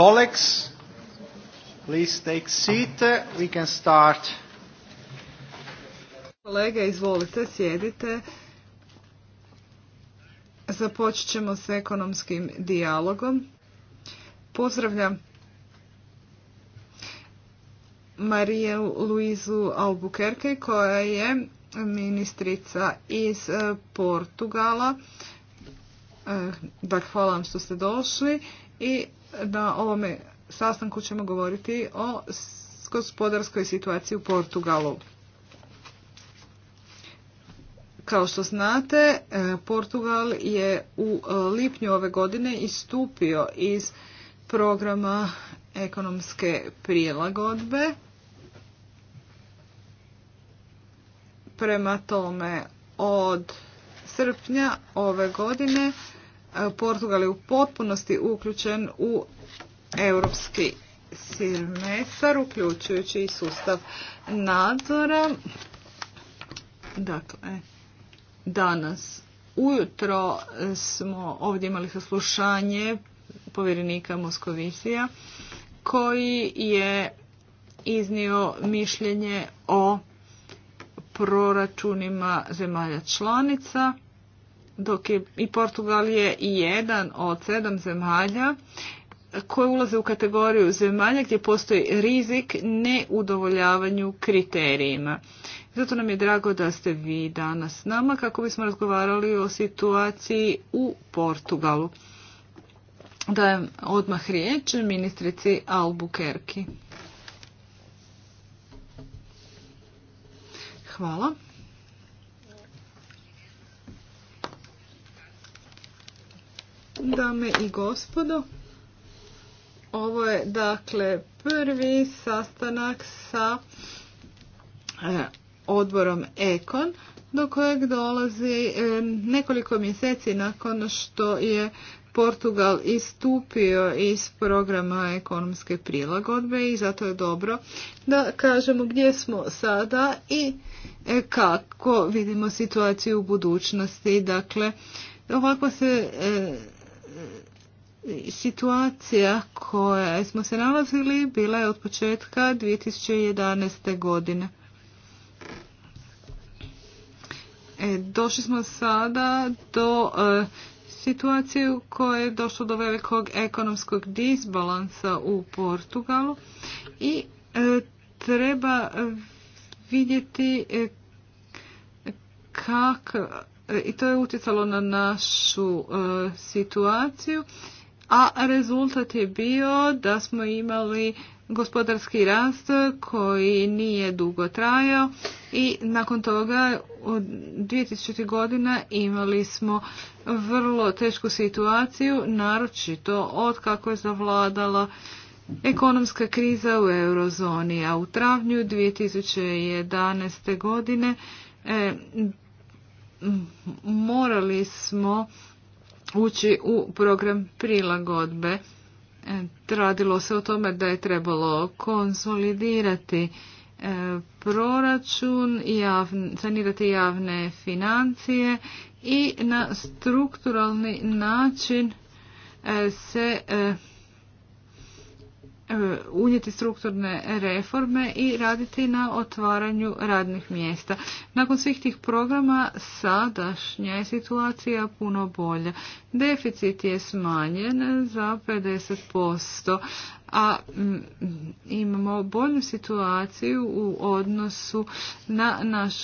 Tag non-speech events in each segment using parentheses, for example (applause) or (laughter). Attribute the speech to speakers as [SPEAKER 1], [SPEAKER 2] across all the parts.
[SPEAKER 1] colleagues, please take seat. We can start. Kolege, izvolite, sjedite. Započet ćemo s ekonomskim dijalogom. Pozdravljam Mariju Luizu Albuquerque koja je ministrica iz eh, Portugala. Dakle, hvala vam što ste došli i na ovome sastanku ćemo govoriti o gospodarskoj situaciji u Portugalu. Kao što znate, e, Portugal je u e, lipnju ove godine istupio iz programa ekonomske prilagodbe. Prema tome, od srpnja ove godine Portugal je u potpunosti uključen u europski silmesar, uključujući i sustav nadzora. Dakle, danas ujutro smo ovdje imali saslušanje povjerenika Moskovisija koji je iznio mišljenje o proračunima zemalja članica dok je i Portugal je i jedan od sedam zemalja koje ulaze u kategoriju zemalja gdje postoji rizik neudovoljavanju kriterijima. Zato nam je drago da ste vi danas s nama kako bismo razgovarali o situaciji u Portugalu. Dajem odmah riječ ministrici Albuquerki. Hvala. Dame i gospodo, ovo je dakle prvi sastanak sa e, odborom Ekon do kojeg dolazi e, nekoliko mjeseci nakon što je Portugal istupio iz programa ekonomske prilagodbe i zato je dobro da kažemo gdje smo sada i e, kako vidimo situaciju u budućnosti. Dakle, ovako se E, situacija koja smo se nalazili bila je od početka 2011. godine. E, došli smo sada do e, situacije u kojoj je došlo do velikog ekonomskog disbalansa u Portugalu i e, treba vidjeti kako i to je utjecalo na našu e, situaciju, a rezultat je bio da smo imali gospodarski rast koji nije dugo trajao i nakon toga od 2000. godina imali smo vrlo tešku situaciju, naročito od kako je zavladala ekonomska kriza u eurozoni, a u travnju 2011. godine e, morali smo ući u program prilagodbe. E, Radilo se o tome da je trebalo konsolidirati e, proračun, sanirati javne financije i na strukturalni način e, se E, unijeti strukturne reforme i raditi na otvaranju radnih mjesta. Nakon svih tih programa sadašnja je situacija puno bolja. Deficit je smanjen za 50%, a imamo bolju situaciju u odnosu na naš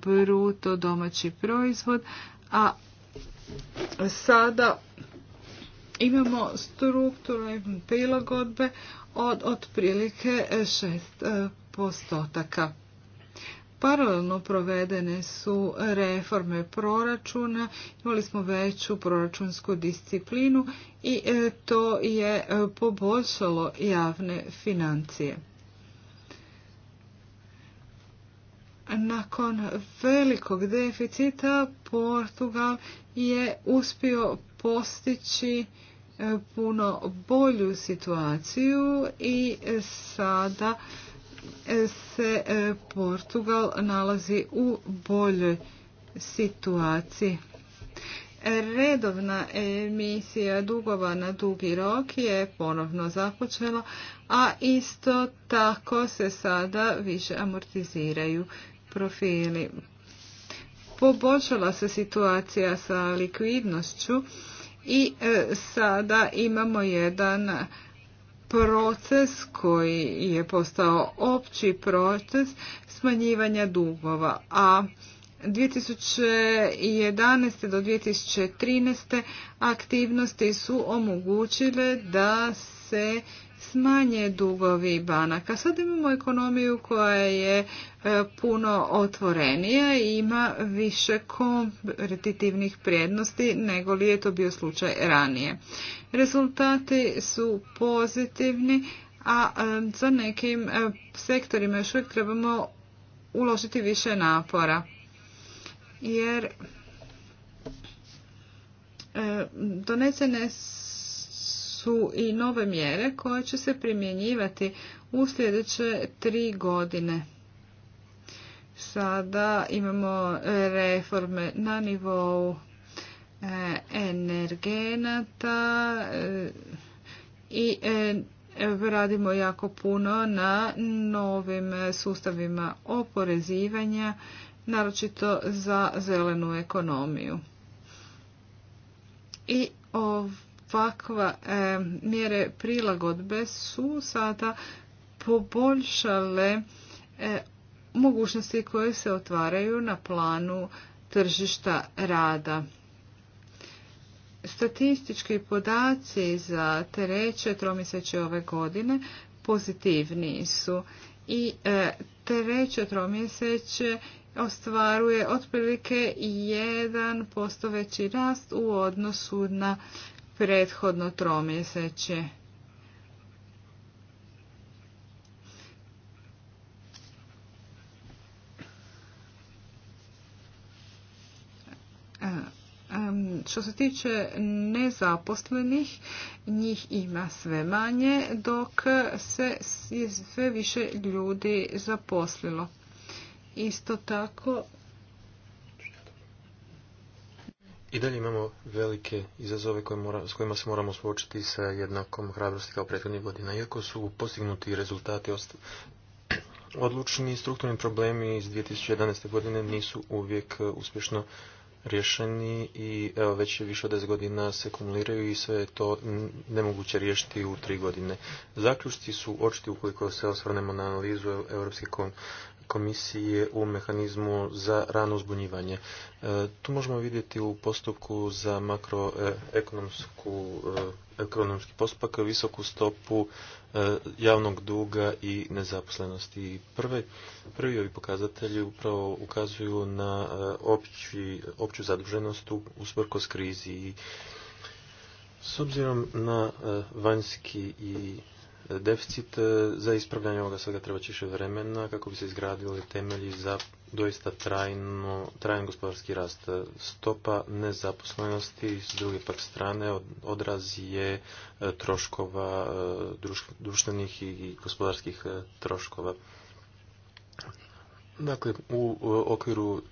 [SPEAKER 1] bruto domaći proizvod, a sada imamo strukturne prilagodbe od otprilike 6 e, postotaka. Paralelno provedene su reforme proračuna, imali smo veću proračunsku disciplinu i e, to je e, poboljšalo javne financije. Nakon velikog deficita Portugal je uspio postići E, puno bolju situaciju i sada e, se e, Portugal nalazi u boljoj situaciji. Redovna emisija dugova na dugi rok je ponovno započela, a isto tako se sada više amortiziraju profili. Poboljšala se situacija sa likvidnošću i e, sada imamo jedan proces koji je postao opći proces smanjivanja dugova, a 2011. do 2013. aktivnosti su omogućile da se smanje dugovi banaka. Sad imamo ekonomiju koja je e, puno otvorenija i ima više kompetitivnih prednosti nego li je to bio slučaj ranije. Rezultati su pozitivni, a e, za nekim e, sektorima još uvijek trebamo uložiti više napora. Jer donesene su i nove mjere koje će se primjenjivati u sljedeće tri godine. Sada imamo reforme na nivou e, energenata e, i e, radimo jako puno na novim sustavima oporezivanja, naročito za zelenu ekonomiju. I ovdje ovakva e, mjere prilagodbe su sada poboljšale e, mogućnosti koje se otvaraju na planu tržišta rada. Statistički podaci za treće tromjeseće ove godine pozitivniji su i e, treće tromjeseće ostvaruje otprilike 1% veći rast u odnosu na prethodno tromjeseće. Što se tiče nezaposlenih, njih ima sve manje, dok se sve više ljudi zaposlilo. Isto tako
[SPEAKER 2] I dalje imamo velike izazove s kojima se moramo suočiti sa jednakom hrabrosti kao prethodnih godina. Iako su postignuti rezultati (clears throat) odlučni, strukturni problemi iz 2011. godine nisu uvijek e, uspješno rješeni i evo, već više od 10 godina se kumuliraju i sve je to nemoguće riješiti u tri godine. Zaključci su očiti ukoliko se osvrnemo na analizu Europske komisije u mehanizmu za rano uzbunjivanje. E, tu možemo vidjeti u postupku za makroekonomsku e, ekonomski postupak visoku stopu e, javnog duga i nezaposlenosti. Prve, prvi ovi pokazatelji upravo ukazuju na opću zaduženost usprkos krizi. S obzirom na vanjski i deficit e, za ispravljanje ovoga svega treba više vremena kako bi se izgradili temelji za doista trajno, trajan gospodarski rast. Stopa nezaposlenosti s druge pak strane odraz je e, troškova e, društvenih i gospodarskih troškova. Dakle, u okviru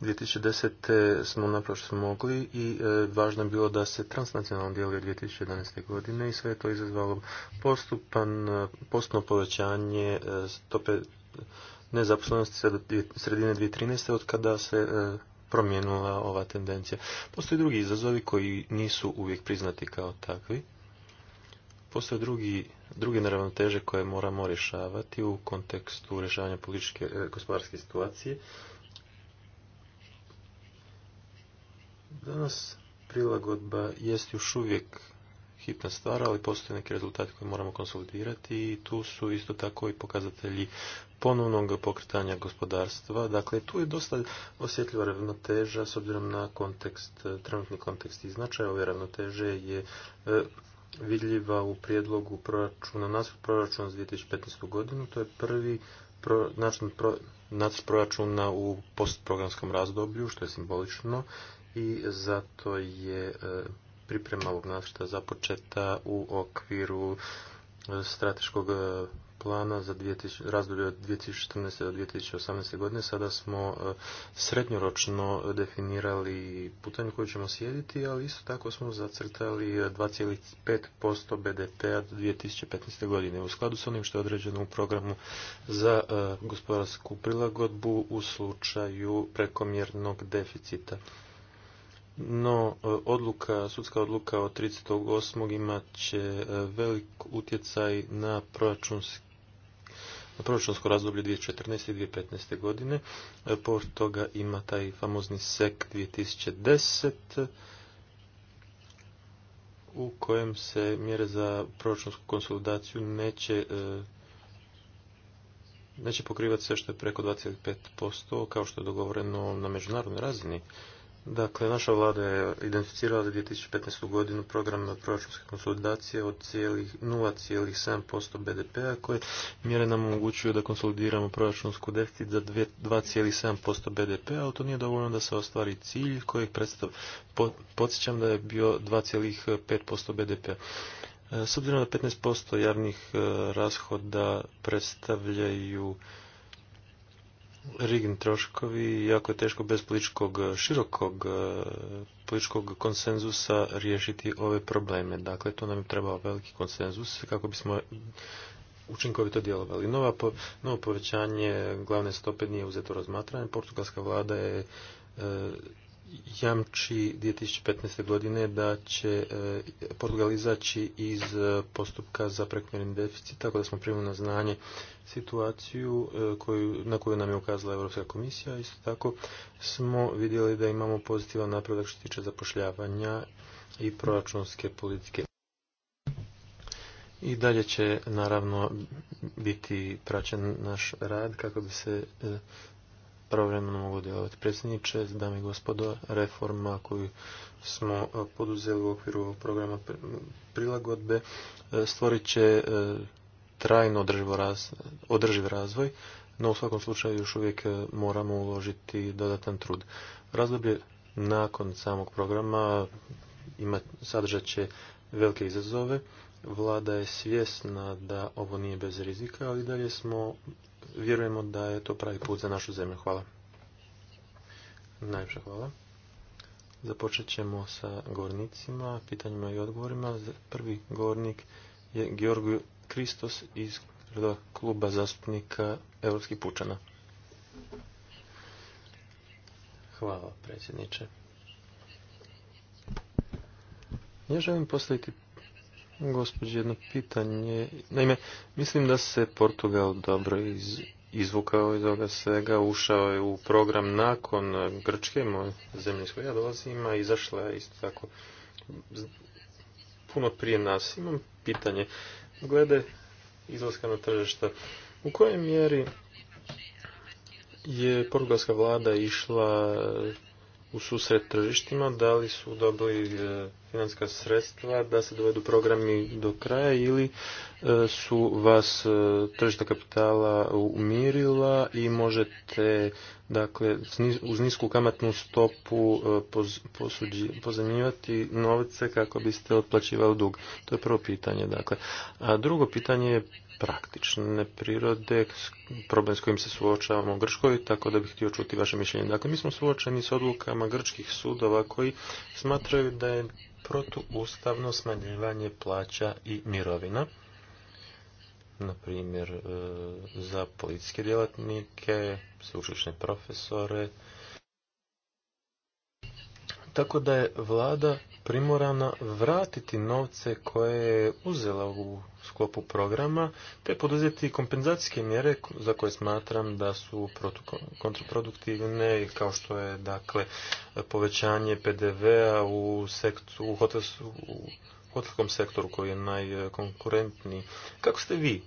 [SPEAKER 2] 2010. smo napravo što smo mogli i e, važno je bilo da se transnacionalno djeluje 2011. godine i sve je to izazvalo postupan, e, postupno povećanje e, stope nezaposlenosti sredine 2013. od kada se promijenula ova tendencija. Postoje drugi izazovi koji nisu uvijek priznati kao takvi. Postoje drugi, druge neravnoteže koje moramo rješavati u kontekstu rješavanja političke gospodarske situacije Danas prilagodba jest još uvijek hitna stvar, ali postoje neki rezultati koje moramo konsolidirati i tu su isto tako i pokazatelji ponovnog pokretanja gospodarstva. Dakle, tu je dosta osjetljiva ravnoteža s obzirom na kontekst, trenutni kontekst i značaj ove ravnoteže je e, vidljiva u prijedlogu proračuna, nacrt proračuna za 2015. godinu, to je prvi način proračuna u postprogramskom razdoblju, što je simbolično i zato je e, priprema ovog nacrta započeta u okviru e, strateškog e, plana za razdoblje od 2014. do 2018. godine. Sada smo srednjoročno definirali putanju koje ćemo sjediti, ali isto tako smo zacrtali 2,5% BDP-a do 2015. godine. U skladu s onim što je određeno u programu za gospodarsku prilagodbu u slučaju prekomjernog deficita no e, odluka, sudska odluka od 38. imat će e, velik utjecaj na proračunski na proračunsko razdoblje 2014. i 2015. godine. E, Pored toga ima taj famozni SEC 2010 u kojem se mjere za proračunsku konsolidaciju neće neće pokrivati sve što je preko 25% kao što je dogovoreno na međunarodnoj razini. Dakle, naša vlada je identificirala 2015. godinu program proračunske konsolidacije od 0,7% BDP-a koje mjere nam omogućuju da konsolidiramo proračunsku deficit za 2,7% BDP-a, ali to nije dovoljno da se ostvari cilj kojeg predstav... podsjećam da je bio 2,5% BDP-a. E, s obzirom da 15% javnih e, rashoda predstavljaju Rigin troškovi, jako je teško bez političkog, e, širokog e, političkog konsenzusa riješiti ove probleme. Dakle, to nam je trebao veliki konsenzus kako bismo učinkovito djelovali. Nova, novo povećanje glavne stope nije uzeto razmatranje. Portugalska vlada je e, jamči 2015. godine da će e, Portugal izaći iz e, postupka za prekomjerni deficit, tako da smo primili na znanje situaciju e, koju, na koju nam je ukazala Europska komisija. Isto tako smo vidjeli da imamo pozitivan napredak što se tiče zapošljavanja i proračunske politike. I dalje će naravno biti praćen naš rad kako bi se pravovremeno mogu djelovati. Predsjedniče, dame i gospodo, reforma koju smo e, poduzeli u okviru programa prilagodbe e, stvorit će e, trajno održiv razvoj, no u svakom slučaju još uvijek moramo uložiti dodatan trud. Razdoblje nakon samog programa ima, sadržat će velike izazove. Vlada je svjesna da ovo nije bez rizika, ali dalje smo vjerujemo da je to pravi put za našu zemlju. Hvala. Najljepša hvala. Započet ćemo sa govornicima, pitanjima i odgovorima. Prvi govornik je Georgiju Kristos iz kluba zastupnika Europskih pučana. Hvala, predsjedniče. Ja želim postaviti Gospođe, jedno pitanje. Naime, mislim da se Portugal dobro iz, izvukao iz ovoga svega, ušao je u program nakon Grčke, moj zemlje iz ja dolazim, izašla je isto tako puno prije nas. Imam pitanje. Glede izlaska na tržišta, u kojoj mjeri je portugalska vlada išla u susret tržištima, da li su dobili e, financijska sredstva da se dovedu programi do kraja ili e, su vas e, tržišta kapitala umirila i možete dakle uz nisku kamatnu stopu pozanjivati novice kako biste otplaćivali dug. To je prvo pitanje. Dakle. A drugo pitanje je praktične prirode, problem s kojim se suočavamo u Grčkoj, tako da bih htio čuti vaše mišljenje. Dakle, mi smo suočeni s odlukama grčkih sudova koji smatraju da je protuustavno smanjivanje plaća i mirovina na primjer e, za policijske djelatnike, sveučilišne profesore, tako da je vlada primorana vratiti novce koje je uzela u sklopu programa, te poduzeti kompenzacijske mjere za koje smatram da su kontraproduktivne, kao što je dakle povećanje PDV-a u, sektu, u, u hotelskom sektoru koji je najkonkurentniji. Kako ste vi e,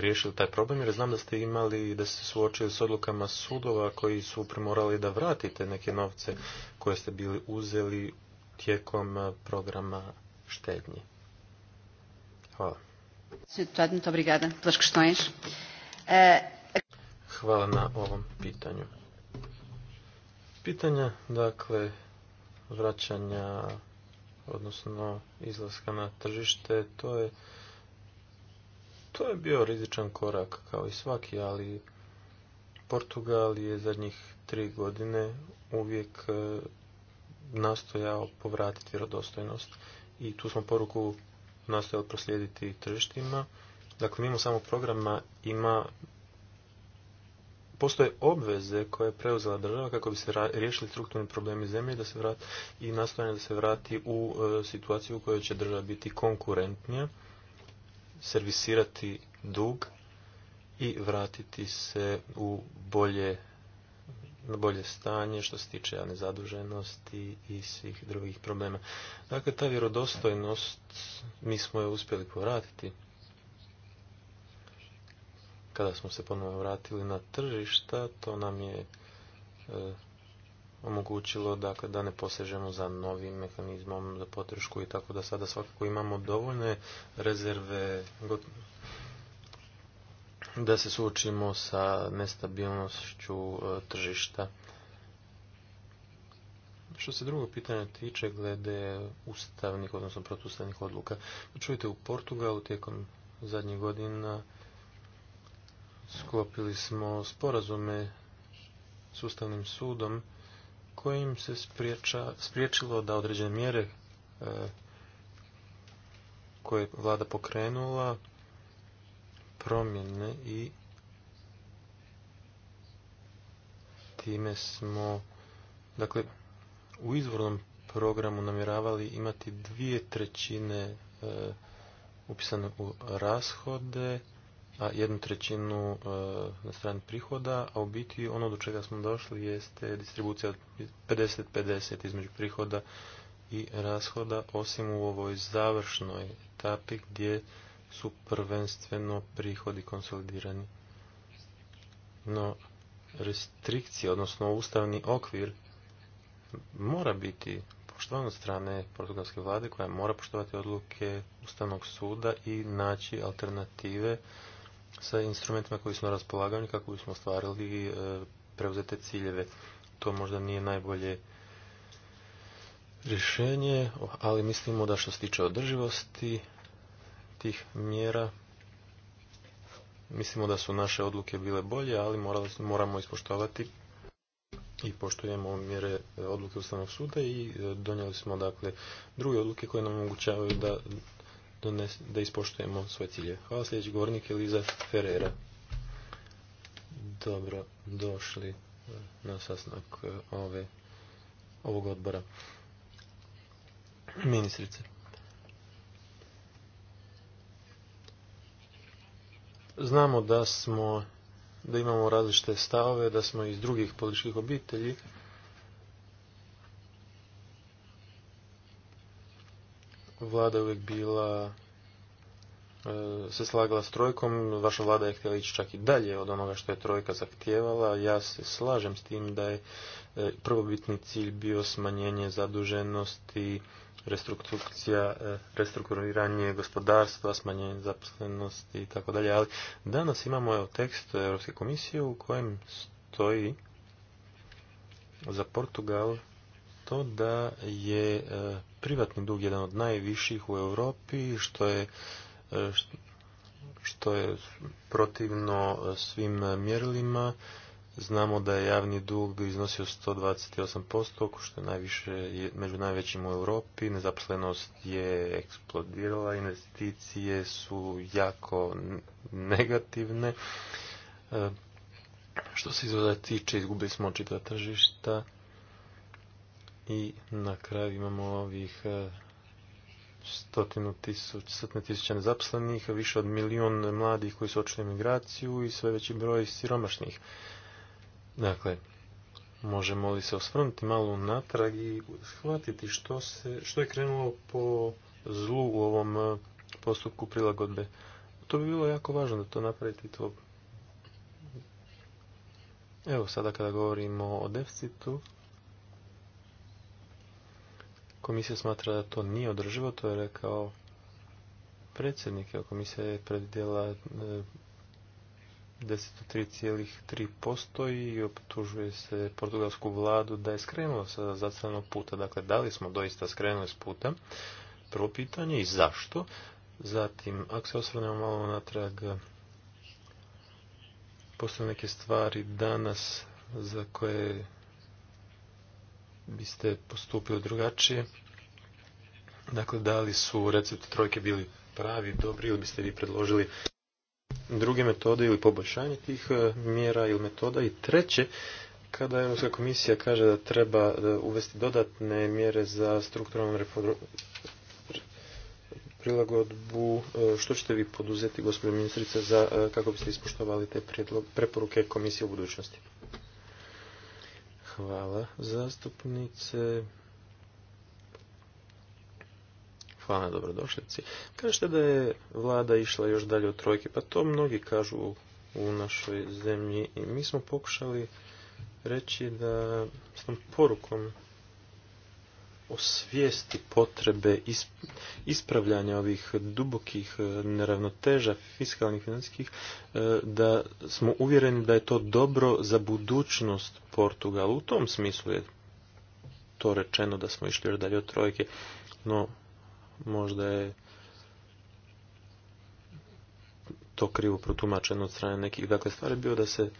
[SPEAKER 2] riješili taj problem jer znam da ste imali da ste suočili s odlukama sudova koji su primorali da vratite neke novce koje ste bili uzeli tijekom e, programa štednje. Hvala. E, Hvala na ovom pitanju. Pitanja, dakle, vraćanja odnosno izlaska na tržište, to je to je bio rizičan korak kao i svaki, ali Portugal je zadnjih tri godine uvijek e, nastojao povratiti rodostojnost i tu smo poruku nastojali proslijediti tržištima. Dakle, mimo samo programa ima postoje obveze koje je preuzela država kako bi se riješili strukturni problemi zemlje da se vrati, i nastojanje da se vrati u e, situaciju u kojoj će država biti konkurentnija, servisirati dug i vratiti se u bolje na bolje stanje što se tiče javne i svih drugih problema. Dakle, ta vjerodostojnost mi smo je uspjeli povratiti kada smo se ponovno vratili na tržišta, to nam je e, omogućilo dakle, da ne posežemo za novim mehanizmom za potrešku i tako da sada svakako imamo dovoljne rezerve da se suočimo sa nestabilnošću e, tržišta. Što se drugo pitanje tiče glede ustavnih, odnosno protustavnih odluka. Čujte, u Portugalu tijekom zadnjih godina sklopili smo sporazume s Ustavnim sudom kojim se spriječilo da određene mjere e, koje je vlada pokrenula promjene i time smo dakle u izvornom programu namjeravali imati dvije trećine e, upisane u rashode a jednu trećinu e, na strani prihoda, a u biti ono do čega smo došli jeste distribucija 50-50 između prihoda i rashoda, osim u ovoj završnoj etapi gdje su prvenstveno prihodi konsolidirani. No, restrikcije, odnosno ustavni okvir, mora biti poštovan od strane portugalske vlade koja mora poštovati odluke Ustavnog suda i naći alternative sa instrumentima koji smo raspolaganju kako bismo ostvarili e, preuzete ciljeve. To možda nije najbolje rješenje, ali mislimo da što se tiče održivosti tih mjera, mislimo da su naše odluke bile bolje, ali moramo ispoštovati i poštujemo mjere e, odluke Ustavnog suda i e, donijeli smo dakle druge odluke koje nam omogućavaju da da ispoštujemo svoje cilje. Hvala sljedeći govornik Eliza Ferreira. Dobro, došli na sastanak eh, ove, ovog odbora. Ministrice. Znamo da smo, da imamo različite stavove, da smo iz drugih političkih obitelji, vlada uvijek bila e, se slagala s trojkom, vaša vlada je htjela ići čak i dalje od onoga što je trojka zahtijevala. Ja se slažem s tim da je e, prvobitni cilj bio smanjenje zaduženosti, restrukcija, e, restrukturiranje gospodarstva, smanjenje zaposlenosti i tako dalje. Ali danas imamo evo, tekst Europske komisije u kojem stoji za Portugal to da je e, privatni dug jedan od najviših u Europi, što je e, što je protivno e, svim mjerilima. Znamo da je javni dug iznosio 128%, što je najviše među najvećim u Europi. Nezaposlenost je eksplodirala, investicije su jako negativne. Što se izgleda tiče, izgubili smo očita tržišta i na kraju imamo ovih e, stotinu tisuća, stotine tisuća nezaposlenih, više od milijun mladih koji su očili migraciju i sve veći broj siromašnih. Dakle, možemo li se osvrnuti malo natrag i shvatiti što, se, što je krenulo po zlu u ovom e, postupku prilagodbe. To bi bilo jako važno da to napraviti. To... Evo sada kada govorimo o deficitu, Komisija smatra da to nije održivo, to je rekao predsjednik. Komisija je predvidjela 10.3.3% e, i optužuje se portugalsku vladu da je skrenula sa zacrenog puta. Dakle, da li smo doista skrenuli s puta? Prvo pitanje i zašto? Zatim, ako se osvrnemo malo natrag, postoje neke stvari danas za koje biste postupili drugačije? Dakle, da li su recepti trojke bili pravi, dobri ili biste vi predložili druge metode ili poboljšanje tih e, mjera ili metoda? I treće, kada Europska komisija kaže da treba e, uvesti dodatne mjere za strukturalnu prilagodbu, e, što ćete vi poduzeti, gospođo ministrice, za, kako biste ispoštovali te preporuke komisije u budućnosti? Hvala zastupnice. Hvala na dobrodošlici. Kažete da je vlada išla još dalje od trojke, pa to mnogi kažu u našoj zemlji i mi smo pokušali reći da s tom porukom osvijesti potrebe ispravljanja ovih dubokih e, neravnoteža fiskalnih financijskih, e, da smo uvjereni da je to dobro za budućnost Portugala. U tom smislu je to rečeno da smo išli još dalje od trojke, no možda je to krivo protumačeno od strane nekih. Dakle, stvar je bio da se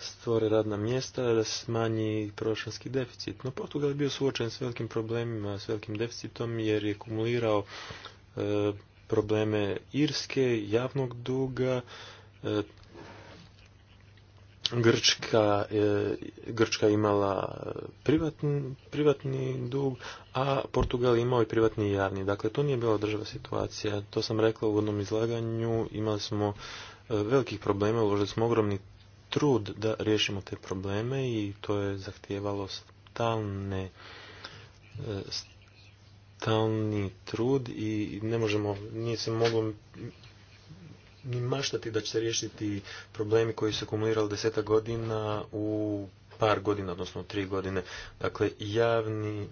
[SPEAKER 2] stvore radna mjesta, da smanji proračunski deficit. No Portugal je bio suočen s velikim problemima, s velikim deficitom jer je kumulirao e, probleme Irske, javnog duga, e, Grčka, e, imala privatni, privatni dug, a Portugal imao i privatni i javni. Dakle, to nije bila država situacija. To sam rekla u uvodnom izlaganju. Imali smo e, velikih problema, uložili smo ogromni trud da riješimo te probleme i to je zahtijevalo stalne e, stalni trud i ne možemo, nije se moglo ni maštati da će se riješiti problemi koji su akumulirali deseta godina u par godina, odnosno tri godine. Dakle, javni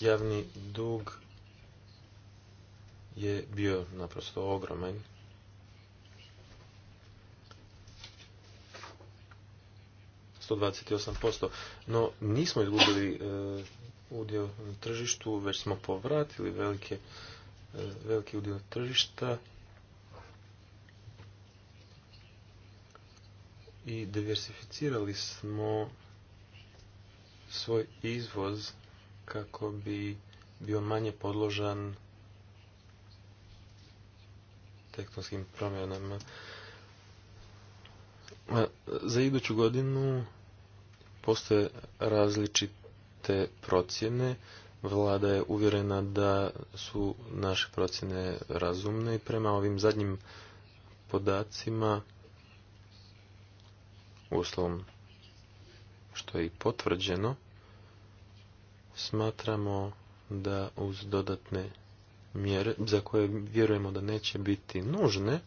[SPEAKER 2] javni dug je bio naprosto ogroman 128%. No, nismo izgubili e, udio na tržištu, već smo povratili velike, e, veliki udio tržišta i diversificirali smo svoj izvoz kako bi bio manje podložan tektonskim promjenama. Za iduću godinu postoje različite procjene. Vlada je uvjerena da su naše procjene razumne i prema ovim zadnjim podacima uslovom što je i potvrđeno smatramo da uz dodatne mjere za koje vjerujemo da neće biti nužne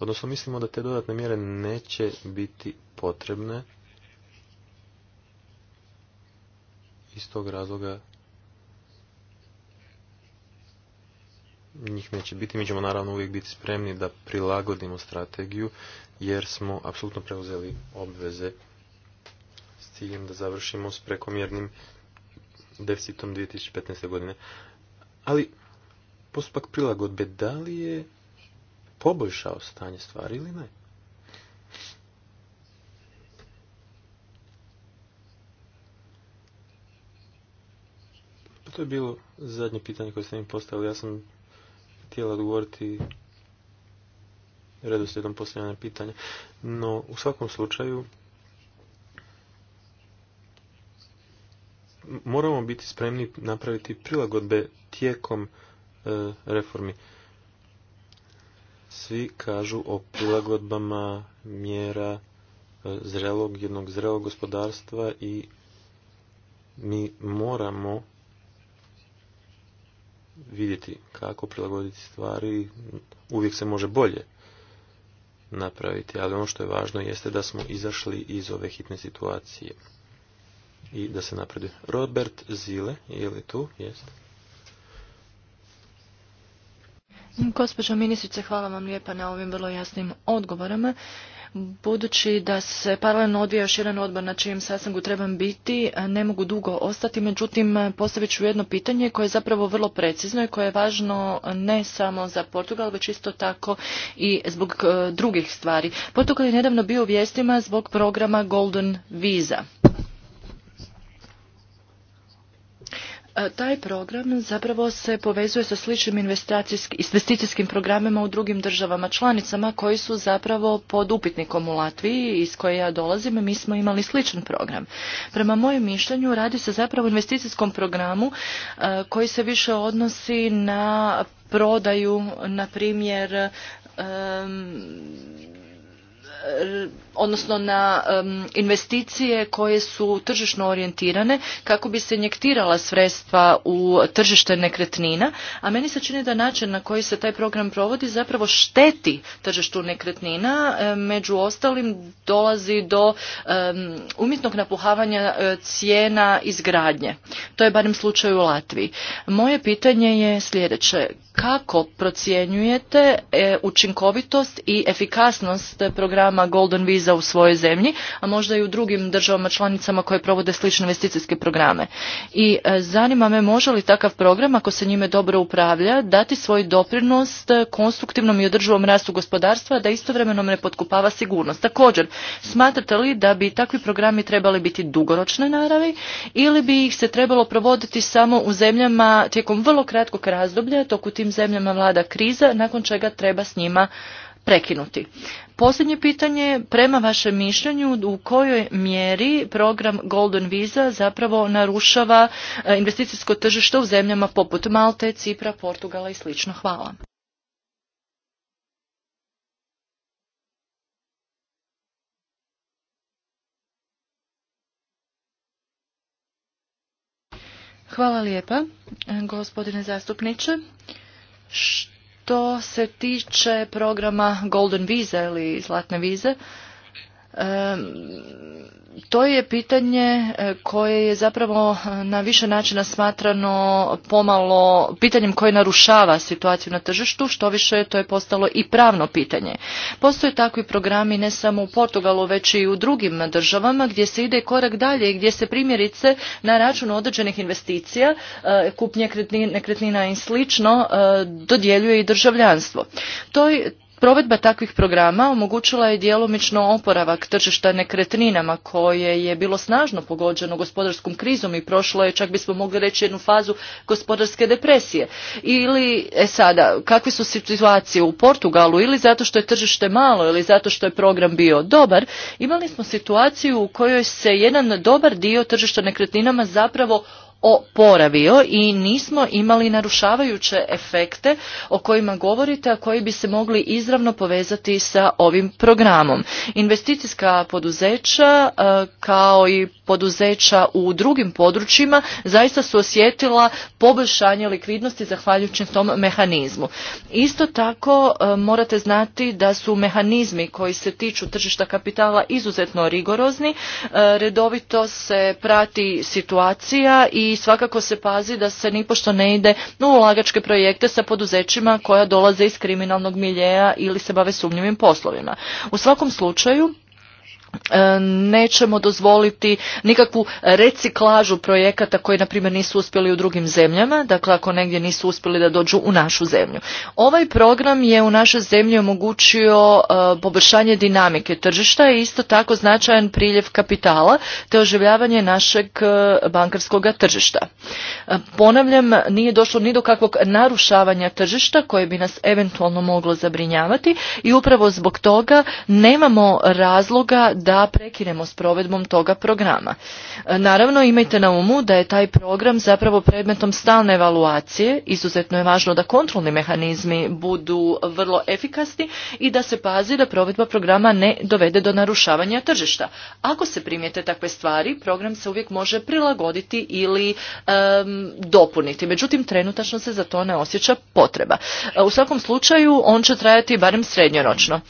[SPEAKER 2] odnosno mislimo da te dodatne mjere neće biti potrebne iz tog razloga njih neće biti. Mi ćemo naravno uvijek biti spremni da prilagodimo strategiju jer smo apsolutno preuzeli obveze s ciljem da završimo s prekomjernim deficitom 2015. godine. Ali postupak prilagodbe da li je poboljšao stanje stvari ili ne? To je bilo zadnje pitanje koje ste mi postavili. Ja sam htjela odgovoriti redoslijedom postavljanja pitanja. No, u svakom slučaju, moramo biti spremni napraviti prilagodbe tijekom e, reformi. Svi kažu o prilagodbama mjera e, zrelog, jednog zrelog gospodarstva i mi moramo vidjeti kako prilagoditi stvari, uvijek se može bolje napraviti, ali ono što je važno jeste da smo izašli iz ove hitne situacije i da se napreduje. Robert Zile, je li tu? Jeste.
[SPEAKER 3] Gospođo ministrice, hvala vam lijepa na ovim vrlo jasnim odgovorama. Budući da se paralelno odvija još jedan odbor na čijem sasangu trebam biti, ne mogu dugo ostati, međutim postavit ću jedno pitanje koje je zapravo vrlo precizno i koje je važno ne samo za Portugal, već isto tako i zbog e, drugih stvari. Portugal je nedavno bio u vijestima zbog programa Golden Visa. E, taj program zapravo se povezuje sa sličnim investicijskim programima u drugim državama članicama koji su zapravo pod upitnikom u Latviji iz koje ja dolazim. Mi smo imali sličan program. Prema mojem mišljenju radi se zapravo o investicijskom programu e, koji se više odnosi na prodaju, na primjer, odnosno na investicije koje su tržišno orijentirane kako bi se injektirala sredstva u tržište nekretnina, a meni se čini da način na koji se taj program provodi zapravo šteti tržištu nekretnina, e, među ostalim dolazi do umjetnog napuhavanja e, cijena izgradnje. To je barem slučaj u Latviji. Moje pitanje je sljedeće. Kako procjenjujete e, učinkovitost i efikasnost programa programa Golden Visa u svojoj zemlji, a možda i u drugim državama članicama koje provode slične investicijske programe. I e, zanima me može li takav program, ako se njime dobro upravlja, dati svoj doprinos e, konstruktivnom i održivom rastu gospodarstva, da istovremeno ne potkupava sigurnost. Također, smatrate li da bi takvi programi trebali biti dugoročne naravi ili bi ih se trebalo provoditi samo u zemljama tijekom vrlo kratkog razdoblja, dok u tim zemljama vlada kriza, nakon čega treba s njima prekinuti. Posljednje pitanje, prema vašem mišljenju, u kojoj mjeri program Golden Visa zapravo narušava e, investicijsko tržište u zemljama poput Malte, Cipra, Portugala i sl. Hvala. Hvala lijepa, e, gospodine zastupniče. Što se tiče programa Golden Visa ili Zlatne vize, to je pitanje e, koje je zapravo e, na više načina smatrano pomalo pitanjem koje narušava situaciju na tržištu, što više to je postalo i pravno pitanje. Postoje takvi programi ne samo u Portugalu, već i u drugim državama gdje se ide korak dalje i gdje se primjerice na račun određenih investicija, e, kupnje nekretnina i slično, dodjeljuje i državljanstvo. To je Provedba takvih programa omogućila je djelomično oporavak tržišta nekretninama koje je bilo snažno pogođeno gospodarskom krizom i prošlo je, čak bismo mogli reći, jednu fazu gospodarske depresije. Ili, e sada, kakve su situacije u Portugalu ili zato što je tržište malo ili zato što je program bio dobar, imali smo situaciju u kojoj se jedan dobar dio tržišta nekretninama zapravo oporavio i nismo imali narušavajuće efekte o kojima govorite, a koji bi se mogli izravno povezati sa ovim programom. Investicijska poduzeća e, kao i poduzeća u drugim područjima zaista su osjetila poboljšanje likvidnosti zahvaljujući tom mehanizmu. Isto tako e, morate znati da su mehanizmi koji se tiču tržišta kapitala izuzetno rigorozni, e, redovito se prati situacija i i svakako se pazi da se nipošto ne ide u ulagačke projekte sa poduzećima koja dolaze iz kriminalnog miljeja ili se bave sumnjivim poslovima. U svakom slučaju E, nećemo dozvoliti nikakvu reciklažu projekata koji, na primjer, nisu uspjeli u drugim zemljama, dakle ako negdje nisu uspjeli da dođu u našu zemlju. Ovaj program je u našoj zemlji omogućio e, poboljšanje dinamike tržišta i isto tako značajan priljev kapitala te oživljavanje našeg e, bankarskog tržišta. Ponavljam, nije došlo ni do kakvog narušavanja tržišta koje bi nas eventualno moglo zabrinjavati i upravo zbog toga nemamo razloga da prekinemo s provedbom toga programa. E, naravno, imajte na umu da je taj program zapravo predmetom stalne evaluacije. Izuzetno je važno da kontrolni mehanizmi budu vrlo efikasni i da se pazi da provedba programa ne dovede do narušavanja tržišta. Ako se primijete takve stvari, program se uvijek može prilagoditi ili dopuniti. Međutim, trenutačno se za to ne osjeća potreba. E, u svakom slučaju, on će trajati barem srednjoročno.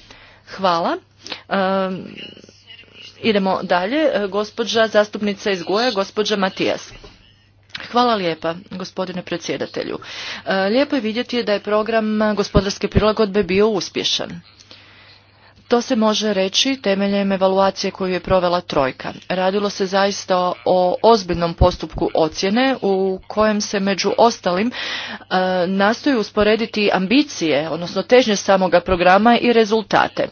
[SPEAKER 3] Hvala. Idemo dalje. E, gospođa zastupnica iz Goja, gospođa Matijas. Hvala lijepa, gospodine predsjedatelju. E, lijepo je vidjeti da je program gospodarske prilagodbe bio uspješan. To se može reći temeljem evaluacije koju je provela Trojka. Radilo se zaista o ozbiljnom postupku ocjene u kojem se među ostalim e, nastoji usporediti ambicije, odnosno težnje samoga programa i rezultate.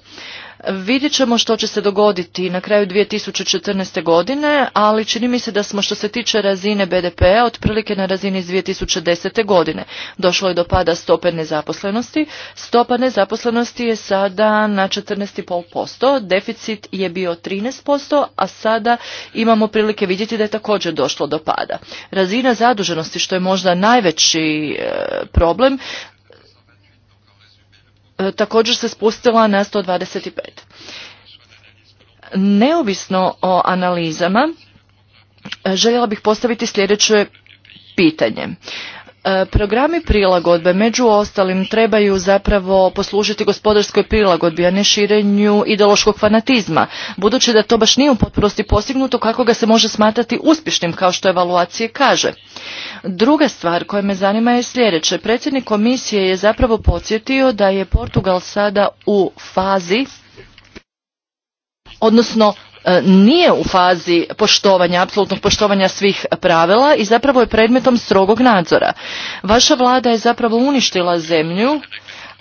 [SPEAKER 3] Vidjet ćemo što će se dogoditi na kraju 2014. godine, ali čini mi se da smo što se tiče razine BDP-a otprilike na razini iz 2010. godine. Došlo je do pada stope nezaposlenosti. Stopa nezaposlenosti je sada na 14,5%, deficit je bio 13%, a sada imamo prilike vidjeti da je također došlo do pada. Razina zaduženosti, što je možda najveći e, problem, E, također se spustila na 125. Neovisno o analizama, e, željela bih postaviti sljedeće pitanje. E, programi prilagodbe među ostalim trebaju zapravo poslužiti gospodarskoj prilagodbi, a ne širenju ideološkog fanatizma, budući da to baš nije u potpunosti postignuto kako ga se može smatrati uspješnim kao što evaluacije kaže. Druga stvar koja me zanima je sljedeće. Predsjednik komisije je zapravo podsjetio da je Portugal sada u fazi odnosno E, nije u fazi poštovanja, apsolutnog poštovanja svih pravila i zapravo je predmetom strogog nadzora. Vaša vlada je zapravo uništila zemlju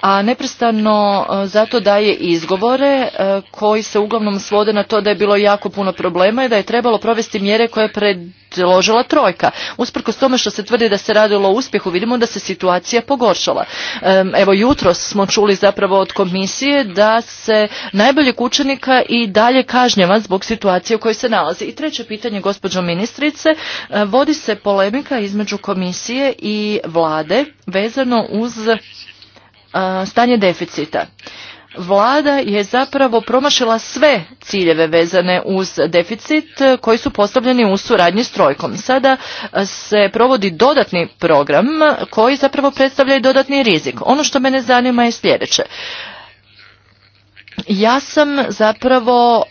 [SPEAKER 3] a neprestano e, zato daje izgovore e, koji se uglavnom svode na to da je bilo jako puno problema i da je trebalo provesti mjere koje je predložila trojka. Usprkos tome što se tvrdi da se radilo o uspjehu, vidimo da se situacija pogoršala. E, evo jutro smo čuli zapravo od komisije da se najboljeg učenika i dalje kažnjava zbog situacije u kojoj se nalazi. I treće pitanje, gospođo ministrice, vodi se polemika između komisije i vlade vezano uz stanje deficita. Vlada je zapravo promašila sve ciljeve vezane uz deficit e, koji su postavljeni u suradnji s trojkom. Sada e, se provodi dodatni program e, koji zapravo predstavlja i dodatni rizik. Ono što mene zanima je sljedeće. Ja sam zapravo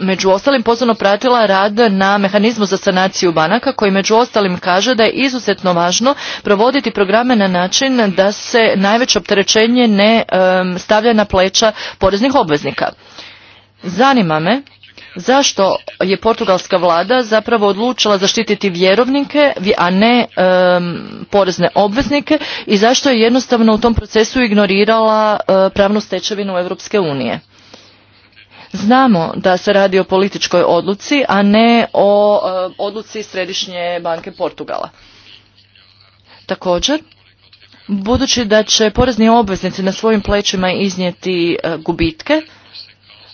[SPEAKER 3] među ostalim pozorno pratila rad na mehanizmu za sanaciju banaka koji među ostalim kaže da je izuzetno važno provoditi programe na način da se najveće opterećenje ne stavlja na pleća poreznih obveznika. Zanima me zašto je portugalska vlada zapravo odlučila zaštititi vjerovnike, a ne porezne obveznike i zašto je jednostavno u tom procesu ignorirala e, pravnu stečevinu Europske unije. Znamo da se radi o političkoj odluci, a ne o e, odluci Središnje banke Portugala. Također, budući da će porezni obveznici na svojim plećima iznijeti e, gubitke,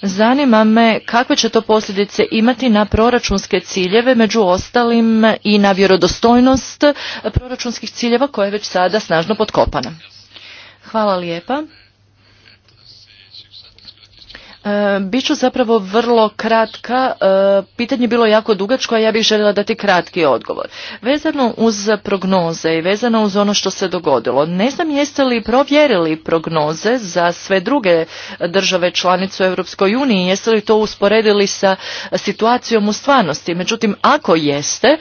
[SPEAKER 3] Zanima me kakve će to posljedice imati na proračunske ciljeve, među ostalim i na vjerodostojnost proračunskih ciljeva koja je već sada snažno potkopana. Hvala lijepa. E, Biću zapravo vrlo kratka, e, pitanje je bilo jako dugačko, a ja bih željela dati kratki odgovor. Vezano uz prognoze i vezano uz ono što se dogodilo, ne znam jeste li provjerili prognoze za sve druge države članice u Europskoj uniji, jeste li to usporedili sa situacijom u stvarnosti. Međutim, ako jeste,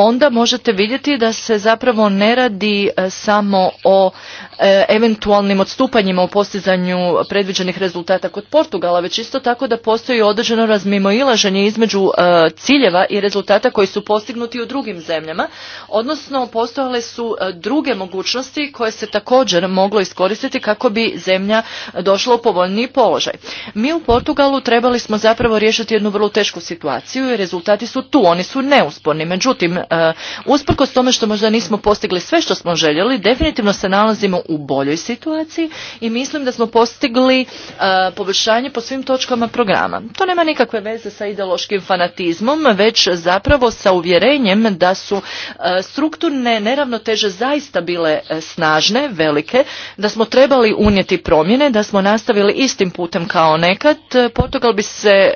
[SPEAKER 3] onda možete vidjeti da se zapravo ne radi e, samo o e, eventualnim odstupanjima u postizanju predviđenih rezultata kod Portugala, već isto tako da postoji određeno razmimoilaženje između e, ciljeva i rezultata koji su postignuti u drugim zemljama, odnosno postojale su druge mogućnosti koje se također moglo iskoristiti kako bi zemlja došla u povoljniji položaj. Mi u Portugalu trebali smo zapravo riješiti jednu vrlo tešku situaciju i rezultati su tu, oni su neusporni. Međutim, E, usprkos tome što možda nismo postigli sve što smo željeli, definitivno se nalazimo u boljoj situaciji i mislim da smo postigli e, poboljšanje po svim točkama programa. To nema nikakve veze sa ideološkim fanatizmom, već zapravo sa uvjerenjem da su e, strukturne neravnoteže zaista bile snažne, velike, da smo trebali unijeti promjene, da smo nastavili istim putem kao nekad, Portugal bi se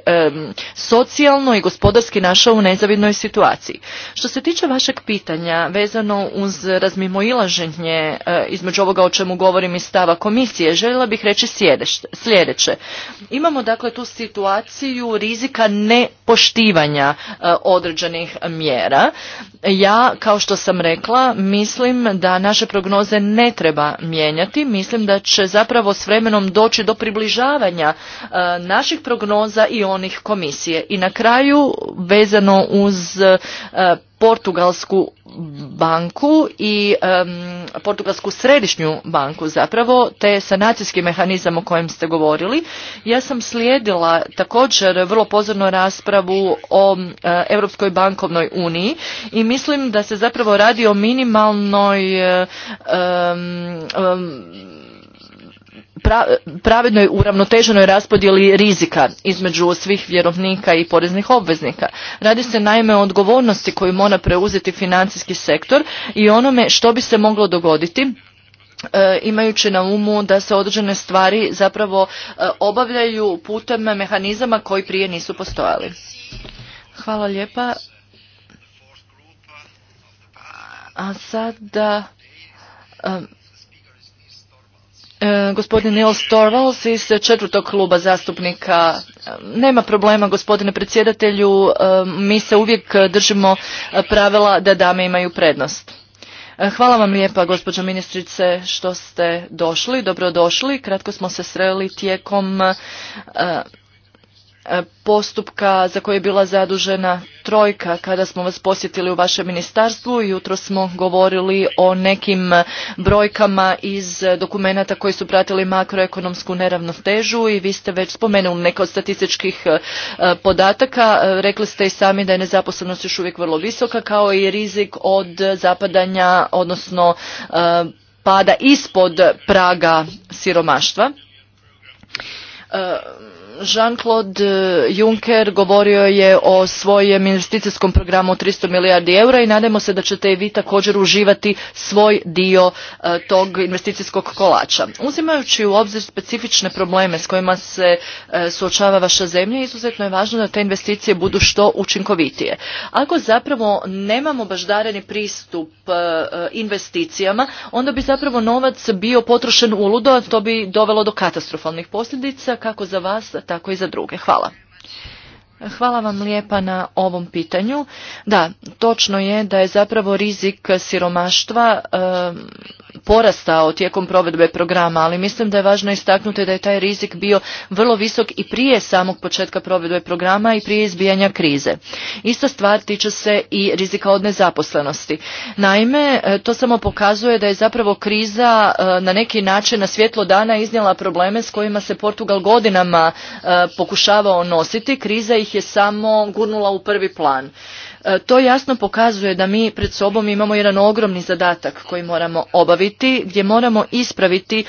[SPEAKER 3] socijalno i gospodarski našao u nezavidnoj situaciji. Što se tiče vašeg pitanja vezano uz razmimoilaženje e, između ovoga o čemu govorim i stava komisije, željela bih reći sljedeće. Imamo dakle tu situaciju rizika nepoštivanja e, određenih mjera. Ja, kao što sam rekla, mislim da naše prognoze ne treba mijenjati. Mislim da će zapravo s vremenom doći do približavanja e, naših prognoza i onih komisije. I na kraju, vezano uz Portugalsku banku i Portugalsku središnju banku zapravo, te sanacijski mehanizam o kojem ste govorili. Ja sam slijedila također vrlo pozorno raspravu o Europskoj bankovnoj uniji i mislim da se zapravo radi o minimalnoj pravednoj uravnoteženoj raspodjeli rizika između svih vjerovnika i poreznih obveznika. Radi se naime o odgovornosti koju mora preuzeti financijski sektor i onome što bi se moglo dogoditi e, imajući na umu da se određene stvari zapravo e, obavljaju putem mehanizama koji prije nisu postojali. Hvala lijepa. A sada e, E, gospodin Nils Torvalds iz četvrtog kluba zastupnika. E, nema problema, gospodine predsjedatelju, e, mi se uvijek držimo pravila da dame imaju prednost. Hvala vam lijepa, gospođo ministrice, što ste došli, dobrodošli. Kratko smo se sreli tijekom E, postupka za koje je bila zadužena trojka kada smo vas posjetili u vašem ministarstvu. Jutro smo govorili o nekim brojkama iz dokumenata koji su pratili makroekonomsku neravnotežu i vi ste već spomenuli neke od statističkih e, podataka. E, rekli ste i sami da je nezaposlenost još uvijek vrlo visoka kao i rizik od zapadanja odnosno pada ispod praga siromaštva Jean-Claude e, Juncker govorio je o svojem investicijskom programu od 300 milijardi eura i nadamo se da ćete i vi također uživati svoj dio e, tog investicijskog kolača. Uzimajući u obzir specifične probleme s kojima se e, suočava vaša zemlja, izuzetno je važno da te investicije budu što učinkovitije. Ako zapravo nemamo baždareni pristup investicijama, onda bi zapravo novac bio potrošen uludo, a to bi dovelo do katastrofalnih posljedica kako za vas, tako i za druge. Hvala. Hvala vam lijepa na ovom pitanju. Da, točno je da je zapravo rizik siromaštva porastao tijekom provedbe programa, ali mislim da je važno istaknuti da je taj rizik bio vrlo visok i prije samog početka provedbe programa i prije izbijanja krize. Ista stvar tiče se i rizika od nezaposlenosti. Naime, e, to samo pokazuje da je zapravo kriza e, na neki način na svjetlo dana iznijela probleme s kojima se Portugal godinama e, pokušavao nositi. Kriza ih je samo gurnula u prvi plan. E, to jasno pokazuje da mi pred sobom imamo jedan ogromni zadatak koji moramo obaviti, gdje moramo ispraviti e,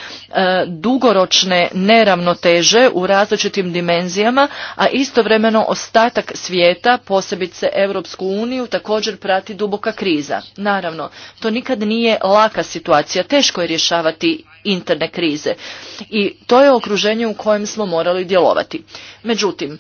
[SPEAKER 3] dugoročne neravnoteže u različitim dimenzijama, a istovremeno ostatak svijeta, posebice Europsku uniju, također prati duboka kriza. Naravno, to nikad nije laka situacija, teško je rješavati interne krize. I to je okruženje u kojem smo morali djelovati. Međutim, e,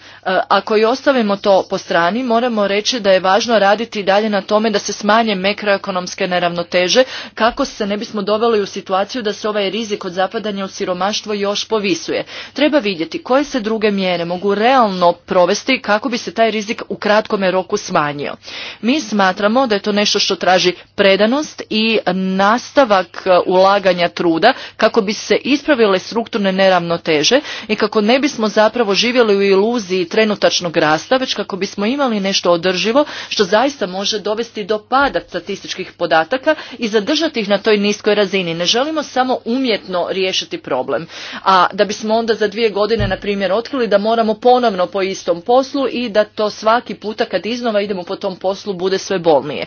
[SPEAKER 3] ako i ostavimo to po strani, moramo reći da je važno raditi dalje na tome da se smanje makroekonomske neravnoteže kako se ne bismo doveli u situaciju da se ovaj rizik od zapadanja u siromaštvo još povisuje. Treba vidjeti koje se druge mjere mogu realno provesti kako bi se taj rizik u kratkome roku smanjio. Mi smatramo da je to nešto što traži predanost i nastavak e, ulaganja truda kako bi se ispravile strukturne neravnoteže i kako ne bismo zapravo živjeli u iluziji trenutačnog rasta, već kako bismo imali nešto održivo što zaista može dovesti do pada statističkih podataka i zadržati ih na toj niskoj razini. Ne želimo samo umjetno riješiti problem, a da bismo onda za dvije godine, na primjer, otkrili da moramo ponovno po istom poslu i da to svaki puta kad iznova idemo po tom poslu bude sve bolnije.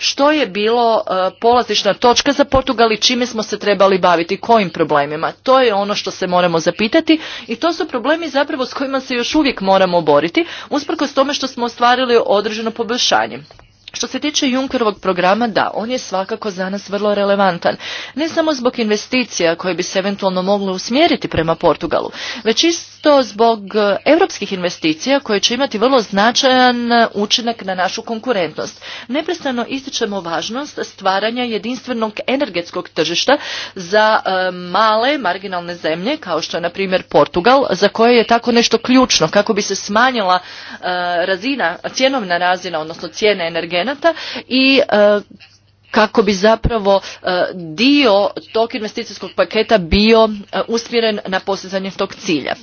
[SPEAKER 3] Što je bilo e, polazišna točka za Portugal i čime smo se trebali baviti? kojim problemima. To je ono što se moramo zapitati i to su problemi zapravo s kojima se još uvijek moramo boriti, usprkos tome što smo ostvarili određeno poboljšanje. Što se tiče Junkerovog programa, da, on je svakako za nas vrlo relevantan. Ne samo zbog investicija koje bi se eventualno mogle usmjeriti prema Portugalu, već i to zbog europskih investicija koje će imati vrlo značajan e, učinak na našu konkurentnost. Neprestano ističemo važnost stvaranja jedinstvenog energetskog tržišta za e, male marginalne zemlje kao što je na primjer Portugal za koje je tako nešto ključno kako bi se smanjila e, razina, cjenovna razina odnosno cijene energenata i kako bi zapravo e, dio tog investicijskog paketa bio e, usmjeren na postizanje tog cilja.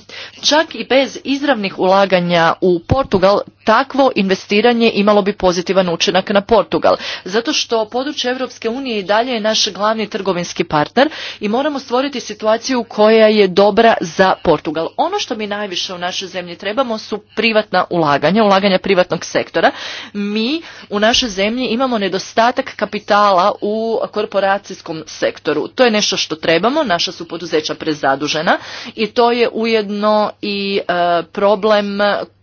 [SPEAKER 3] Čak i bez izravnih ulaganja u Portugal takvo investiranje imalo bi pozitivan učinak na Portugal. Zato što područje Europske unije i dalje je naš glavni trgovinski partner i moramo stvoriti situaciju koja je dobra za Portugal. Ono što mi najviše u našoj zemlji trebamo su privatna ulaganja, ulaganja privatnog sektora. Mi u našoj zemlji imamo nedostatak kapitala u korporacijskom sektoru. To je nešto što trebamo, naša su poduzeća prezadužena i to je ujedno i e, problem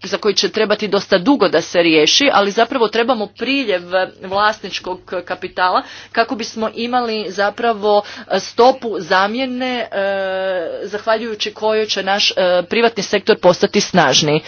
[SPEAKER 3] za koji će trebati dosta dosta dugo da se riješi, ali zapravo trebamo priljev vlasničkog kapitala kako bismo imali zapravo stopu zamjene e, zahvaljujući kojoj će naš e, privatni sektor postati snažniji.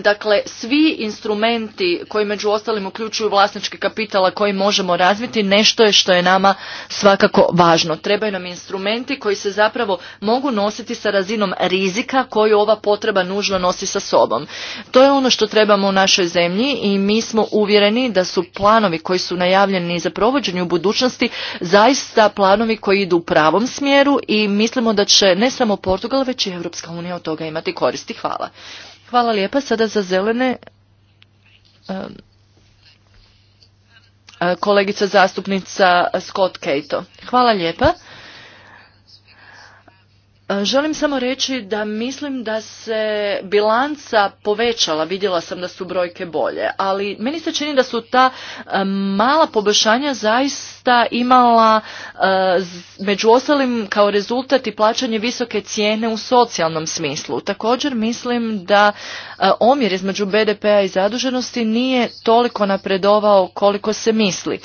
[SPEAKER 3] Dakle, svi instrumenti koji među ostalim uključuju vlasnički kapitala koji možemo razviti, nešto je što je nama svakako važno. Trebaju nam instrumenti koji se zapravo mogu nositi sa razinom rizika koju ova potreba nužno nosi sa sobom. To je ono što trebamo u našoj zemlji i mi smo uvjereni da su planovi koji su najavljeni za provođenje u budućnosti zaista planovi koji idu u pravom smjeru i mislimo da će ne samo Portugal, već i Europska unija od toga imati koristi. Hvala. Hvala lijepa. Sada za zelene kolegica zastupnica Scott Cato. Hvala lijepa. E, želim samo reći da mislim da se bilanca povećala, vidjela sam da su brojke bolje, ali meni se čini da su ta e, mala poboljšanja zaista imala e, među ostalim kao rezultat i plaćanje visoke cijene u socijalnom smislu. Također mislim da omjer između BDP-a i zaduženosti nije toliko napredovao koliko se misli.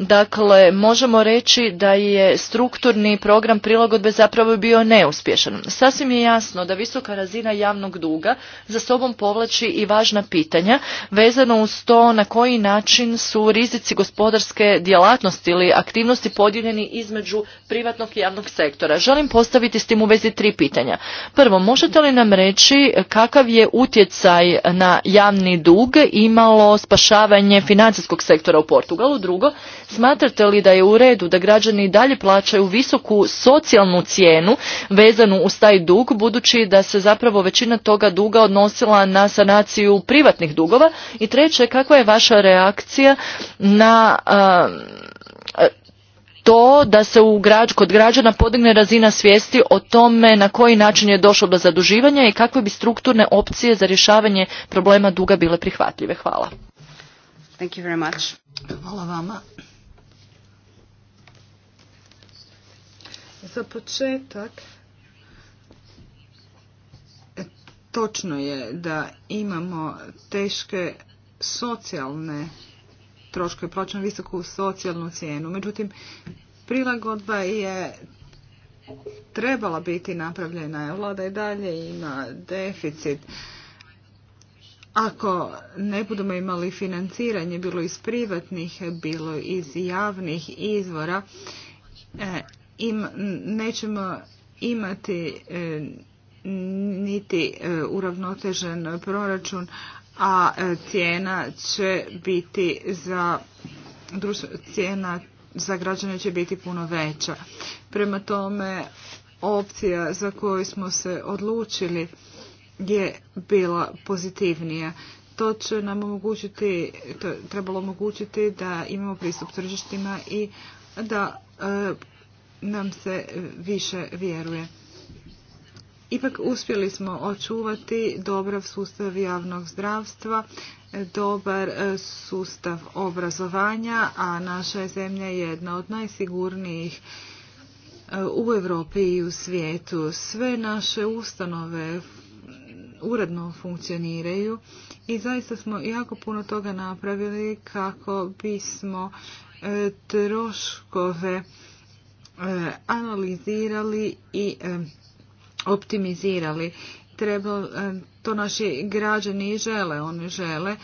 [SPEAKER 3] Dakle, možemo reći da je strukturni program prilagodbe zapravo bio neuspješan. Sasvim je jasno da visoka razina javnog duga za sobom povlači i važna pitanja vezano uz to na koji način su rizici gospodarske djelatnosti ili aktivnosti podijeljeni između privatnog i javnog sektora. Želim postaviti s tim u vezi tri pitanja. Prvo, možete li nam reći kakav je utjecaj na javni dug imalo spašavanje financijskog sektora u Portugalu? Drugo, Smatrate li da je u redu da građani i dalje plaćaju visoku socijalnu cijenu vezanu uz taj dug, budući da se zapravo većina toga duga odnosila na sanaciju privatnih dugova? I treće, kakva je vaša reakcija na... Um, to da se u kod građana podigne razina svijesti o tome na koji način je došlo do zaduživanja i kakve bi strukturne opcije za rješavanje problema duga bile prihvatljive. Hvala.
[SPEAKER 1] Hvala vama. Za početak, točno je da imamo teške socijalne troškove, plaćamo visoku socijalnu cijenu. Međutim, prilagodba je trebala biti napravljena. Vlada i dalje ima deficit. Ako ne budemo imali financiranje, bilo iz privatnih, bilo iz javnih izvora, e, im, nećemo imati e, niti e, uravnotežen proračun, a e, cijena će biti za cijena za građane će biti puno veća. Prema tome, opcija za koju smo se odlučili je bila pozitivnija. To će nam omogućiti, to trebalo omogućiti da imamo pristup tržištima i da nam se e, više vjeruje. Ipak uspjeli smo očuvati dobar sustav javnog zdravstva, e, dobar e, sustav obrazovanja, a naša zemlja je jedna od najsigurnijih u Europi i u svijetu. Sve naše ustanove uredno funkcioniraju i zaista smo jako puno toga napravili kako bismo troškove E, analizirali i e, optimizirali. Treba, e, to naši građani žele, oni žele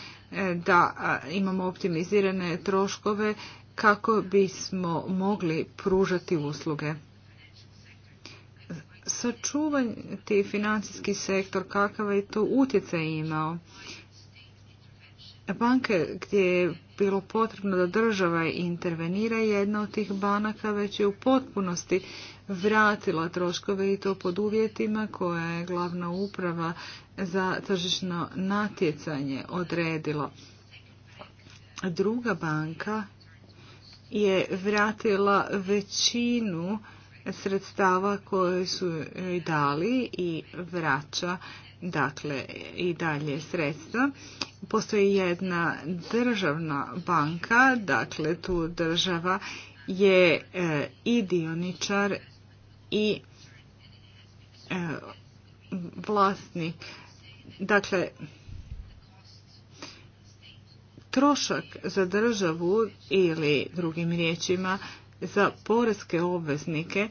[SPEAKER 1] da imamo optimizirane troškove kako bismo mogli pružati usluge. Sačuvati financijski sektor, kakav je to utjecaj imao? Banke gdje je bilo potrebno da država intervenira, jedna od tih banaka već je u potpunosti vratila troškove i to pod uvjetima koje je glavna uprava za tržišno natjecanje odredila. Druga banka je vratila većinu sredstava koje su joj dali i vraća dakle i dalje sredstva. Postoji jedna državna banka, dakle tu država je e, i dioničar i e, vlasnik. Dakle, trošak za državu ili drugim riječima za porezke obveznike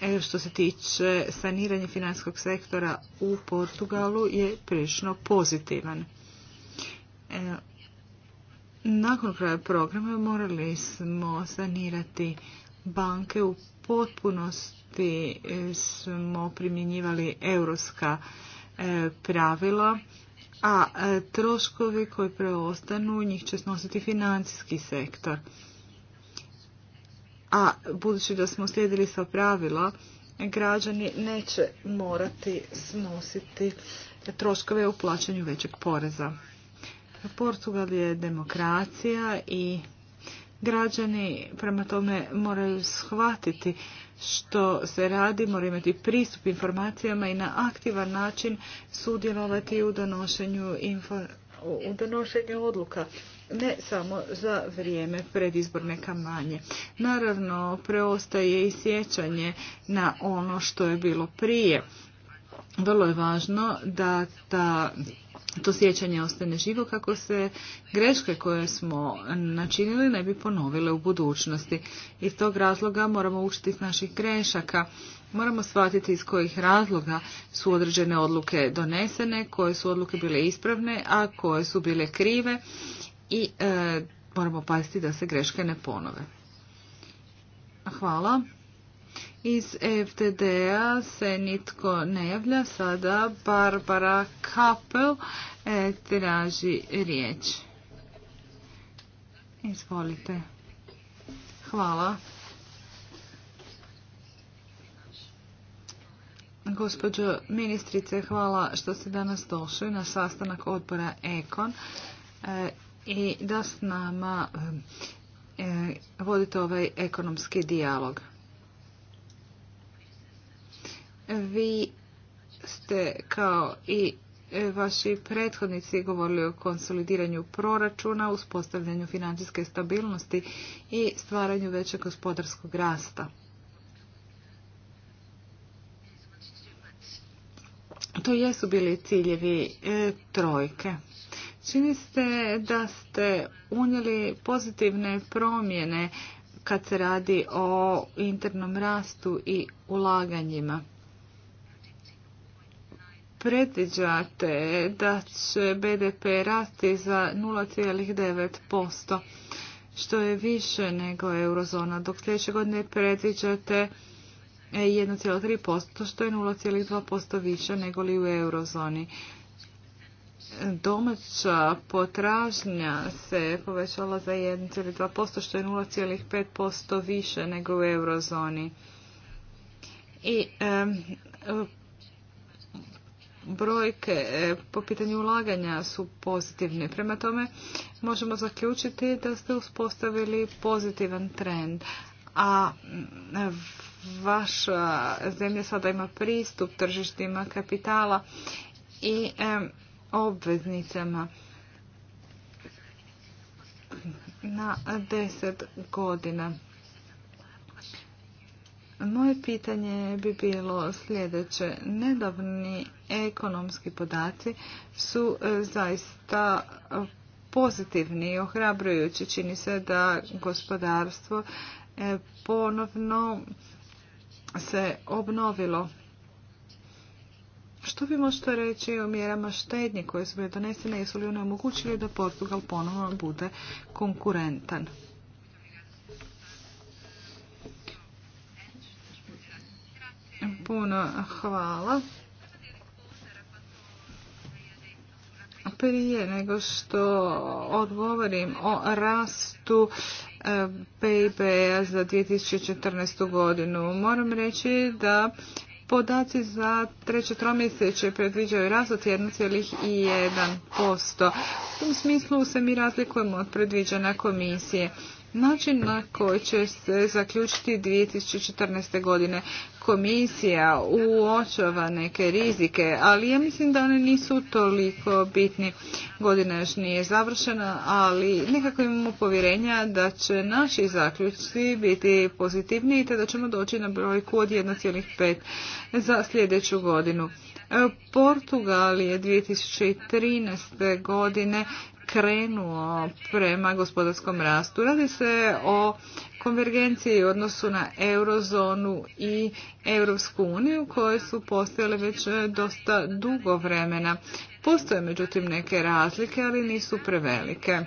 [SPEAKER 1] E, što se tiče saniranja finanskog sektora u Portugalu je prilično pozitivan. E, nakon kraja programa morali smo sanirati banke u potpunosti e, smo primjenjivali europska pravila, a troškovi koji preostanu njih će snositi financijski sektor a budući da smo slijedili sa pravila, građani neće morati snositi troškove u plaćanju većeg poreza. Portugal je demokracija i građani prema tome moraju shvatiti što se radi, moraju imati pristup informacijama i na aktivan način sudjelovati u donošenju, u donošenju odluka ne samo za vrijeme predizborne kampanje. Naravno, preostaje i sjećanje na ono što je bilo prije. Vrlo je važno da ta to sjećanje ostane živo kako se greške koje smo načinili ne bi ponovile u budućnosti. Iz tog razloga moramo učiti iz naših grešaka. Moramo shvatiti iz kojih razloga su određene odluke donesene, koje su odluke bile ispravne, a koje su bile krive i e, moramo paziti da se greške ne ponove. Hvala. Iz FTD-a se nitko ne javlja. Sada Barbara Kapel e, traži riječ. Izvolite. Hvala. Gospođo ministrice, hvala što ste danas došli na sastanak odbora Ekon e, i da s nama e, e, vodite ovaj ekonomski dijalog. Vi ste kao i e, vaši prethodnici govorili o konsolidiranju proračuna, uspostavljanju financijske stabilnosti i stvaranju većeg gospodarskog rasta. To jesu bili ciljevi trojke. Čini ste da ste unijeli pozitivne promjene kad se radi o internom rastu i ulaganjima. Predviđate da će BDP rasti za 0,9%, što je više nego eurozona, dok sljedeće godine predviđate 1,3%, što je 0,2% više nego li u eurozoni domaća potražnja se povećala za 1,2%, što je 0,5% više nego u eurozoni. I brojke e, po pitanju ulaganja su pozitivne. Prema tome možemo zaključiti da ste uspostavili pozitivan trend, a vaša zemlja sada ima pristup tržištima kapitala i obveznicama na deset godina. Moje pitanje bi bilo sljedeće. Nedavni ekonomski podaci su e, zaista pozitivni i ohrabrujući. Čini se da gospodarstvo e, ponovno se obnovilo. Što vi možete reći o mjerama štednje koje su bile donesene i su li one omogućili da Portugal ponovno bude konkurentan? Puno hvala. Prije nego što odgovorim o rastu e, PIB-a e za 2014. godinu, moram reći da Podaci za treće tromjeseće predviđaju rast od 1,1%. U tom smislu se mi razlikujemo od predviđena komisije način na koji će se zaključiti 2014. godine. Komisija uočava neke rizike, ali ja mislim da one nisu toliko bitni. Godina još nije završena, ali nekako imamo povjerenja da će naši zaključci biti pozitivniji te da ćemo doći na brojku od 1,5 za sljedeću godinu. Portugal je 2013. godine krenuo prema gospodarskom rastu. Radi se o konvergenciji u odnosu na eurozonu i Europsku uniju koje su postojale već dosta dugo vremena. Postoje međutim neke razlike, ali nisu prevelike.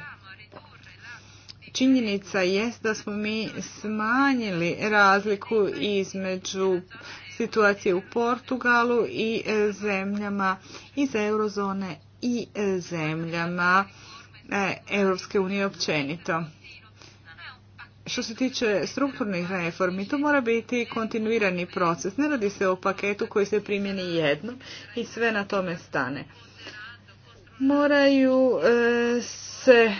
[SPEAKER 1] Činjenica jest da smo mi smanjili razliku između situacije u Portugalu i zemljama iz eurozone i zemljama E, Europske unije općenito. Što se tiče strukturnih reformi, to mora biti kontinuirani proces. Ne radi se o paketu koji se primjeni jednom i sve na tome stane. Moraju e, se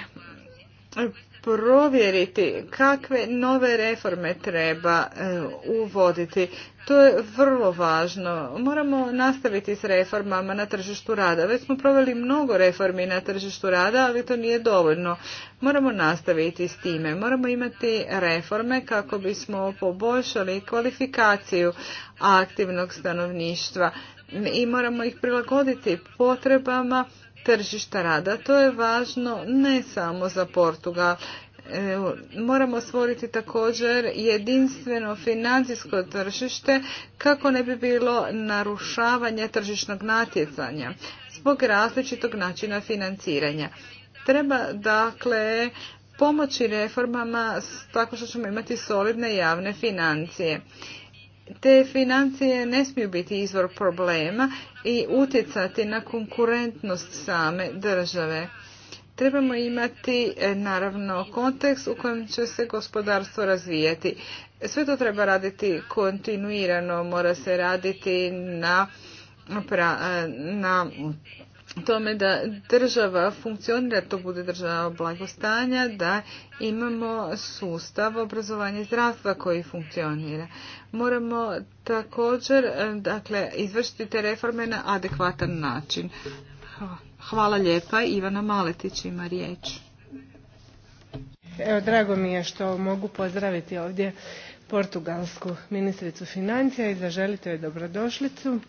[SPEAKER 1] provjeriti kakve nove reforme treba e, uvoditi. To je vrlo važno. Moramo nastaviti s reformama na tržištu rada. Već smo proveli mnogo reformi na tržištu rada, ali to nije dovoljno. Moramo nastaviti s time. Moramo imati reforme kako bismo poboljšali kvalifikaciju aktivnog stanovništva i moramo ih prilagoditi potrebama tržišta rada. To je važno ne samo za Portugal. E, moramo stvoriti također jedinstveno financijsko tržište kako ne bi bilo narušavanje tržišnog natjecanja zbog različitog načina financiranja. Treba dakle pomoći reformama tako što ćemo imati solidne javne financije te financije ne smiju biti izvor problema i utjecati na konkurentnost same države. Trebamo imati e, naravno kontekst u kojem će se gospodarstvo razvijati. Sve to treba raditi kontinuirano, mora se raditi na, e, na tome da država funkcionira, to bude država blagostanja, da imamo sustav obrazovanja zdravstva koji funkcionira. Moramo također e, dakle, izvršiti te reforme na adekvatan način. Hvala lijepa. Ivana Maletić ima riječ.
[SPEAKER 4] Evo, drago mi je što mogu pozdraviti ovdje portugalsku ministricu financija i zaželite joj dobrodošlicu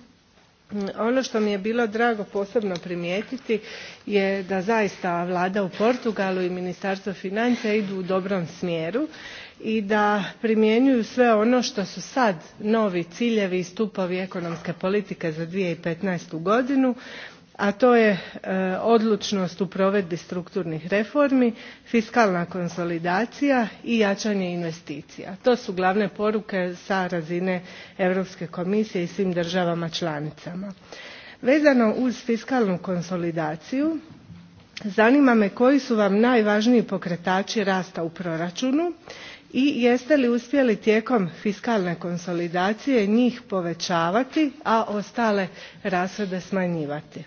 [SPEAKER 4] ono što mi je bilo drago posebno primijetiti je da zaista vlada u portugalu i ministarstvo financija idu u dobrom smjeru i da primjenjuju sve ono što su sad novi ciljevi i stupovi ekonomske politike za. two thousand and fifteen godinu a to je e, odlučnost u provedbi strukturnih reformi fiskalna konsolidacija i jačanje investicija. to su glavne poruke sa razine europske komisije i svim državama članicama. vezano uz fiskalnu konsolidaciju zanima me koji su vam najvažniji pokretači rasta u proračunu i jeste li uspjeli tijekom fiskalne konsolidacije njih povećavati a ostale rashode smanjivati?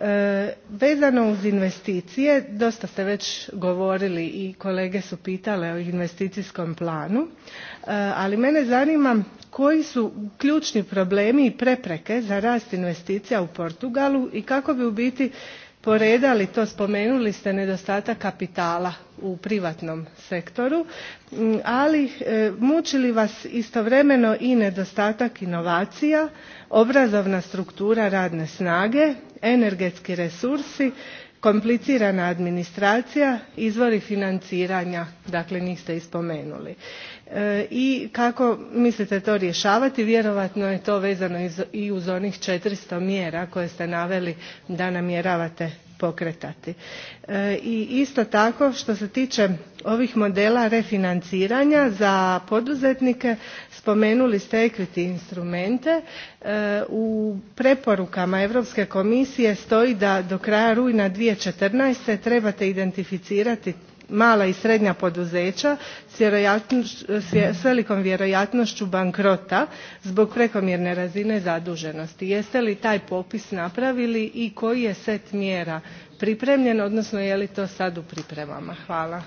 [SPEAKER 4] E, vezano uz investicije dosta ste već govorili i kolege su pitale o investicijskom planu e, ali mene zanima koji su ključni problemi i prepreke za rast investicija u portugalu i kako bi u biti poredali to spomenuli ste nedostatak kapitala u privatnom sektoru ali e, muči li vas istovremeno i nedostatak inovacija obrazovna struktura radne snage energetski resursi komplicirana administracija izvori financiranja dakle njih ste i spomenuli e, i kako mislite to rješavati vjerojatno je to vezano i uz onih 400 mjera koje ste naveli da namjeravate pokretati e, i isto tako što se tiče ovih modela refinanciranja za poduzetnike spomenuli ste equity instrumente e, u preporukama europske komisije stoji da do kraja rujna two thousand and fourteen trebate identificirati mala i srednja poduzeća s velikom vjerojatnošću bankrota zbog prekomjerne razine zaduženosti. jeste li taj popis napravili i koji je set mjera pripremljen odnosno je li to sad u pripremama? hvala.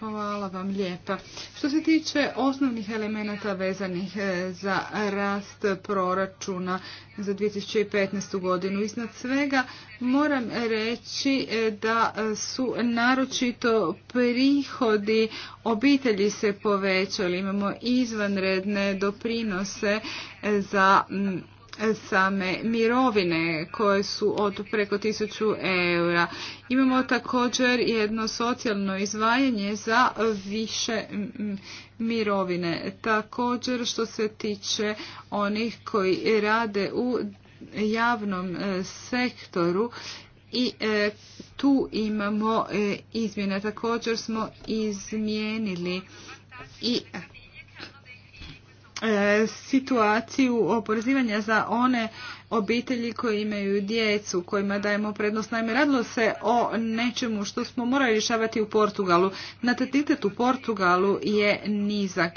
[SPEAKER 1] Hvala vam lijepa. Što se tiče osnovnih elemenata vezanih e, za rast proračuna za 2015. godinu, iznad svega moram reći e, da su naročito prihodi obitelji se povećali. Imamo izvanredne doprinose za same mirovine koje su od preko 1000 eura. Imamo također jedno socijalno izvajanje za više mirovine. Također što se tiče onih koji rade u javnom e, sektoru i e, tu imamo e, izmjene. Također smo izmijenili i E, situaciju oporezivanja za one obitelji koji imaju djecu kojima dajemo prednost. Naime, radilo se o nečemu što smo morali rješavati u Portugalu. Natetitet u Portugalu je nizak.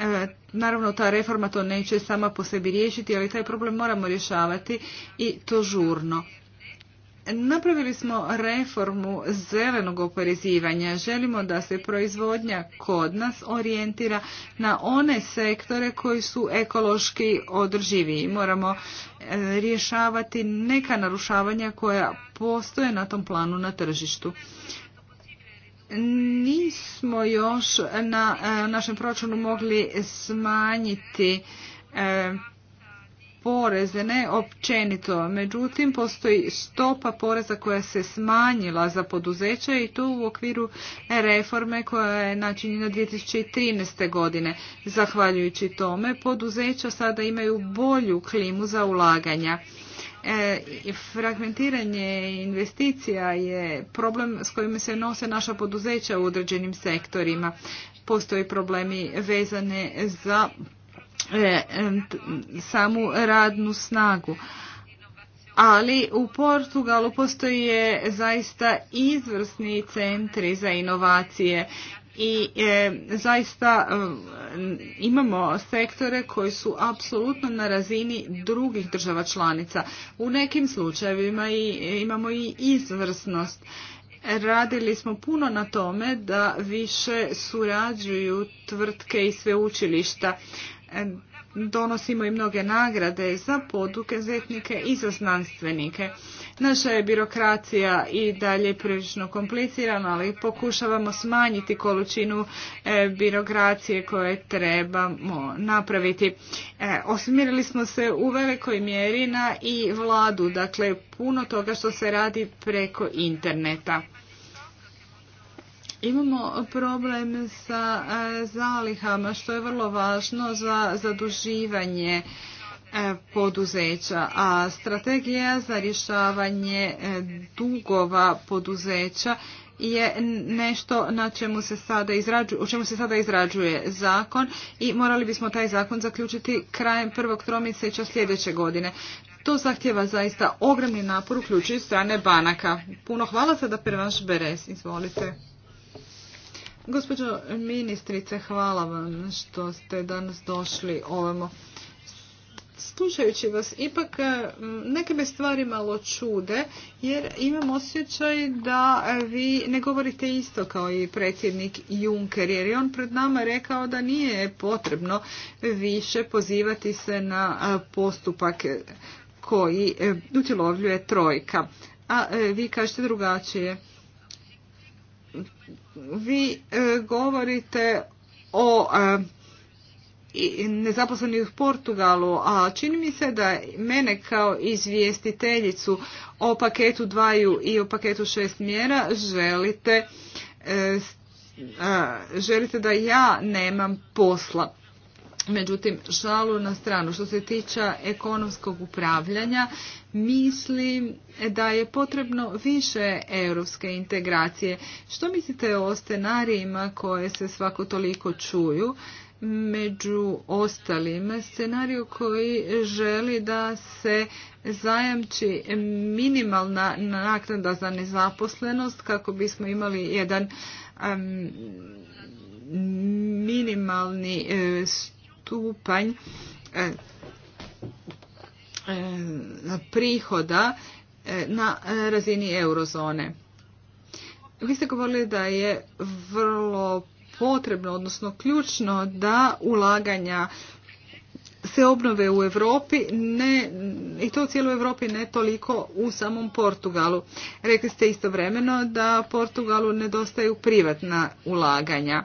[SPEAKER 1] E, naravno, ta reforma to neće sama po sebi riješiti, ali taj problem moramo rješavati i to žurno. Napravili smo reformu zelenog oporezivanja. Želimo da se proizvodnja kod nas orijentira na one sektore koji su ekološki održivi. Moramo e, rješavati neka narušavanja koja postoje na tom planu na tržištu. Nismo još na e, našem proračunu mogli smanjiti e, poreze, ne općenito. Međutim, postoji stopa poreza koja se smanjila za poduzeća i to u okviru reforme koja je načinjena 2013. godine. Zahvaljujući tome, poduzeća sada imaju bolju klimu za ulaganja. E, fragmentiranje investicija je problem s kojim se nose naša poduzeća u određenim sektorima. Postoji problemi vezane za samu radnu snagu. Ali u Portugalu postoje zaista izvrsni centri za inovacije i zaista imamo sektore koji su apsolutno na razini drugih država članica. U nekim slučajevima imamo i izvrsnost. Radili smo puno na tome da više surađuju tvrtke i sveučilišta donosimo i mnoge nagrade za poduzetnike i za znanstvenike. Naša je birokracija i dalje prilično komplicirana, ali pokušavamo smanjiti količinu e, birokracije koje trebamo napraviti. E, osmirili smo se u velikoj mjeri na i vladu, dakle puno toga što se radi preko interneta. Imamo problem sa e, zalihama što je vrlo važno za zaduživanje e, poduzeća, a strategija za rješavanje e, dugova poduzeća je nešto na čemu se sada u čemu se sada izrađuje zakon i morali bismo taj zakon zaključiti krajem prvog tromjeseća sljedeće godine. To zahtjeva zaista ogromni napor uključujući strane banaka. Puno hvala sada Pervanš Beres. Izvolite. Gospođo ministrice, hvala vam što ste danas došli ovamo. Slušajući vas, ipak neke me stvari malo čude, jer imam osjećaj da vi ne govorite isto kao i predsjednik Juncker, jer je on pred nama rekao da nije potrebno više pozivati se na postupak koji e, utjelovljuje trojka. A e, vi kažete drugačije vi e, govorite o e, nezaposlenih u Portugalu, a čini mi se da mene kao izvjestiteljicu o paketu dvaju i o paketu šest mjera želite e, želite da ja nemam posla. Međutim, šalu na stranu. Što se tiče ekonomskog upravljanja, mislim da je potrebno više europske integracije. Što mislite o scenarijima koje se svako toliko čuju? Među ostalim scenariju koji želi da se zajamči minimalna naknada za nezaposlenost kako bismo imali jedan minimalni e, stupanj e, e, prihoda e, na razini eurozone. Vi ste govorili da je vrlo potrebno, odnosno ključno da ulaganja se obnove u Europi ne, i to u cijeloj Europi ne toliko u samom Portugalu. Rekli ste istovremeno da Portugalu nedostaju privatna ulaganja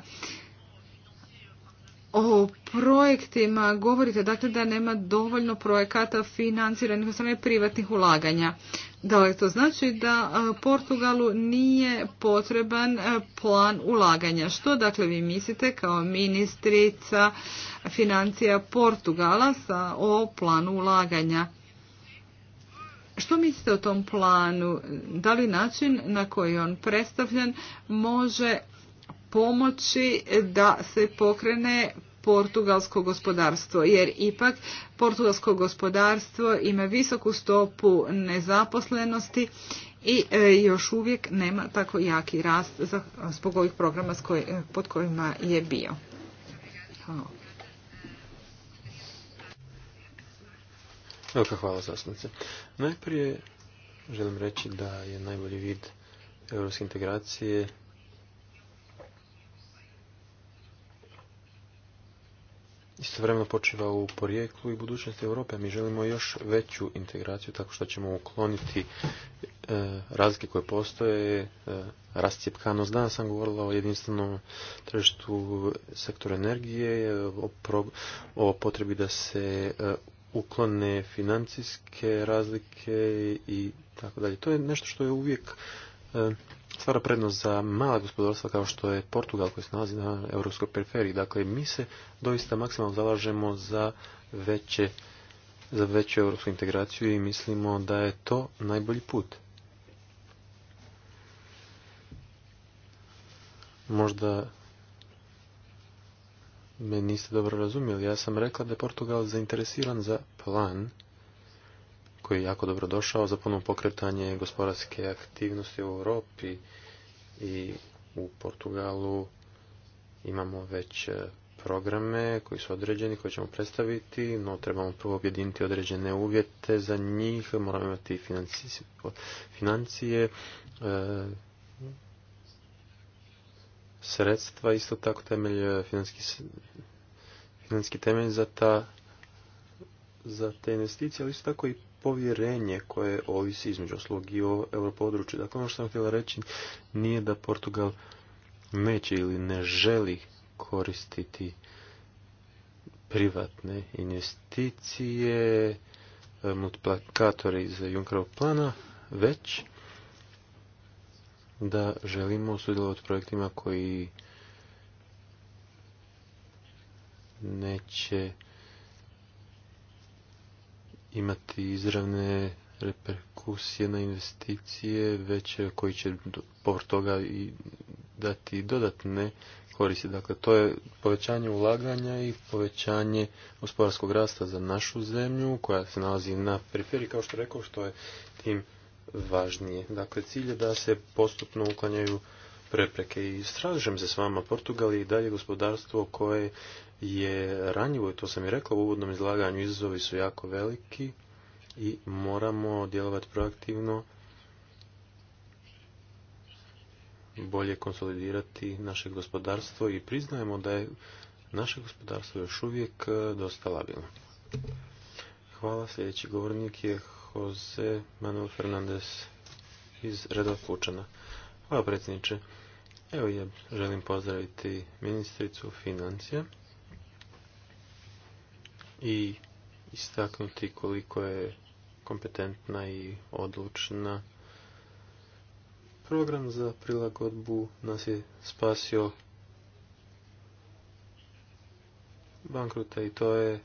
[SPEAKER 1] o projektima govorite dakle da nema dovoljno projekata financiranih od strane privatnih ulaganja. Da li to znači da e, Portugalu nije potreban e, plan ulaganja? Što dakle vi mislite kao ministrica financija Portugala sa, o planu ulaganja? Što mislite o tom planu? Da li način na koji je on predstavljen može pomoći da se pokrene portugalsko gospodarstvo, jer ipak portugalsko gospodarstvo ima visoku stopu nezaposlenosti i e, još uvijek nema tako jaki rast zbog ovih programa e, pod kojima je bio. Hvala.
[SPEAKER 2] hvala Najprije želim reći da je najbolji vid europske integracije istovremeno počiva u porijeklu i budućnosti Europe. Mi želimo još veću integraciju tako što ćemo ukloniti e, razlike koje postoje, e, rascijepkanost. Danas sam govorila o jedinstvenom tržištu sektora energije, o, potrebi da se e, uklone financijske razlike i tako dalje. To je nešto što je uvijek e, stvara prednost za mala gospodarstva kao što je Portugal koji se nalazi na europskoj periferiji. Dakle, mi se doista maksimalno zalažemo za veće za veću europsku integraciju i mislimo da je to najbolji put. Možda me niste dobro razumjeli. Ja sam rekla da je Portugal zainteresiran za plan je jako dobro došao za puno pokretanje gospodarske aktivnosti u Europi i u Portugalu imamo već e, programe koji su određeni, koje ćemo predstaviti, no trebamo prvo objediniti određene uvjete za njih, moramo imati financije, e, sredstva, isto tako temelj, e, financijski, temelj za ta za te investicije, ali isto tako i povjerenje koje ovisi između oslog i o europodručju. Dakle, ono što sam htjela reći nije da Portugal neće ili ne želi koristiti privatne investicije, multiplikatore iz Junkerovog plana, već da želimo sudjelovati projektima koji neće imati izravne reperkusije na investicije, već koji će povr toga i dati dodatne koristi. Dakle, to je povećanje ulaganja i povećanje gospodarskog rasta za našu zemlju, koja se nalazi na periferiji, kao što rekao, što je tim važnije. Dakle, cilj je da se postupno uklanjaju prepreke i stražem se s vama. Portugal je i dalje gospodarstvo koje je ranjivo i to sam i rekla u uvodnom izlaganju. Izazovi su jako veliki i moramo djelovati proaktivno bolje konsolidirati naše gospodarstvo i priznajemo da je naše gospodarstvo još uvijek e, dosta labilno. Hvala. Sljedeći govornik je Jose Manuel Fernandez iz Reda Pučana. Hvala predsjedniče. Evo ja želim pozdraviti ministricu financija i istaknuti koliko je kompetentna i odlučna. Program za prilagodbu nas je spasio bankruta i to je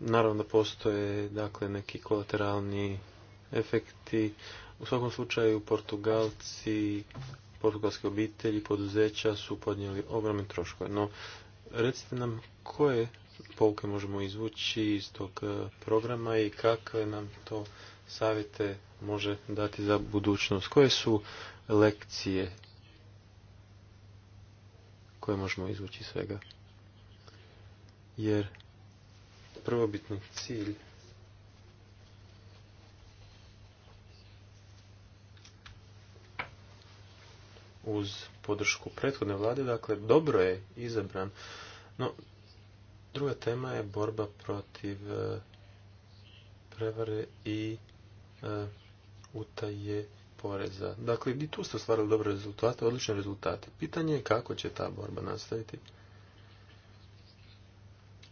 [SPEAKER 2] naravno da postoje dakle neki kolateralni efekti. U svakom slučaju Portugalci portugalske obitelji i poduzeća su podnijeli ogromne troškove. No, recite nam koje pouke možemo izvući iz tog e, programa i kakve nam to savjete može dati za budućnost. Koje su lekcije koje možemo izvući svega? Jer prvobitni cilj uz podršku prethodne vlade, dakle dobro je izabran. No, druga tema je borba protiv e, prevare i e, utaje poreza. Dakle, i tu ste ostvarili dobre rezultate, odlične rezultate. Pitanje je kako će ta borba nastaviti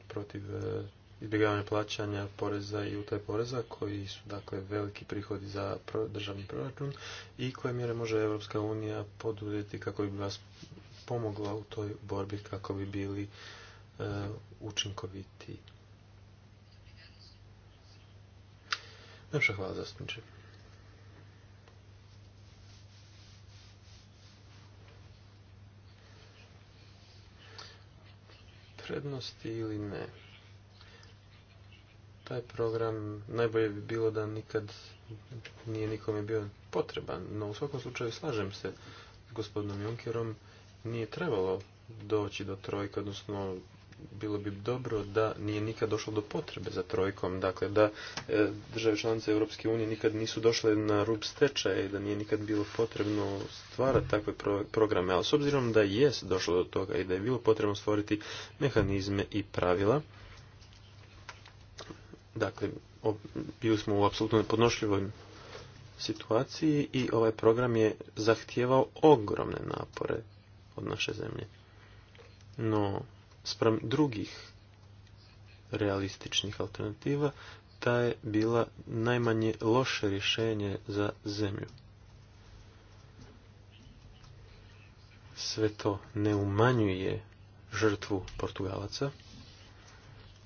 [SPEAKER 2] protiv e, izbjegavanja plaćanja poreza i utaj poreza koji su dakle veliki prihodi za državni proračun i koje mjere može Europska unija poduzeti kako bi vas pomogla u toj borbi kako bi bili e, učinkoviti. Najpša hvala Prednosti ili ne? taj program najbolje bi bilo da nikad nije nikome bio potreban. No u svakom slučaju slažem se s gospodinom Junkerom, nije trebalo doći do trojke, odnosno bilo bi dobro da nije nikad došlo do potrebe za trojkom, dakle da e, države članice Europske unije nikad nisu došle na rub stečaja i da nije nikad bilo potrebno stvarati takve programe, ali s obzirom da jest došlo do toga i da je bilo potrebno stvoriti mehanizme i pravila, Dakle, bili smo u apsolutno nepodnošljivoj situaciji i ovaj program je zahtijevao ogromne napore od naše zemlje. No, sprem drugih realističnih alternativa, ta je bila najmanje loše rješenje za zemlju. Sve to ne umanjuje žrtvu Portugalaca,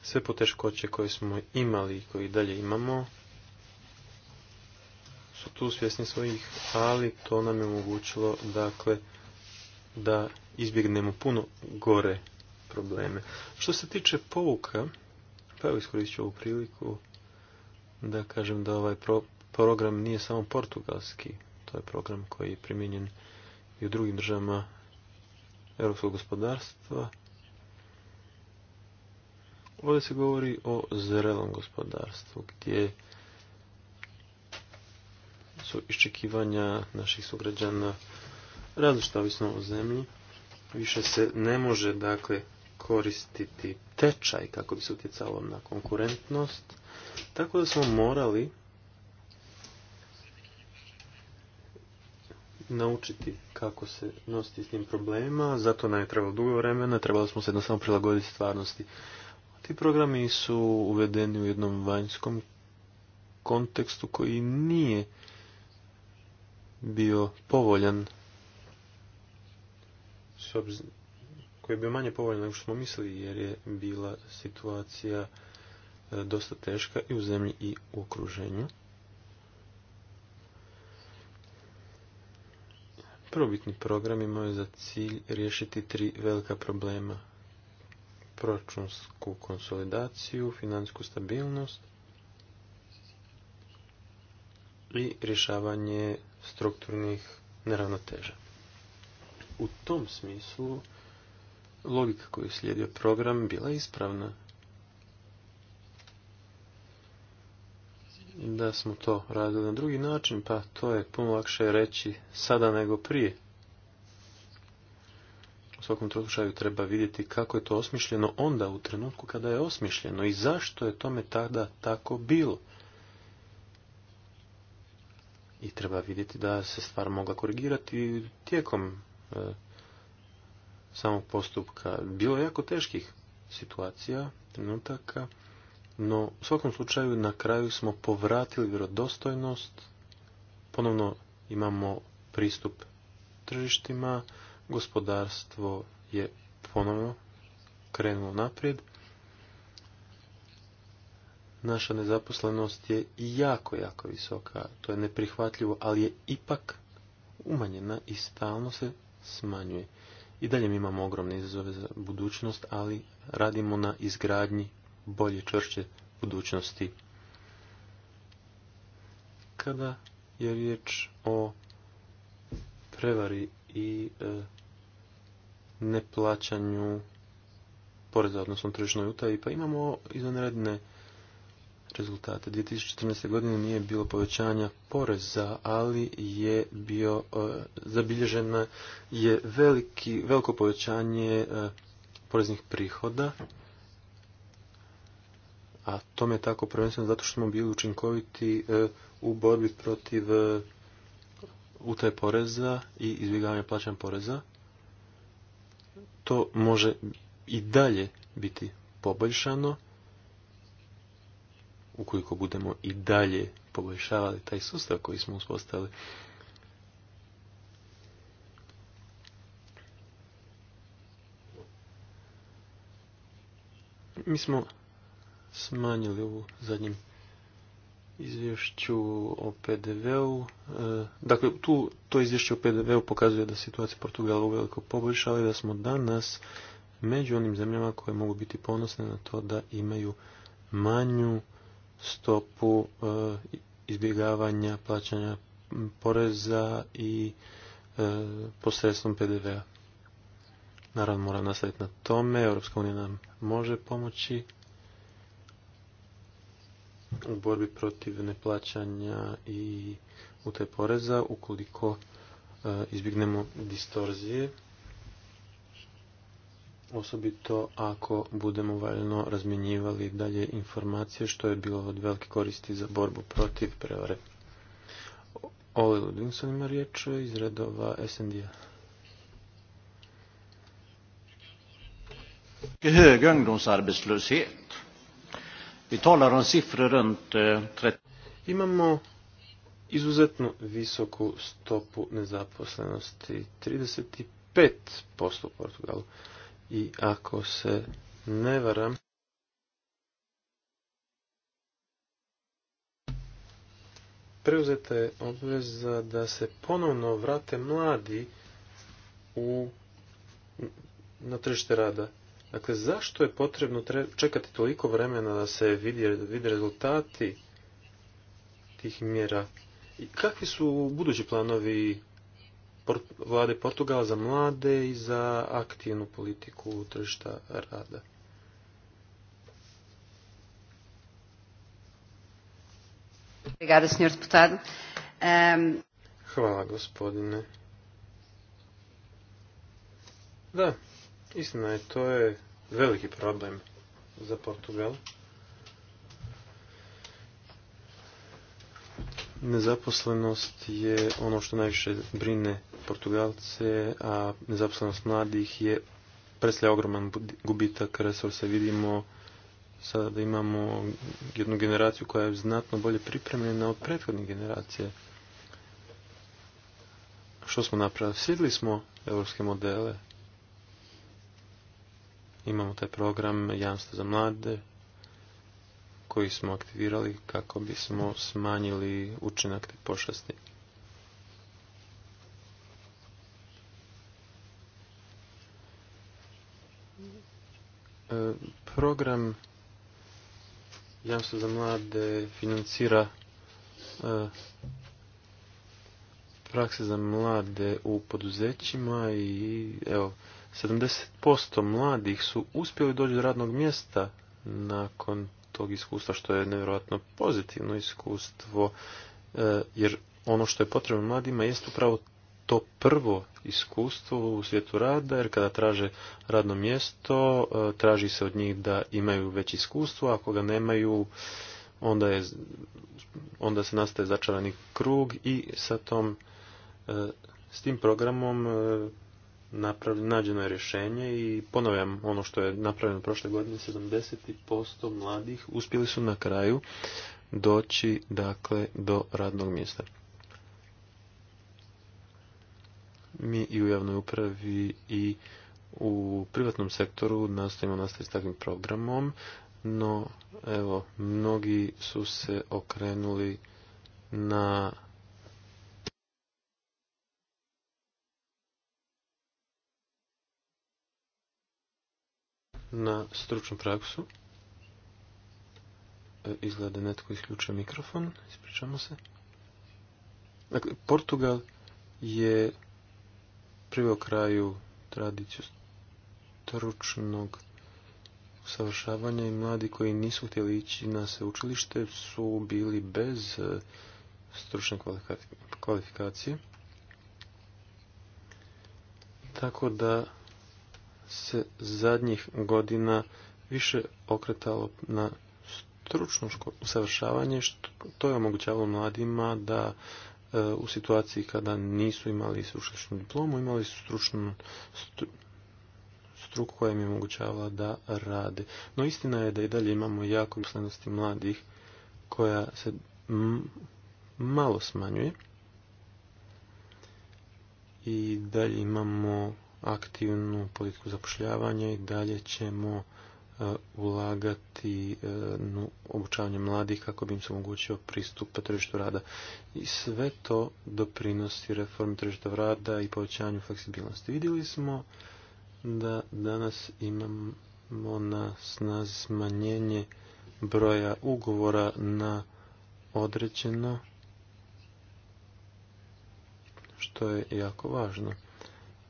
[SPEAKER 2] sve poteškoće koje smo imali i koje dalje imamo su tu svjesni svojih, ali to nam je omogućilo dakle da izbjegnemo puno gore probleme. Što se tiče pouka, pa evo iskoristit ću ovu priliku da kažem da ovaj program nije samo portugalski, to je program koji je primijenjen i u drugim državama europskog gospodarstva, Ovdje se govori o zrelom gospodarstvu gdje su iščekivanja naših sugrađana različita ovisno o zemlji. Više se ne može dakle koristiti tečaj kako bi se utjecalo na konkurentnost. Tako da smo morali naučiti kako se nositi s tim problemima, zato nam je trebalo dugo vremena, Trebalo smo se jednostavno prilagoditi stvarnosti. Ti programi su uvedeni u jednom vanjskom kontekstu koji nije bio povoljan koji je bio manje povoljan nego što smo mislili jer je bila situacija e, dosta teška i u zemlji i u okruženju. Prvobitni program imao je za cilj riješiti tri velika problema proračunsku konsolidaciju, financijsku stabilnost i rješavanje strukturnih neravnoteža. U tom smislu logika koju je slijedio program bila ispravna. Da smo to radili na drugi način, pa to je puno lakše reći sada nego prije svakom slučaju treba vidjeti kako je to osmišljeno onda u trenutku kada je osmišljeno i zašto je tome tada tako bilo. I treba vidjeti da se stvar mogla korigirati tijekom e, samog postupka. Bilo je jako teških situacija, trenutaka, no u svakom slučaju na kraju smo povratili vjerodostojnost, ponovno imamo pristup tržištima, gospodarstvo je ponovno krenulo naprijed. Naša nezaposlenost je jako, jako visoka, to je neprihvatljivo, ali je ipak umanjena i stalno se smanjuje. I dalje mi imamo ogromne izazove za budućnost, ali radimo na izgradnji bolje čvršće budućnosti. Kada je riječ o prevari i e, neplaćanju poreza, odnosno tržišnoj utaji, pa imamo izvanredne rezultate. 2014. godine nije bilo povećanja poreza, ali je bio e, zabilježeno je veliki, veliko povećanje e, poreznih prihoda, a tome je tako prvenstveno zato što smo bili učinkoviti e, u borbi protiv utaje poreza i izbjegavanja plaćanja poreza to može i dalje biti poboljšano ukoliko budemo i dalje poboljšavali taj sustav koji smo uspostavili. Mi smo smanjili ovu zadnjim izvješću o PDV-u. E, dakle, tu, to izvješće o PDV-u pokazuje da situacija Portugala veliko poboljšala i da smo danas među onim zemljama koje mogu biti ponosne na to da imaju manju stopu e, izbjegavanja plaćanja poreza i e, posredstvom PDV-a. Naravno, moram nastaviti na tome. Europska unija nam može pomoći u borbi protiv neplaćanja i utaj poreza ukoliko e, izbjegnemo distorzije osobito ako budemo valjno razmjenjivali dalje informacije što je bilo od velike koristi za borbu protiv prevare. Ole Ludvinson ima riječ iz redova SND-a. Vi eh, Imamo izuzetno visoku stopu nezaposlenosti, 35% u Portugalu. I ako se ne varam, preuzeta je obveza da se ponovno vrate mladi u, na tržište rada. Dakle, zašto je potrebno čekati toliko vremena da se vidi, rezultati tih mjera? I kakvi su budući planovi vlade Portugala za mlade i za aktivnu politiku tržišta rada? Ehm, Hvala gospodine. Da, Istina je, to je veliki problem za Portugal. Nezaposlenost je ono što najviše brine Portugalce, a nezaposlenost mladih je predstavlja ogroman gubitak resursa. Vidimo sada da imamo jednu generaciju koja je znatno bolje pripremljena od prethodne generacije. Što smo napravili? Sjedili smo europske modele, imamo taj program Jamstvo za mlade koji smo aktivirali kako bismo smanjili učinak te pošasti. E, program jamstvo za mlade financira e, prakse za mlade u poduzećima i evo 70% mladih su uspjeli doći do radnog mjesta nakon tog iskustva, što je nevjerojatno pozitivno iskustvo, e, jer ono što je potrebno mladima jest upravo to prvo iskustvo u svijetu rada, jer kada traže radno mjesto, e, traži se od njih da imaju već iskustvo, ako ga nemaju, onda, je, onda se nastaje začarani krug i sa tom, e, s tim programom nađeno je rješenje i ponovim, ono što je napravljeno prošle godine, 70% mladih uspjeli su na kraju doći dakle do radnog mjesta. Mi i u javnoj upravi i u privatnom sektoru nastavimo nastaviti s takvim programom, no evo, mnogi su se okrenuli na na stručnu praksu. E, izgleda netko isključio mikrofon, ispričamo se. Dakle, Portugal je priveo kraju tradiciju stručnog usavršavanja i mladi koji nisu htjeli ići na sveučilište su bili bez e, stručne kvalifikacije. Tako da se zadnjih godina više okretalo na stručno usavršavanje, što to je omogućavalo mladima da e, u situaciji kada nisu imali sveučilišnu diplomu, imali su stručnu stru, struku koja im je omogućavala da rade. No istina je da i dalje imamo jako uslenosti mladih koja se malo smanjuje i dalje imamo aktivnu politiku zapošljavanja i dalje ćemo e, ulagati e, u obučavanje mladih kako bi im se omogućio pristup tržištu rada. I sve to doprinosi reformi tržišta rada i povećanju fleksibilnosti. Vidjeli smo da danas imamo na snazi smanjenje broja ugovora na određeno, što je jako važno.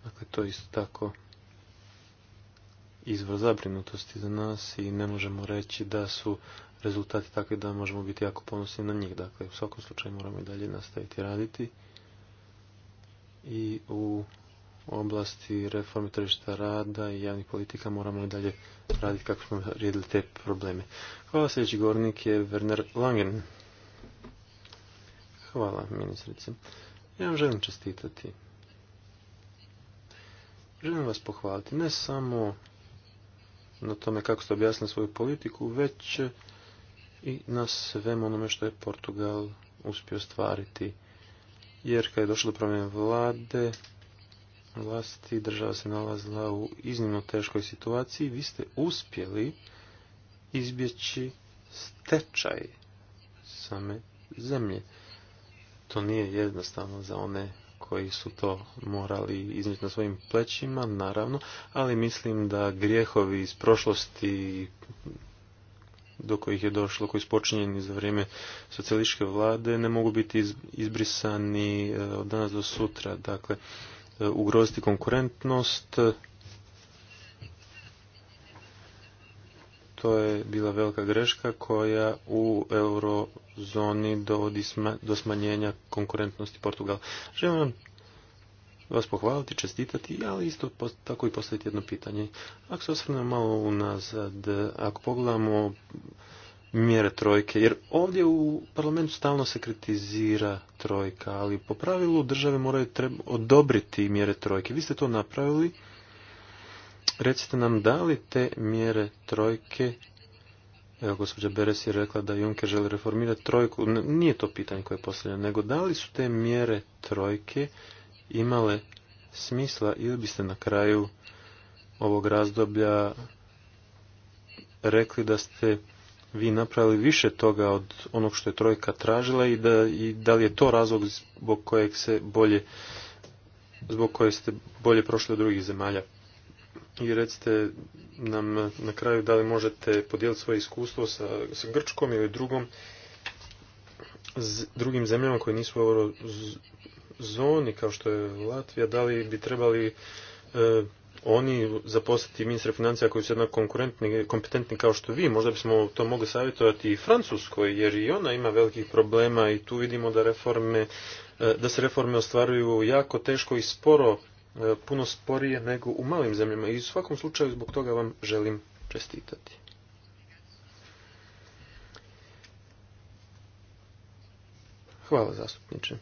[SPEAKER 2] Dakle, to je isto tako izvor zabrinutosti za nas i ne možemo reći da su rezultati takvi da možemo biti jako ponosni na njih. Dakle, u svakom slučaju moramo i dalje nastaviti raditi i u oblasti reforme tržišta rada i javnih politika moramo i dalje raditi kako smo rijedili te probleme. Hvala sljedeći govornik je Werner Langen. Hvala ministrice. Ja vam želim čestitati Želim vas pohvaliti ne samo na tome kako ste objasnili svoju politiku, već i na svemu onome što je Portugal uspio stvariti. Jer kad je došlo do promjene vlade, vlasti država se nalazila u iznimno teškoj situaciji. Vi ste uspjeli izbjeći stečaj same zemlje. To nije jednostavno za one koji su to morali iznijeti na svojim plećima, naravno, ali mislim da grijehovi iz prošlosti do kojih je došlo, koji su počinjeni za vrijeme socijalističke vlade, ne mogu biti izbrisani e, od danas do sutra. Dakle, e, ugroziti konkurentnost, to je bila velika greška koja u eurozoni dovodi do smanjenja konkurentnosti Portugala. Želim vam vas pohvaliti, čestitati, ali isto tako i postaviti jedno pitanje. Ako se osvrnemo malo unazad, ako pogledamo mjere trojke, jer ovdje u parlamentu stalno se kritizira trojka, ali po pravilu države moraju treba odobriti mjere trojke. Vi ste to napravili, Recite nam da li te mjere trojke, evo gospođa Beres je rekla da Juncker želi reformirati trojku, nije to pitanje koje je postavljeno, nego da li su te mjere trojke imale smisla ili biste na kraju ovog razdoblja rekli da ste vi napravili više toga od onog što je trojka tražila i da, i da li je to razlog zbog kojeg se bolje zbog koje ste bolje prošli od drugih zemalja i recite nam na kraju da li možete podijeliti svoje iskustvo sa, sa Grčkom ili drugom, z, drugim zemljama koje nisu u eurozoni kao što je Latvija, da li bi trebali e, oni zaposliti ministra financija koji su jednako konkurentni, kompetentni kao što vi, možda bismo to mogli savjetovati i Francuskoj, jer i ona ima velikih problema i tu vidimo da reforme, e, da se reforme ostvaruju jako teško i sporo E, puno sporije nego u malim zemljama i u svakom slučaju zbog toga vam želim čestitati. Hvala zastupniče.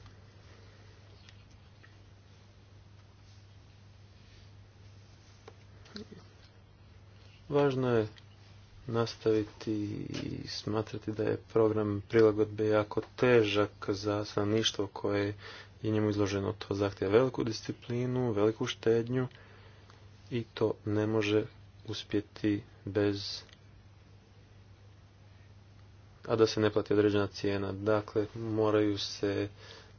[SPEAKER 2] Važno je nastaviti i smatrati da je program prilagodbe jako težak za stanovništvo koje je njemu izloženo. To zahtjeva veliku disciplinu, veliku štednju i to ne može uspjeti bez a da se ne plati određena cijena. Dakle, moraju se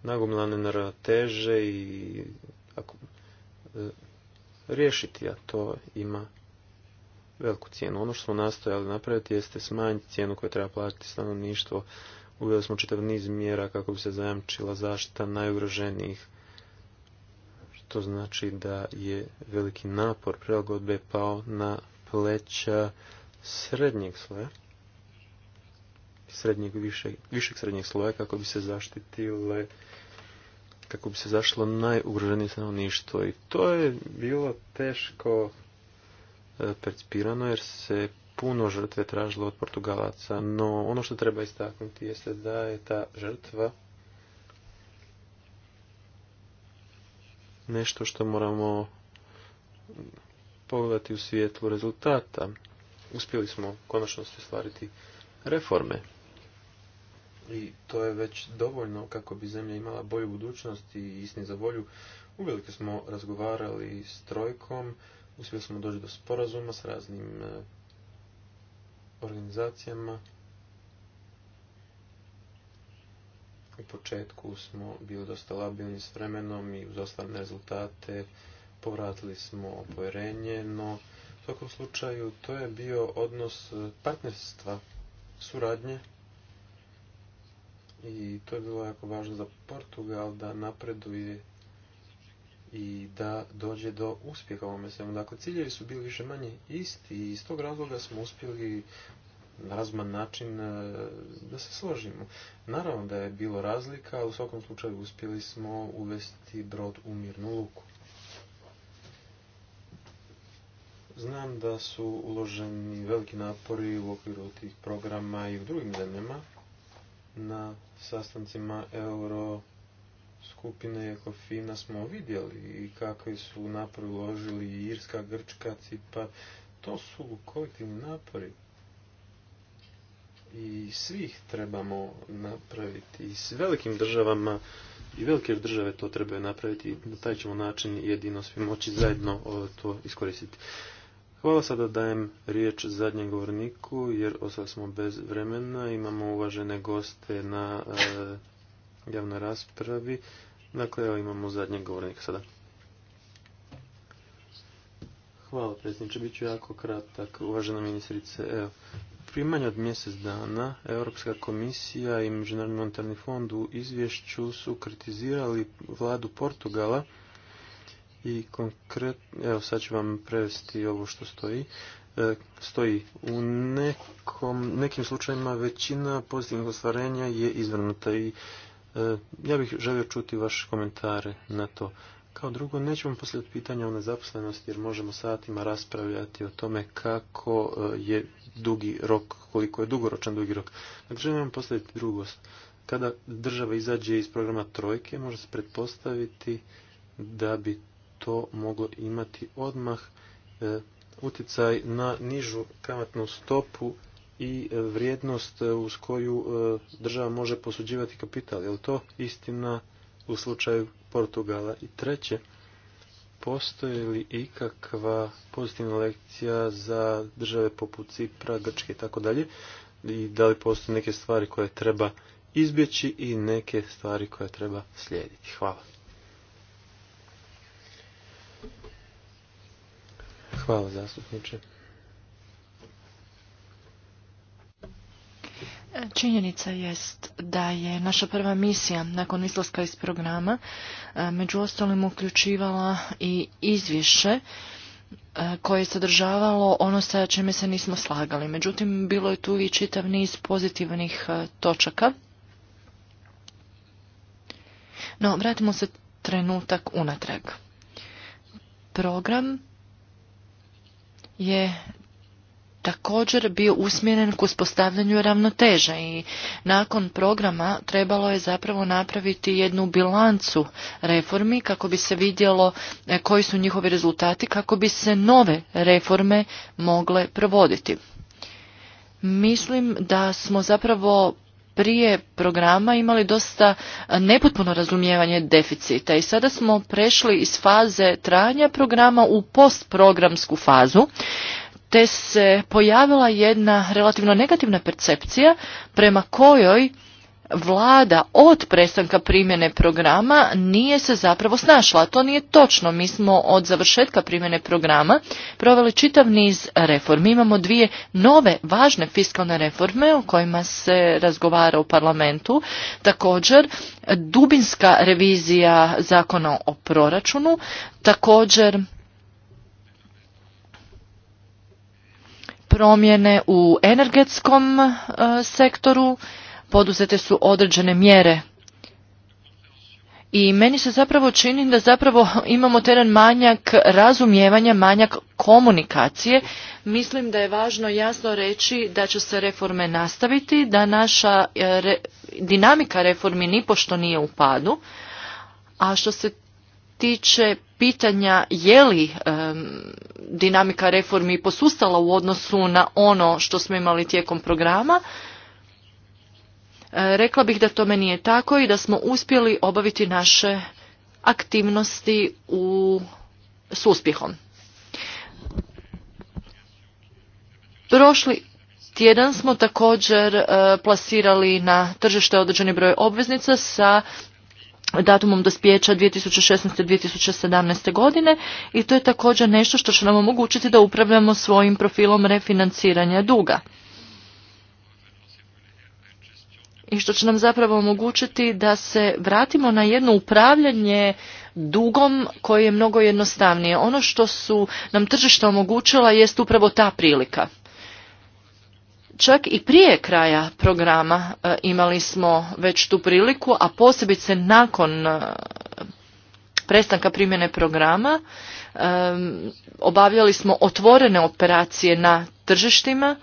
[SPEAKER 2] nagomilane teže i ako, e, riješiti, a to ima veliku cijenu. Ono što smo nastojali napraviti jeste smanjiti cijenu koju treba platiti stanovništvo Uveli smo čitav niz mjera kako bi se zajamčila zaštita najugroženijih, što znači da je veliki napor prilagodbe pao na pleća srednjeg sloja, srednjeg, višeg, višeg srednjeg sloja kako bi se zaštitile kako bi se zašlo najugroženije stanovništvo i to je bilo teško e, percipirano jer se puno žrtve tražilo od Portugalaca, no ono što treba istaknuti jeste da je ta žrtva nešto što moramo pogledati u svijetlu rezultata. Uspjeli smo konačno stvariti reforme. I to je već dovoljno kako bi zemlja imala bolju budućnost i istin za volju. Uvelike smo razgovarali s trojkom, uspjeli smo doći do sporazuma s raznim eh, organizacijama. U početku smo bili dosta labilni s vremenom i uz ostvarne rezultate povratili smo povjerenje, no u svakom slučaju to je bio odnos e, partnerstva, suradnje i to je bilo jako važno za Portugal da napreduje i da dođe do uspjeha u ovome svemu. Dakle, ciljevi su bili više manje isti i iz tog razloga smo uspjeli na razman način e, da se složimo. Naravno da je bilo razlika, ali u svakom slučaju uspjeli smo uvesti brod u mirnu luku. Znam da su uloženi veliki napori u okviru tih programa i u drugim zemljama na sastancima Euro skupine fina smo vidjeli i kakve su napori uložili Irska, Grčka, Cipar. To su kolektivni napori i svih trebamo napraviti. I s velikim državama i velike države to trebaju napraviti i na taj ćemo način jedino svi moći zajedno to iskoristiti. Hvala sada dajem riječ zadnjem govorniku jer ostali smo bez vremena. Imamo uvažene goste na e, javnoj raspravi. Dakle, evo imamo zadnjeg govornika sada. Hvala predsjedniče, bit ću jako kratak. Uvažena ministrice, evo, primanje od mjesec dana Europska komisija i Međunarodni monetarni fond u izvješću su kritizirali vladu Portugala i konkretno, evo sad ću vam prevesti ovo što stoji, e, stoji u nekom, nekim slučajima većina pozitivnih ostvarenja je izvrnuta i E, ja bih želio čuti vaše komentare na to. Kao drugo, nećemo postaviti pitanja o nezaposlenosti jer možemo satima raspravljati o tome kako e, je dugi rok, koliko je dugoročan dugi rok. Dakle, želim vam postaviti drugost. Kada država izađe iz programa trojke, može se pretpostaviti da bi to moglo imati odmah e, utjecaj na nižu kamatnu stopu i e, vrijednost e, uz koju e, država može posuđivati kapital. Je li to istina u slučaju Portugala? I treće, postoji li ikakva pozitivna lekcija za države poput Cipra, Grčke i tako dalje? I da li postoje neke stvari koje treba izbjeći i neke stvari koje treba slijediti? Hvala. Hvala zastupniče.
[SPEAKER 3] Činjenica jest da je naša prva misija nakon izlaska iz programa e, među ostalim uključivala i izvješće e, koje je sadržavalo ono sa čime se nismo slagali. Međutim, bilo je tu i čitav niz pozitivnih e, točaka. No, vratimo se trenutak unatrag. Program je također bio usmjeren k uspostavljanju ravnoteža i nakon programa trebalo je zapravo napraviti jednu bilancu reformi kako bi se vidjelo e, koji su njihovi rezultati kako bi se nove reforme mogle provoditi. Mislim da smo zapravo prije programa imali dosta nepotpuno razumijevanje deficita i sada smo prešli iz faze trajanja programa u postprogramsku fazu te se pojavila jedna relativno negativna percepcija prema kojoj vlada od prestanka primjene programa nije se zapravo snašla. To nije točno. Mi smo od završetka primjene programa proveli čitav niz reformi. Imamo dvije nove važne fiskalne reforme o kojima se razgovara u parlamentu. Također dubinska revizija zakona o proračunu. Također promjene u energetskom e, sektoru, poduzete su određene mjere. I meni se zapravo čini da zapravo imamo teren manjak razumijevanja, manjak komunikacije. Mislim da je važno jasno reći da će se reforme nastaviti, da naša e, dinamika reformi nipošto nije u padu. A što se tiče pitanja je li dinamika reformi posustala u odnosu na ono što smo imali tijekom programa, e, rekla bih da tome nije tako i da smo uspjeli obaviti naše aktivnosti u, s uspjehom. Prošli tjedan smo također e, plasirali na tržište određeni broj obveznica sa datumom dospijeća 2016. 2017. godine i to je također nešto što će nam omogućiti da upravljamo svojim profilom refinanciranja duga. I što će nam zapravo omogućiti da se vratimo na jedno upravljanje dugom koje je mnogo jednostavnije. Ono što su nam tržišta omogućila jest upravo ta prilika. Čak i prije kraja programa e, imali smo već tu priliku, a posebice nakon e, prestanka primjene programa e, obavljali smo otvorene operacije na tržištima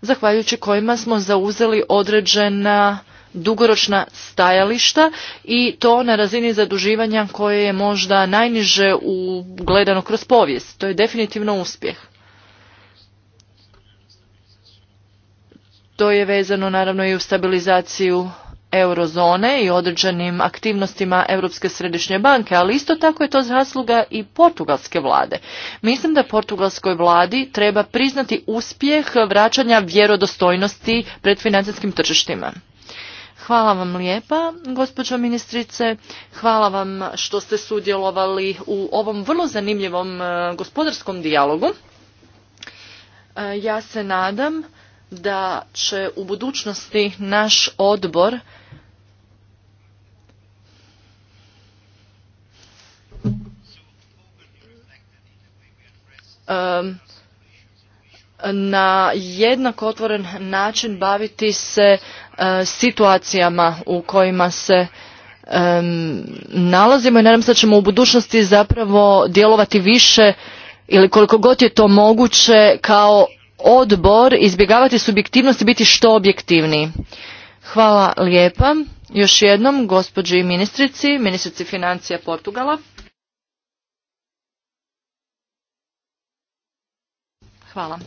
[SPEAKER 3] zahvaljujući kojima smo zauzeli određena dugoročna stajališta i to na razini zaduživanja koje je možda najniže gledano kroz povijest. To je definitivno uspjeh. To je vezano naravno i u stabilizaciju eurozone i određenim aktivnostima Europske središnje banke, ali isto tako je to zasluga i portugalske vlade. Mislim da portugalskoj vladi treba priznati uspjeh vraćanja vjerodostojnosti pred financijskim tržištima. Hvala vam lijepa, gospođo ministrice. Hvala vam što ste sudjelovali u ovom vrlo zanimljivom eh, gospodarskom dijalogu. Eh, ja se nadam da će u budućnosti naš odbor na jednak otvoren način baviti se e, situacijama u kojima se nalazimo i nadam se da ćemo u budućnosti zapravo djelovati više ili koliko god je to moguće kao odbor izbjegavati subjektivnost i biti što objektivniji. Hvala lijepa. Još jednom gospođi ministrici, ministrici financija Portugala. Hvala.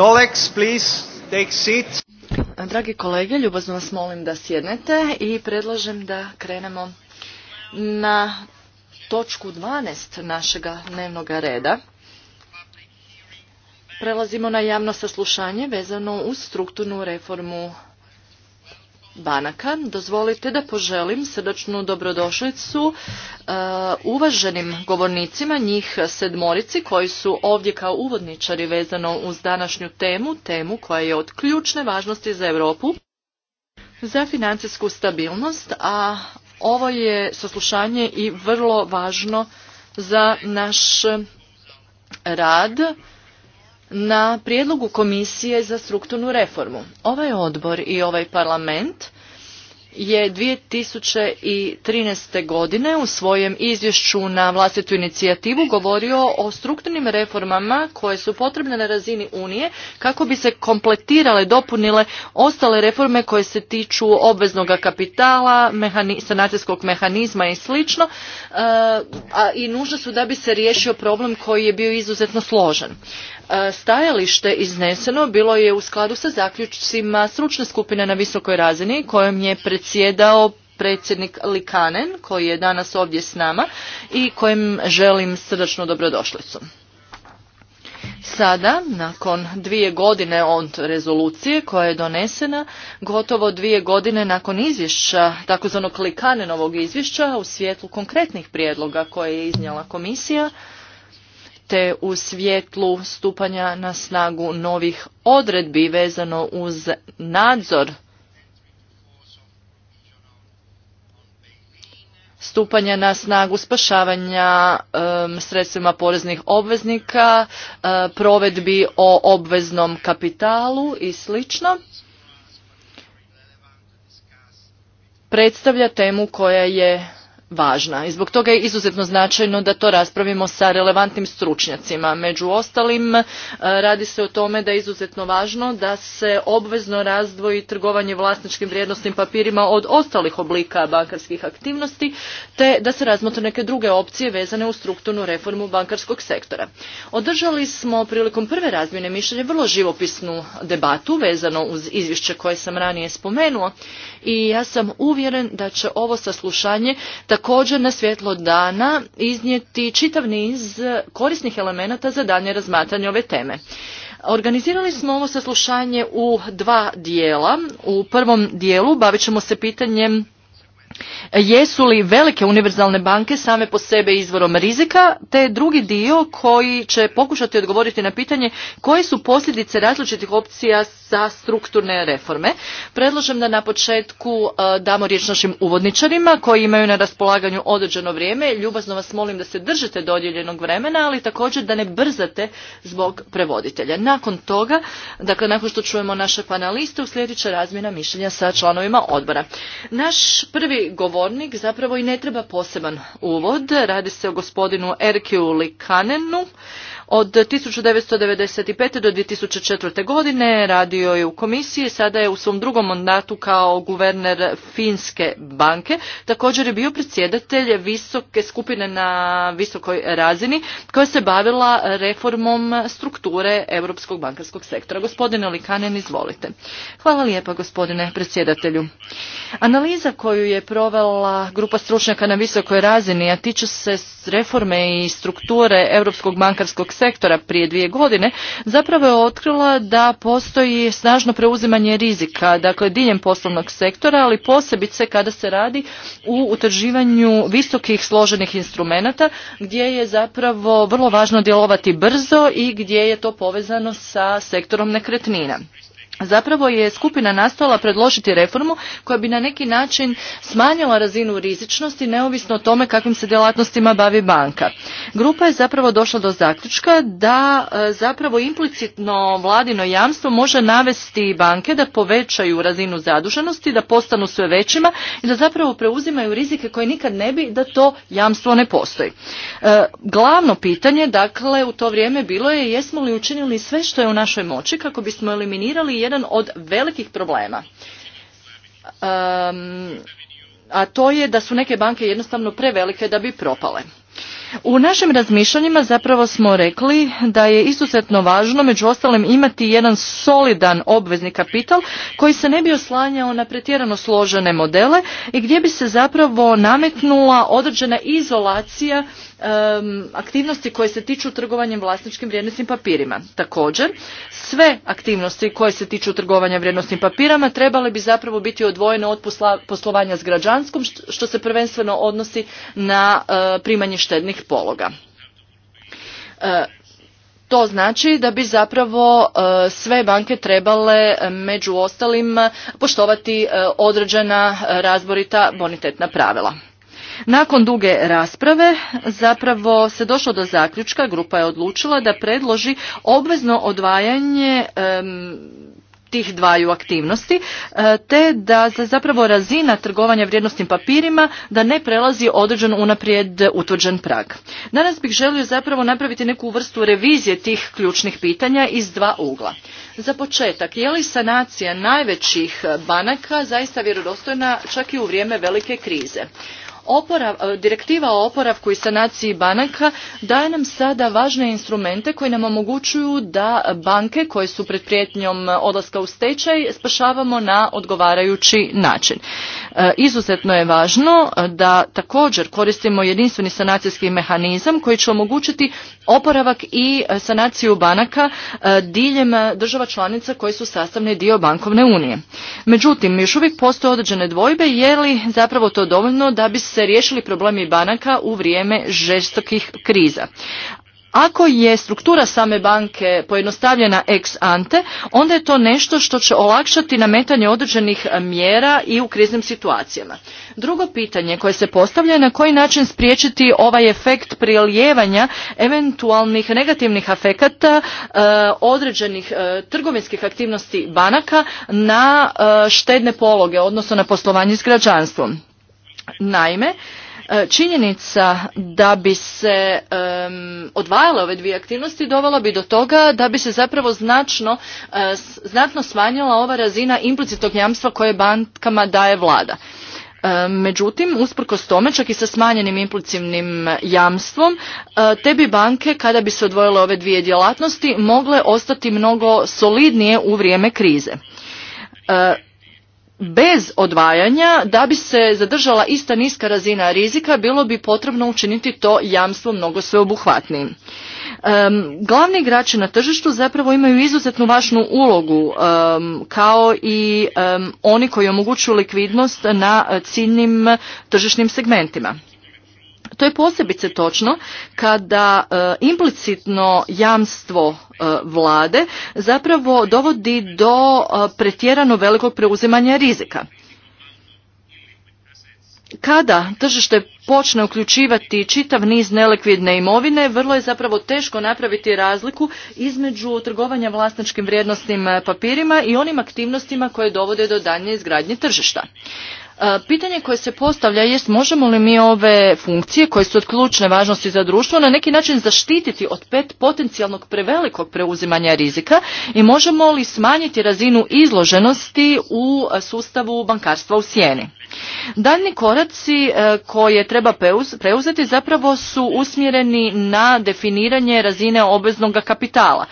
[SPEAKER 3] Colleagues, Dragi kolege, ljubazno vas molim da sjednete i predlažem da krenemo na točku 12 našega dnevnog reda. Prelazimo na javno saslušanje vezano uz strukturnu reformu banaka. Dozvolite da poželim srdačnu dobrodošlicu e, uvaženim govornicima, njih sedmorici koji su ovdje kao uvodničari vezano uz današnju temu, temu koja je od ključne važnosti za Europu, za financijsku stabilnost, a ovo je saslušanje i vrlo važno za naš rad na prijedlogu Komisije za strukturnu reformu. Ovaj odbor i ovaj parlament je 2013. godine u svojem izvješću na vlastitu inicijativu govorio o strukturnim reformama koje su potrebne na razini Unije kako bi se kompletirale, dopunile ostale reforme koje se tiču obveznog kapitala, mehani, sanacijskog mehanizma i sl. E, a i nužne su da bi se riješio problem koji je bio izuzetno složen. E, stajalište izneseno bilo je u skladu sa zaključcima stručne skupine na visokoj razini kojom je predsjedao predsjednik Likanen koji je danas ovdje s nama i kojem želim srdačnu dobrodošlicu. Sada, nakon dvije godine od rezolucije koja je donesena, gotovo dvije godine nakon izvješća, takozvanog Likanenovog izvješća u svijetlu konkretnih prijedloga koje je iznijela komisija, te u svjetlu stupanja na snagu novih odredbi vezano uz nadzor stupanja na snagu spašavanja um, sredstvima poreznih obveznika, eh, provedbi o obveznom kapitalu i sl. predstavlja temu koja je važna i zbog toga je izuzetno značajno da to raspravimo sa relevantnim stručnjacima. Među ostalim e, radi se o tome da je izuzetno važno da se obvezno razdvoji trgovanje vlasničkim vrijednosnim papirima od ostalih oblika bankarskih aktivnosti te da se razmotre neke druge opcije vezane u strukturnu reformu bankarskog sektora. Održali smo prilikom prve razmjene mišljenja vrlo živopisnu debatu vezano uz izvješće koje sam ranije spomenuo i ja sam uvjeren da će ovo saslušanje također na svjetlo dana iznijeti čitav niz korisnih elemenata za daljnje razmatranje ove teme. Organizirali smo ovo saslušanje u dva dijela. U prvom dijelu bavit ćemo se pitanjem Jesu li velike univerzalne banke same po sebe izvorom rizika, te drugi dio koji će pokušati odgovoriti na pitanje koje su posljedice različitih opcija za strukturne reforme. Predlažem da na početku e, damo riječ našim uvodničarima koji imaju na raspolaganju određeno vrijeme. Ljubazno vas molim da se držite dodijeljenog vremena, ali također da ne brzate zbog prevoditelja. Nakon toga, dakle nakon što čujemo naše paneliste, uslijedit će razmjena mišljenja sa članovima odbora. Naš prvi govornik zapravo i ne treba poseban uvod. Radi se o gospodinu Erkiu Likanenu od 1995. do 2004. godine radio je u komisiji, sada je u svom drugom mandatu kao guverner Finske banke. Također je bio predsjedatelj visoke skupine na visokoj razini koja se bavila reformom strukture europskog bankarskog sektora. Gospodine Likanen, izvolite. Hvala lijepa gospodine predsjedatelju. Analiza koju je provela grupa stručnjaka na visokoj razini, a tiče se reforme i strukture europskog bankarskog sektora prije dvije godine zapravo je otkrila da postoji snažno preuzimanje rizika, dakle diljem poslovnog sektora, ali posebice kada se radi u utrživanju visokih složenih instrumenata gdje je zapravo vrlo važno djelovati brzo i gdje je to povezano sa sektorom nekretnina zapravo je skupina nastojala predložiti reformu koja bi na neki način smanjila razinu rizičnosti neovisno o tome kakvim se djelatnostima bavi banka. Grupa je zapravo došla do zaključka da e, zapravo implicitno vladino jamstvo može navesti banke da povećaju razinu zaduženosti, da postanu sve većima i da zapravo preuzimaju rizike koje nikad ne bi da to jamstvo ne postoji. E, glavno pitanje dakle u to vrijeme bilo je jesmo li učinili sve što je u našoj moći kako bismo eliminirali jedan od velikih problema. a to je da su neke banke jednostavno prevelike da bi propale. U našim razmišljanjima zapravo smo rekli da je izuzetno važno među ostalim imati jedan solidan obvezni kapital koji se ne bi oslanjao na pretjerano složene modele i gdje bi se zapravo nametnula određena izolacija aktivnosti koje se tiču trgovanjem vlasničkim vrijednosnim papirima. Također, sve aktivnosti koje se tiču trgovanja vrijednosnim papirama trebale bi zapravo biti odvojene od poslovanja s građanskom, što se prvenstveno odnosi na e, primanje štednih pologa. E, to znači da bi zapravo e, sve banke trebale među ostalim poštovati određena razborita bonitetna pravila. Nakon duge rasprave zapravo se došlo do zaključka, grupa je odlučila da predloži obvezno odvajanje tih dvaju aktivnosti, e, te da za zapravo razina trgovanja vrijednostnim papirima da ne prelazi određen unaprijed utvrđen prag. Danas bih želio zapravo napraviti neku vrstu revizije tih ključnih pitanja iz dva ugla. Za početak, je li sanacija najvećih banaka zaista vjerodostojna čak i u vrijeme velike krize? E, direktiva o oporavku i sanaciji banaka daje nam sada važne instrumente koji nam omogućuju da banke koje su pred prijetnjom odlaska u stečaj spašavamo na odgovarajući način. E, izuzetno je važno e, da također koristimo jedinstveni sanacijski mehanizam koji će omogućiti oporavak i sanaciju banaka diljem država članica koje su sastavni dio bankovne unije. Međutim, još uvijek postoje određene dvojbe je li zapravo to dovoljno da bi se riješili problemi banaka u vrijeme žestokih kriza. Ako je struktura same banke pojednostavljena ex ante, onda je to nešto što će olakšati nametanje određenih mjera i u kriznim situacijama. Drugo pitanje koje se postavlja je na koji način spriječiti ovaj efekt prilijevanja eventualnih negativnih afekata e, određenih e, trgovinskih aktivnosti banaka na e, štedne pologe, odnosno na poslovanje s građanstvom. Naime, e, činjenica da bi se um, odvajale ove dvije aktivnosti dovela bi do toga da bi se zapravo značno, uh, znatno smanjila ova razina implicitnog jamstva koje bankama daje vlada. Međutim, usprkos tome, čak i sa smanjenim implicitnim jamstvom, te bi banke, kada bi se odvojile ove dvije djelatnosti, mogle ostati mnogo solidnije u vrijeme krize bez odvajanja da bi se zadržala ista niska razina rizika bilo bi potrebno učiniti to jamstvo mnogo sveobuhvatnijim. glavni igrači na tržištu zapravo imaju izuzetno važnu ulogu kao i oni koji omogućuju likvidnost na ciljnim tržišnim segmentima. To je posebice točno kada e, implicitno jamstvo e, vlade zapravo dovodi do e, pretjerano velikog preuzimanja rizika. Kada tržište počne uključivati čitav niz nelikvidne imovine, vrlo je zapravo teško napraviti razliku između trgovanja vlasničkim vrijednostnim papirima i onim aktivnostima koje dovode do danje izgradnje tržišta. E, pitanje koje se postavlja jest možemo li mi ove funkcije koje su od ključne važnosti za društvo na neki način zaštititi od pet potencijalnog prevelikog preuzimanja rizika i možemo li smanjiti razinu izloženosti u sustavu bankarstva u sjeni. Daljnji koraci e, koje treba preuzeti zapravo su usmjereni na definiranje razine obveznog kapitala.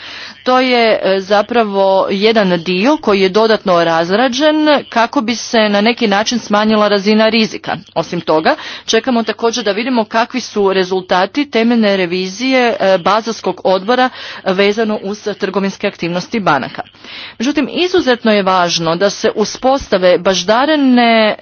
[SPEAKER 3] To je e, zapravo jedan dio koji je dodatno razrađen kako bi se na neki način smanjili smanjila razina rizika. Osim toga, čekamo također da vidimo kakvi su rezultati temeljne revizije e, bazarskog odbora vezano uz trgovinske aktivnosti banaka. Međutim, izuzetno je važno da se uspostave baždarene e,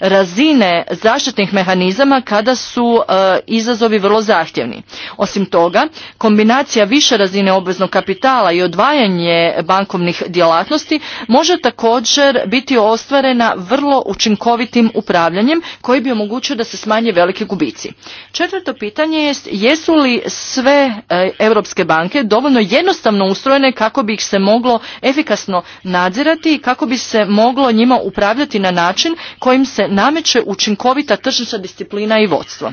[SPEAKER 3] razine zaštitnih mehanizama kada su e, izazovi vrlo zahtjevni. Osim toga, kombinacija više razine obveznog kapitala i odvajanje bankovnih djelatnosti može također biti ostvarena vrlo vrlo učinkovitim upravljanjem koji bi omogućio da se smanje veliki gubici. Četvrto pitanje je jesu li sve e, europske banke dovoljno jednostavno ustrojene kako bi ih se moglo efikasno nadzirati i kako bi se moglo njima upravljati na način kojim se nameće učinkovita tržišna disciplina i vodstvo.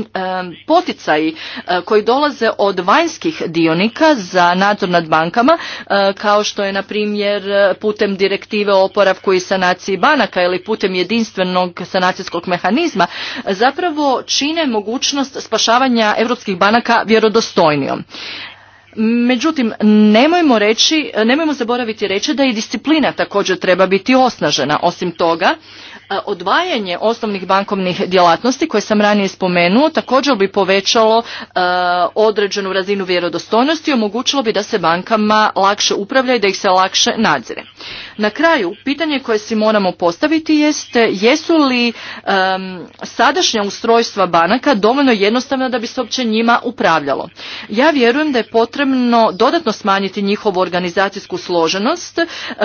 [SPEAKER 3] E, poticaji e, koji dolaze od vanjskih dionika za nadzor nad bankama e, kao što je na primjer putem direktive o oporavku i sanaciji banaka ili putem jedinstvenog sanacijskog mehanizma zapravo čine mogućnost spašavanja europskih banaka vjerodostojnijom. Međutim, nemojmo, reći, nemojmo zaboraviti reći da i disciplina također treba biti osnažena. Osim toga, odvajanje osnovnih bankovnih djelatnosti koje sam ranije spomenuo također bi povećalo određenu razinu vjerodostojnosti i omogućilo bi da se bankama lakše upravlja i da ih se lakše nadzire. Na kraju, pitanje koje si moramo postaviti jeste jesu li sadašnja ustrojstva banaka dovoljno jednostavna da bi se uopće njima upravljalo. Ja vjerujem da je potrebno dodatno smanjiti njihovu organizacijsku složenost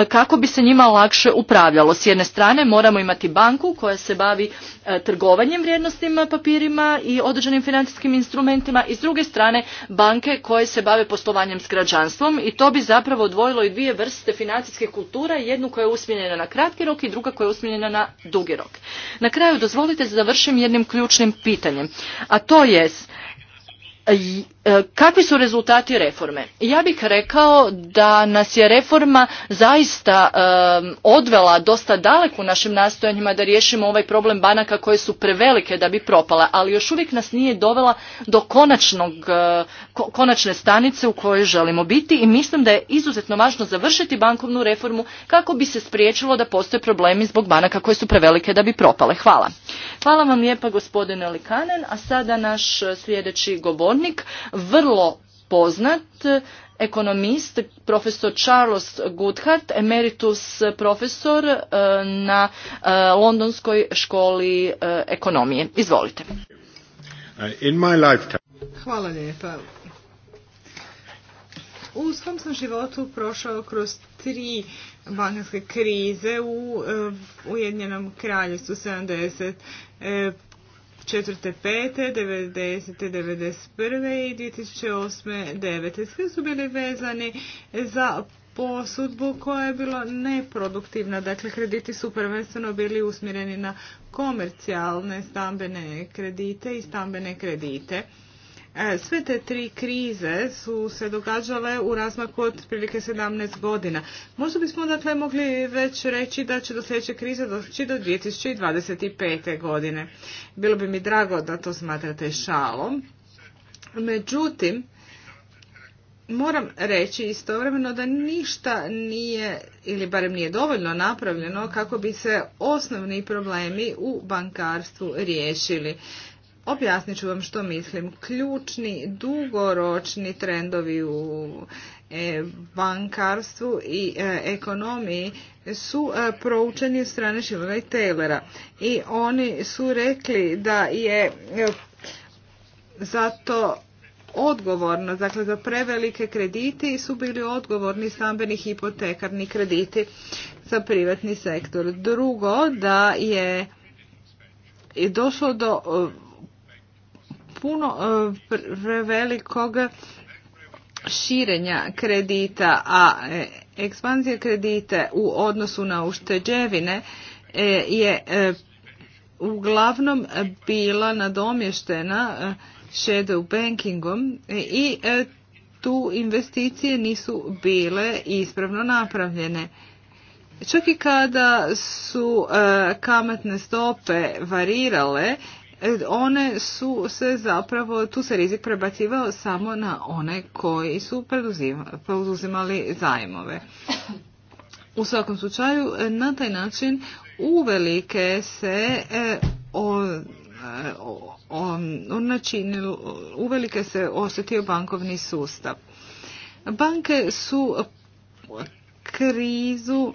[SPEAKER 3] kako bi se njima lakše upravljalo. S jedne strane moramo imati banku koja se bavi e, trgovanjem vrijednosnim e, papirima i određenim financijskim instrumentima i s druge strane banke koje se bave poslovanjem s građanstvom i to bi zapravo odvojilo i dvije vrste financijske kulture, jednu koja je usmjerena na kratki rok i druga koja je usmjerena na dugi rok. Na kraju dozvolite da završim jednim ključnim pitanjem, a to jest E, kakvi su rezultati reforme? Ja bih rekao da nas je reforma zaista e, odvela dosta daleko u našim nastojanjima da riješimo ovaj problem banaka koje su prevelike da bi propala, ali još uvijek nas nije dovela do konačnog, e, konačne stanice u kojoj želimo biti i mislim da je izuzetno važno završiti bankovnu reformu kako bi se spriječilo da postoje problemi zbog banaka koje su prevelike da bi propale. Hvala. Hvala vam lijepa gospodine Likanen, a sada naš sljedeći govornik vrlo poznat ekonomist, profesor Charles Goodhart, emeritus profesor eh, na eh, Londonskoj školi eh, ekonomije. Izvolite.
[SPEAKER 2] In my
[SPEAKER 1] Hvala lijepa. U svom sam životu prošao kroz tri bankarske krize u Ujedinjenom kraljevstvu 70 2004. 5. 90. 91. i 2008. 9. Svi su bili vezani za posudbu koja je bila neproduktivna. Dakle, krediti su prvenstveno bili usmjereni na komercijalne stambene kredite i stambene kredite. E, sve te tri krize su se događale u razmaku od prilike 17 godina. Možda bismo dakle mogli već reći da će do sljedeće krize doći do 2025. godine. Bilo bi mi drago da to smatrate šalom. Međutim, moram reći istovremeno da ništa nije ili barem nije dovoljno napravljeno kako bi se osnovni problemi u bankarstvu riješili. Objasnit ću vam što mislim. Ključni dugoročni trendovi u e, bankarstvu i e, ekonomiji su e, proučeni od strane Šilona i Taylora. I oni su rekli da je zato odgovorno, dakle za prevelike krediti su bili odgovorni stambeni hipotekarni krediti za privatni sektor. Drugo, da je došlo do puno e, prevelikog širenja kredita, a e, ekspanzija kredite u odnosu na ušteđevine e, je uglavnom bila nadomještena shadow bankingom i tu investicije nisu bile ispravno napravljene. Čak i kada su kamatne stope varirale one su se zapravo, tu se rizik prebacivao samo na one koji su preuzimali zajmove. U svakom slučaju, na taj način uvelike se e, uvelike se osjetio bankovni sustav. Banke su krizu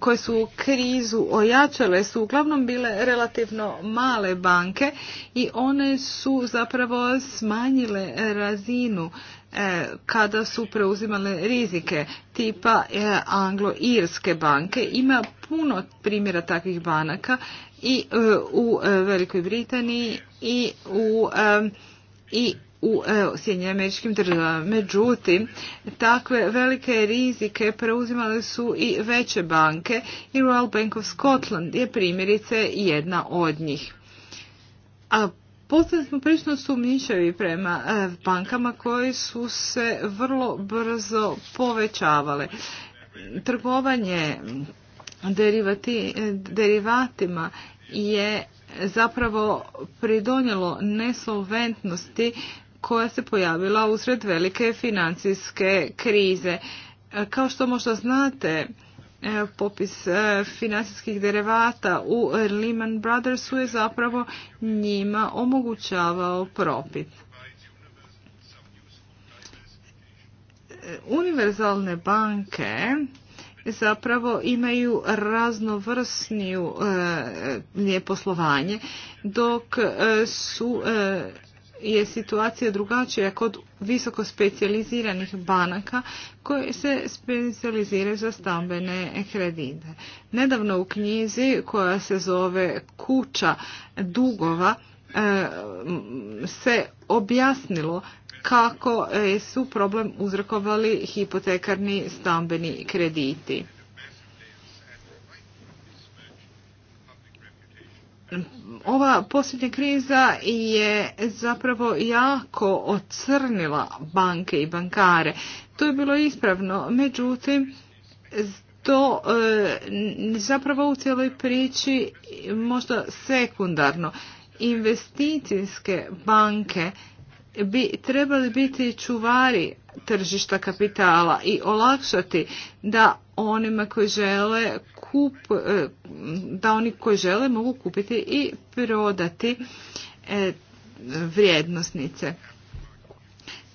[SPEAKER 1] koje su krizu ojačale su uglavnom bile relativno male banke i one su zapravo smanjile razinu e, kada su preuzimale rizike tipa e, anglo-irske banke. Ima puno primjera takvih banaka i e, u Velikoj Britaniji i u i u Sjedinjenim američkim državama. Međutim, takve velike rizike preuzimale su i veće banke i Royal Bank of Scotland je primjerice jedna od njih. A Postali smo prilično prema e, bankama koje su se vrlo brzo povećavale. Trgovanje derivatima je zapravo pridonjelo nesolventnosti koja se pojavila usred velike financijske krize. E, kao što možda znate, e, popis e, financijskih derivata u Lehman Brothersu je zapravo njima omogućavao propit. Univerzalne banke zapravo imaju raznovrsnije poslovanje dok su je situacija drugačija kod visoko specijaliziranih banaka koje se specijaliziraju za stambene kredite. Nedavno u knjizi koja se zove Kuća dugova e, se objasnilo kako e, su problem uzrokovali hipotekarni stambeni krediti. Ova posljednja kriza je zapravo jako ocrnila banke i bankare. To je bilo ispravno, međutim, to e, zapravo u cijeloj priči možda sekundarno. Investicijske banke bi trebali biti čuvari tržišta kapitala i olakšati da onima koji žele kup, e, da oni koji žele mogu kupiti i prodati e, vrijednosnice.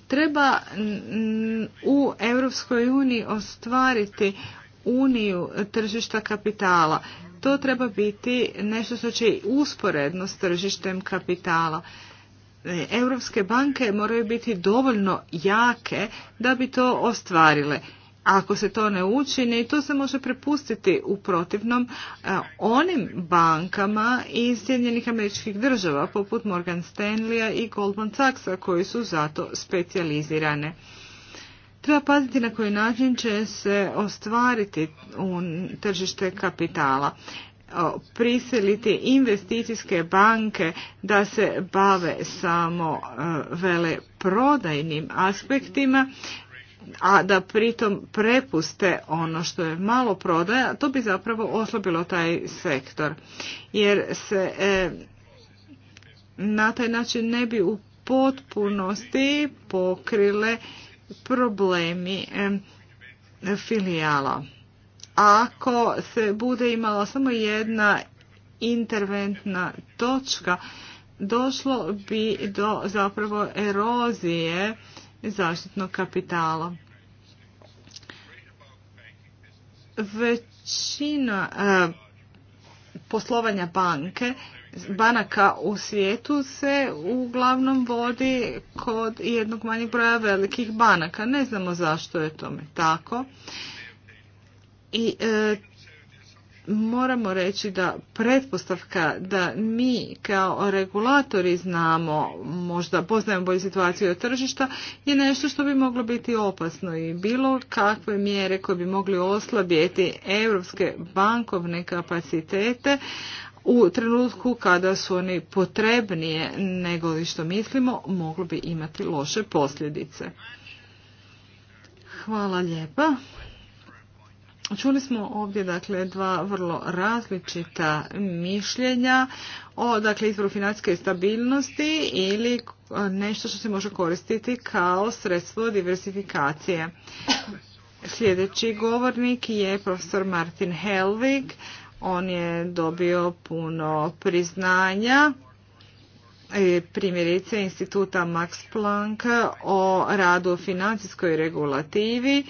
[SPEAKER 1] Treba u Europskoj uniji ostvariti uniju tržišta kapitala. To treba biti nešto što će usporedno s tržištem kapitala. E, Europske banke moraju biti dovoljno jake da bi to ostvarile. Ako se to ne učini, to se može prepustiti u protivnom e, onim bankama iz Sjedinjenih američkih država poput Morgan Stanleya i Goldman Sachsa koji su zato specijalizirane. Treba paziti na koji način će se ostvariti u tržište kapitala e, prisiliti investicijske banke da se bave samo e, vele prodajnim aspektima a da pritom prepuste ono što je malo prodaja, to bi zapravo oslobilo taj sektor. Jer se e, na taj način ne bi u potpunosti pokrile problemi e, filijala. Ako se bude imala samo jedna interventna točka, došlo bi do zapravo erozije zaštitnog kapitala. Većina e, poslovanja banke, banaka u svijetu se uglavnom vodi kod jednog manjeg broja velikih banaka. Ne znamo zašto je tome tako. I e, moramo reći da pretpostavka da mi kao regulatori znamo, možda poznajemo bolju situaciju od tržišta, je nešto što bi moglo biti opasno i bilo kakve mjere koje bi mogli oslabjeti europske bankovne kapacitete u trenutku kada su oni potrebnije nego što mislimo, moglo bi imati loše posljedice. Hvala lijepa. Čuli smo ovdje dakle dva vrlo različita mišljenja o dakle izvoru financijske stabilnosti ili nešto što se može koristiti kao sredstvo diversifikacije. Sljedeći govornik je profesor Martin Helvig. On je dobio puno priznanja e, primjerice instituta Max Planck o radu o financijskoj regulativi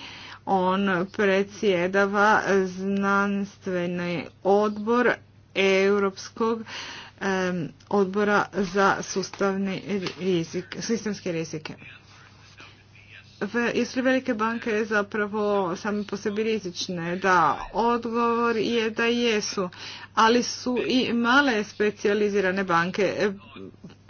[SPEAKER 1] on predsjedava znanstveni odbor Europskog odbora za sustavni sistemske rizike. Jesu velike banke zapravo same po sebi rizične? Da, odgovor je da jesu, ali su i male specijalizirane banke.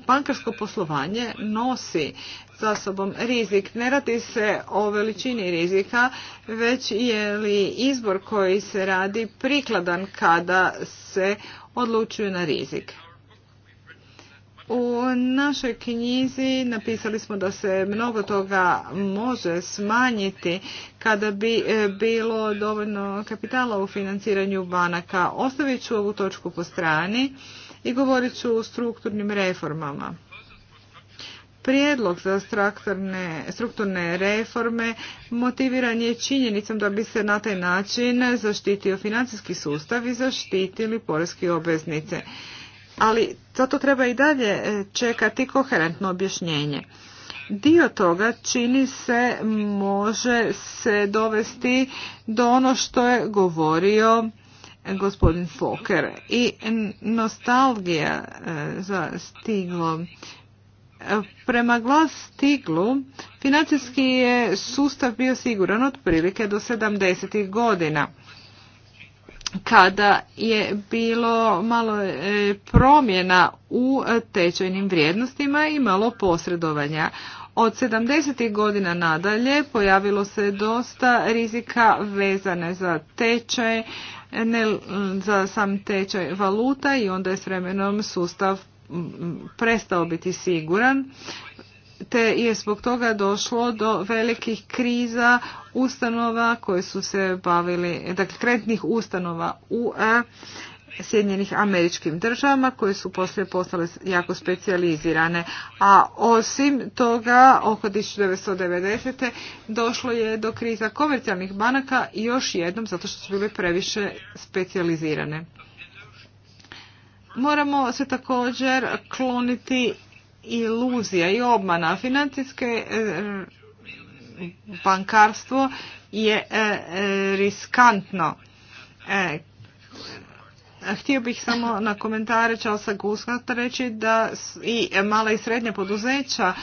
[SPEAKER 1] Bankarsko poslovanje nosi za sobom rizik. Ne radi se o veličini rizika, već je li izbor koji se radi prikladan kada se odlučuju na rizik. U našoj knjizi napisali smo da se mnogo toga može smanjiti kada bi e, bilo dovoljno kapitala u financiranju banaka. Ostavit ću ovu točku po strani i govorit ću o strukturnim reformama prijedlog za strukturne reforme motiviran je činjenicom da bi se na taj način zaštitio financijski sustav i zaštitili poreski obveznice. Ali zato treba i dalje e, čekati koherentno objašnjenje. Dio toga čini se može se dovesti do ono što je govorio e, gospodin Fokker i nostalgija e, za Stiglo. Prema glas stiglu, financijski je sustav bio siguran otprilike do 70. godina kada je bilo malo e, promjena u tečajnim vrijednostima i malo posredovanja. Od 70. godina nadalje pojavilo se dosta rizika vezane za tečaj, ne, za sam tečaj valuta i onda je s vremenom sustav prestao biti siguran te je zbog toga došlo do velikih kriza ustanova koje su se bavili, dakle kreditnih ustanova u e, Sjedinjenih američkim državama koje su poslije postale jako specijalizirane. A osim toga, oko 1990. došlo je do kriza komercijalnih banaka i još jednom zato što su bile previše specijalizirane. Moramo se također kloniti iluzija i obmana. Financijske eh, bankarstvo je eh, riskantno. Eh, htio bih samo na komentare Čalsa Guskata reći da i mala i srednja poduzeća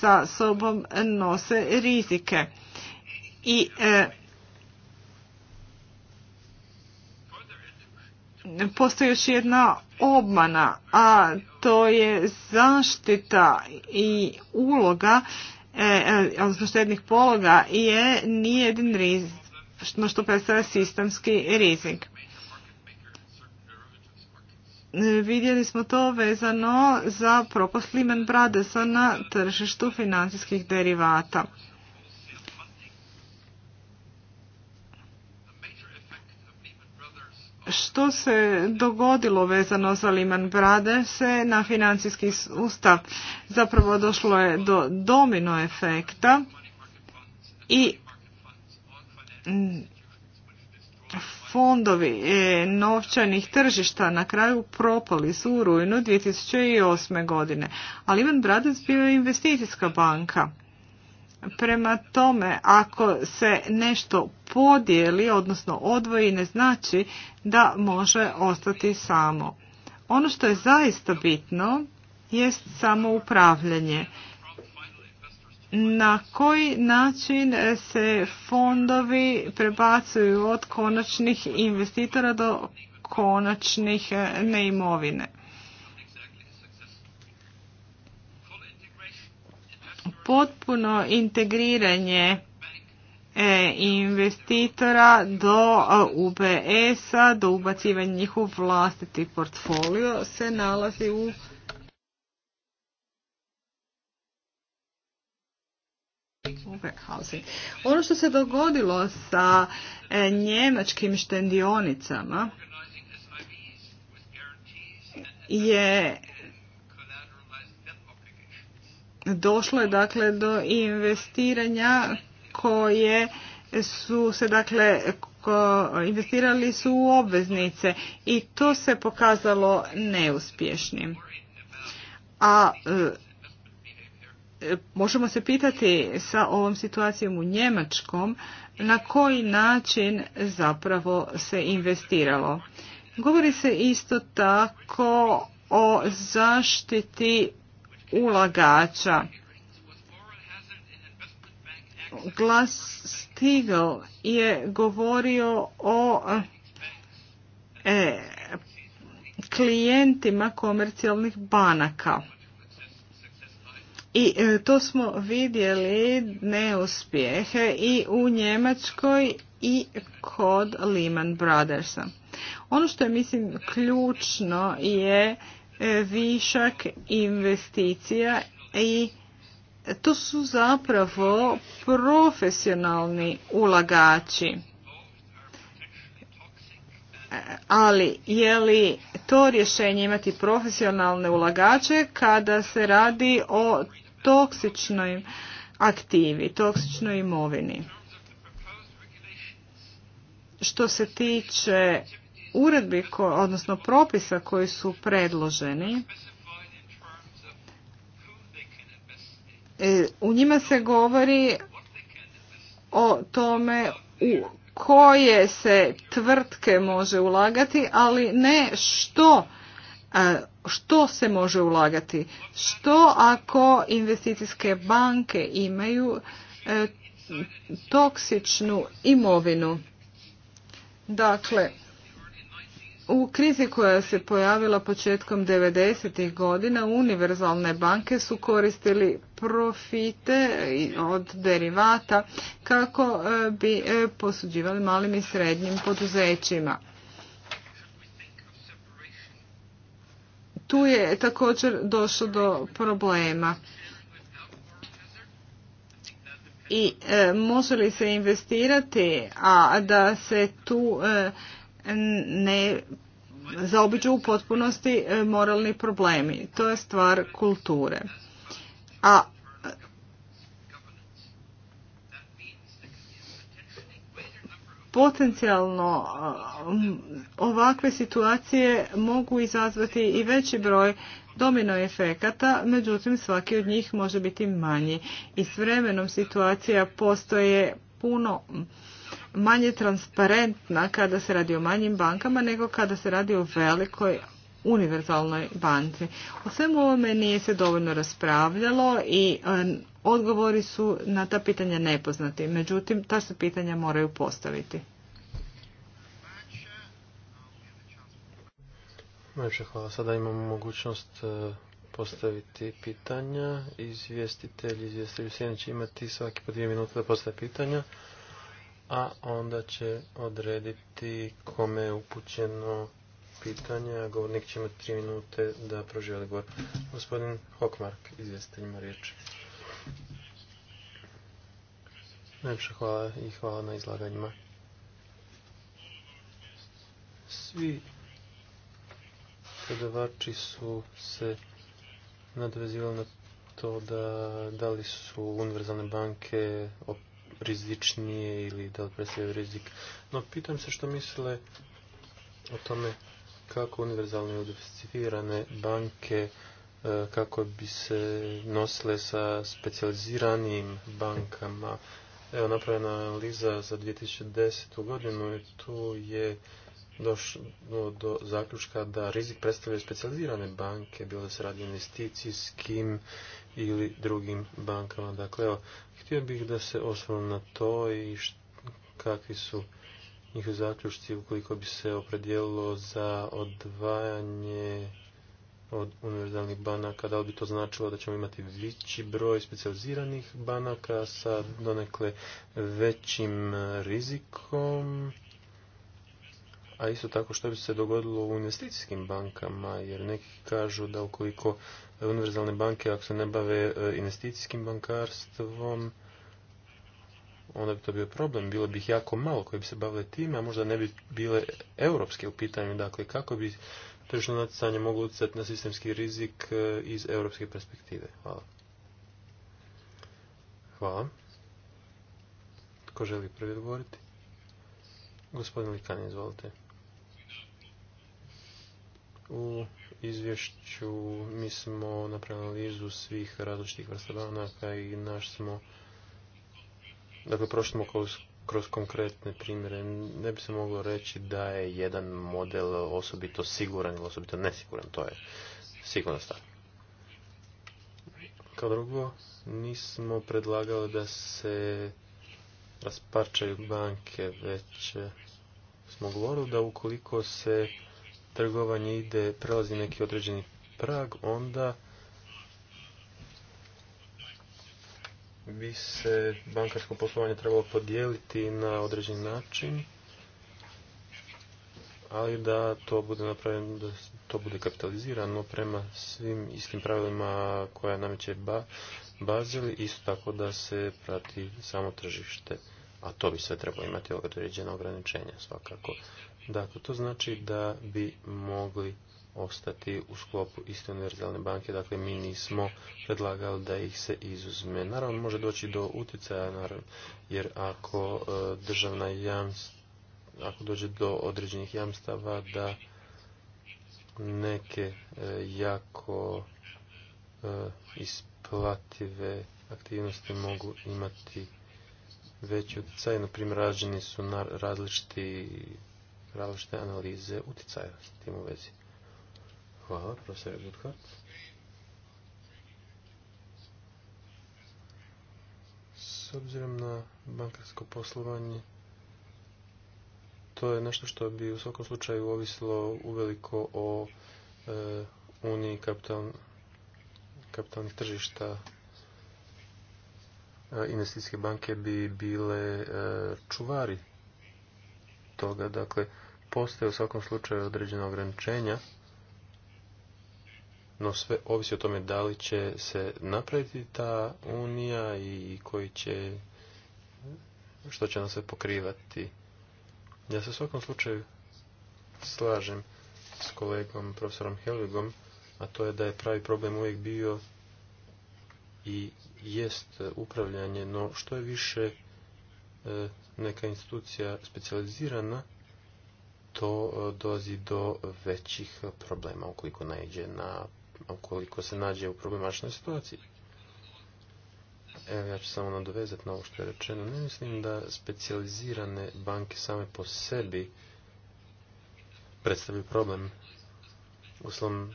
[SPEAKER 1] sa sobom nose rizike. I postoji još jedna obmana, a to je zaštita i uloga e, e, odnosno štednih pologa je nijedin rizik što predstavlja sistemski rizik. Vidjeli smo to vezano za propast Lehman Brothersa na tržištu financijskih derivata. što se dogodilo vezano za Lehman se na financijski sustav. Zapravo došlo je do domino efekta i mm, fondovi e, novčanih tržišta na kraju propali su u rujnu 2008. godine. A Lehman Brothers bio je investicijska banka. Prema tome, ako se nešto podijeli, odnosno odvoji, ne znači da može ostati samo. Ono što je zaista bitno jest samoupravljanje. Na koji način se fondovi prebacuju od konačnih investitora do konačnih neimovine? potpuno integriranje e, investitora do UBS-a, do ubacivanja njihov vlastiti portfolio se nalazi u Ono što se dogodilo sa e, njemačkim štendionicama je došlo je dakle do investiranja koje su se dakle investirali su u obveznice i to se pokazalo neuspješnim. A e, možemo se pitati sa ovom situacijom u Njemačkom na koji način zapravo se investiralo. Govori se isto tako o zaštiti ulagača. Glas Stigl je govorio o e, klijentima komercijalnih banaka. I e, to smo vidjeli neuspjehe i u Njemačkoj i kod Lehman Brothersa. Ono što je mislim ključno je višak investicija i to su zapravo profesionalni ulagači. Ali je li to rješenje imati profesionalne ulagače kada se radi o toksičnoj aktivi, toksičnoj imovini? Što se tiče uredbi, odnosno propisa koji su predloženi, e, u njima se govori o tome u koje se tvrtke može ulagati, ali ne što što se može ulagati. Što ako investicijske banke imaju e, toksičnu imovinu? Dakle, u krizi koja se pojavila početkom 90. godina univerzalne banke su koristili profite od derivata kako e, bi e, posuđivali malim i srednjim poduzećima. Tu je također došlo do problema. I e, može li se investirati, a da se tu ne zaobiđu u potpunosti e, moralni problemi. To je stvar kulture. A potencijalno e, ovakve situacije mogu izazvati i veći broj domino efekata, međutim svaki od njih može biti manji. I s vremenom situacija postoje puno manje transparentna kada se radi o manjim bankama nego kada se radi o velikoj univerzalnoj banci. O svemu ovome nije se dovoljno raspravljalo i e, odgovori su na ta pitanja nepoznati. Međutim, ta se pitanja moraju postaviti.
[SPEAKER 2] Najviše hvala. Sada imamo mogućnost e, postaviti pitanja. Izvjestitelji, izvjestitelji sljedeći imati svaki po dvije minute da postave pitanja a onda će odrediti kome je upućeno pitanje, a govornik će imati tri minute da proželi odgovor. Gospodin Hokmark, izvjestitelj ima riječ. hvala i hvala na izlaganjima. Svi predavači su se nadvezivali na to da da li su univerzalne banke rizičnije ili da li predstavljaju rizik. No, pitam se što misle o tome kako univerzalne i diversificirane banke e, kako bi se nosile sa specijaliziranim bankama. Evo, napravljena analiza za 2010. godinu i tu je došlo do zaključka da rizik predstavljaju specijalizirane banke, bilo da se radi o investicijskim ili drugim bankama. Dakle, evo, Htio bih da se osvrnu na to i kakvi su njihovi zaključci ukoliko bi se opredijelilo za odvajanje od univerzalnih banaka, da li bi to značilo da ćemo imati veći broj specijaliziranih banaka sa donekle većim rizikom, a isto tako što bi se dogodilo u investicijskim bankama, jer neki kažu da ukoliko univerzalne banke ako se ne bave e, investicijskim bankarstvom, onda bi to bio problem. Bilo bi ih jako malo koji bi se bavile time, a možda ne bi bile europske u pitanju. Dakle, kako bi tržišno natjecanje moglo utjecati na sistemski rizik e, iz europske perspektive? Hvala. Hvala. Tko želi prvi odgovoriti? Gospodin Likan, izvolite. U izvješću mi smo napravili analizu svih različitih vrsta banaka i naš smo, dakle prošli smo kroz, konkretne primjere. Ne bi se moglo reći da je jedan model osobito siguran ili osobito nesiguran, to je sigurno stvar. Kao drugo, nismo predlagali da se rasparčaju banke, već smo govorili da ukoliko se trgovanje ide, prelazi neki određeni prag, onda bi se bankarsko poslovanje trebalo podijeliti na određeni način, ali da to bude napravljeno, da to bude kapitalizirano prema svim istim pravilima koja nameće ba, bazili, isto tako da se prati samo tržište. A to bi sve trebalo imati određena ograničenja svakako. Dakle, to znači da bi mogli ostati u sklopu iste univerzalne banke, dakle mi nismo predlagali da ih se izuzme. Naravno, može doći do utjecaja, jer ako e, državna jamstva, ako dođe do određenih jamstava da neke e, jako e, isplative aktivnosti mogu imati veći utjecaj. Na primjer, rađeni su na različiti različite analize utjecaja s tim u vezi. Hvala, profesor Gutkart. S obzirom na bankarsko poslovanje, to je nešto što bi u svakom slučaju ovisilo uveliko o e, uniji kapital, kapitalnih tržišta e, investicijske banke bi bile e, čuvari toga. Dakle, postoje u svakom slučaju određena ograničenja, no sve ovisi o tome da li će se napraviti ta unija i koji će, što će nam se pokrivati. Ja se u svakom slučaju slažem s kolegom profesorom Helvigom, a to je da je pravi problem uvijek bio i jest upravljanje, no što je više e, neka institucija specijalizirana, to e, dolazi do većih problema ukoliko, na, ukoliko se nađe u problemačnoj situaciji. Evo, ja ću samo nadovezati na ovo što je rečeno. Ne mislim da specijalizirane banke same po sebi predstavljaju problem. Uslovno,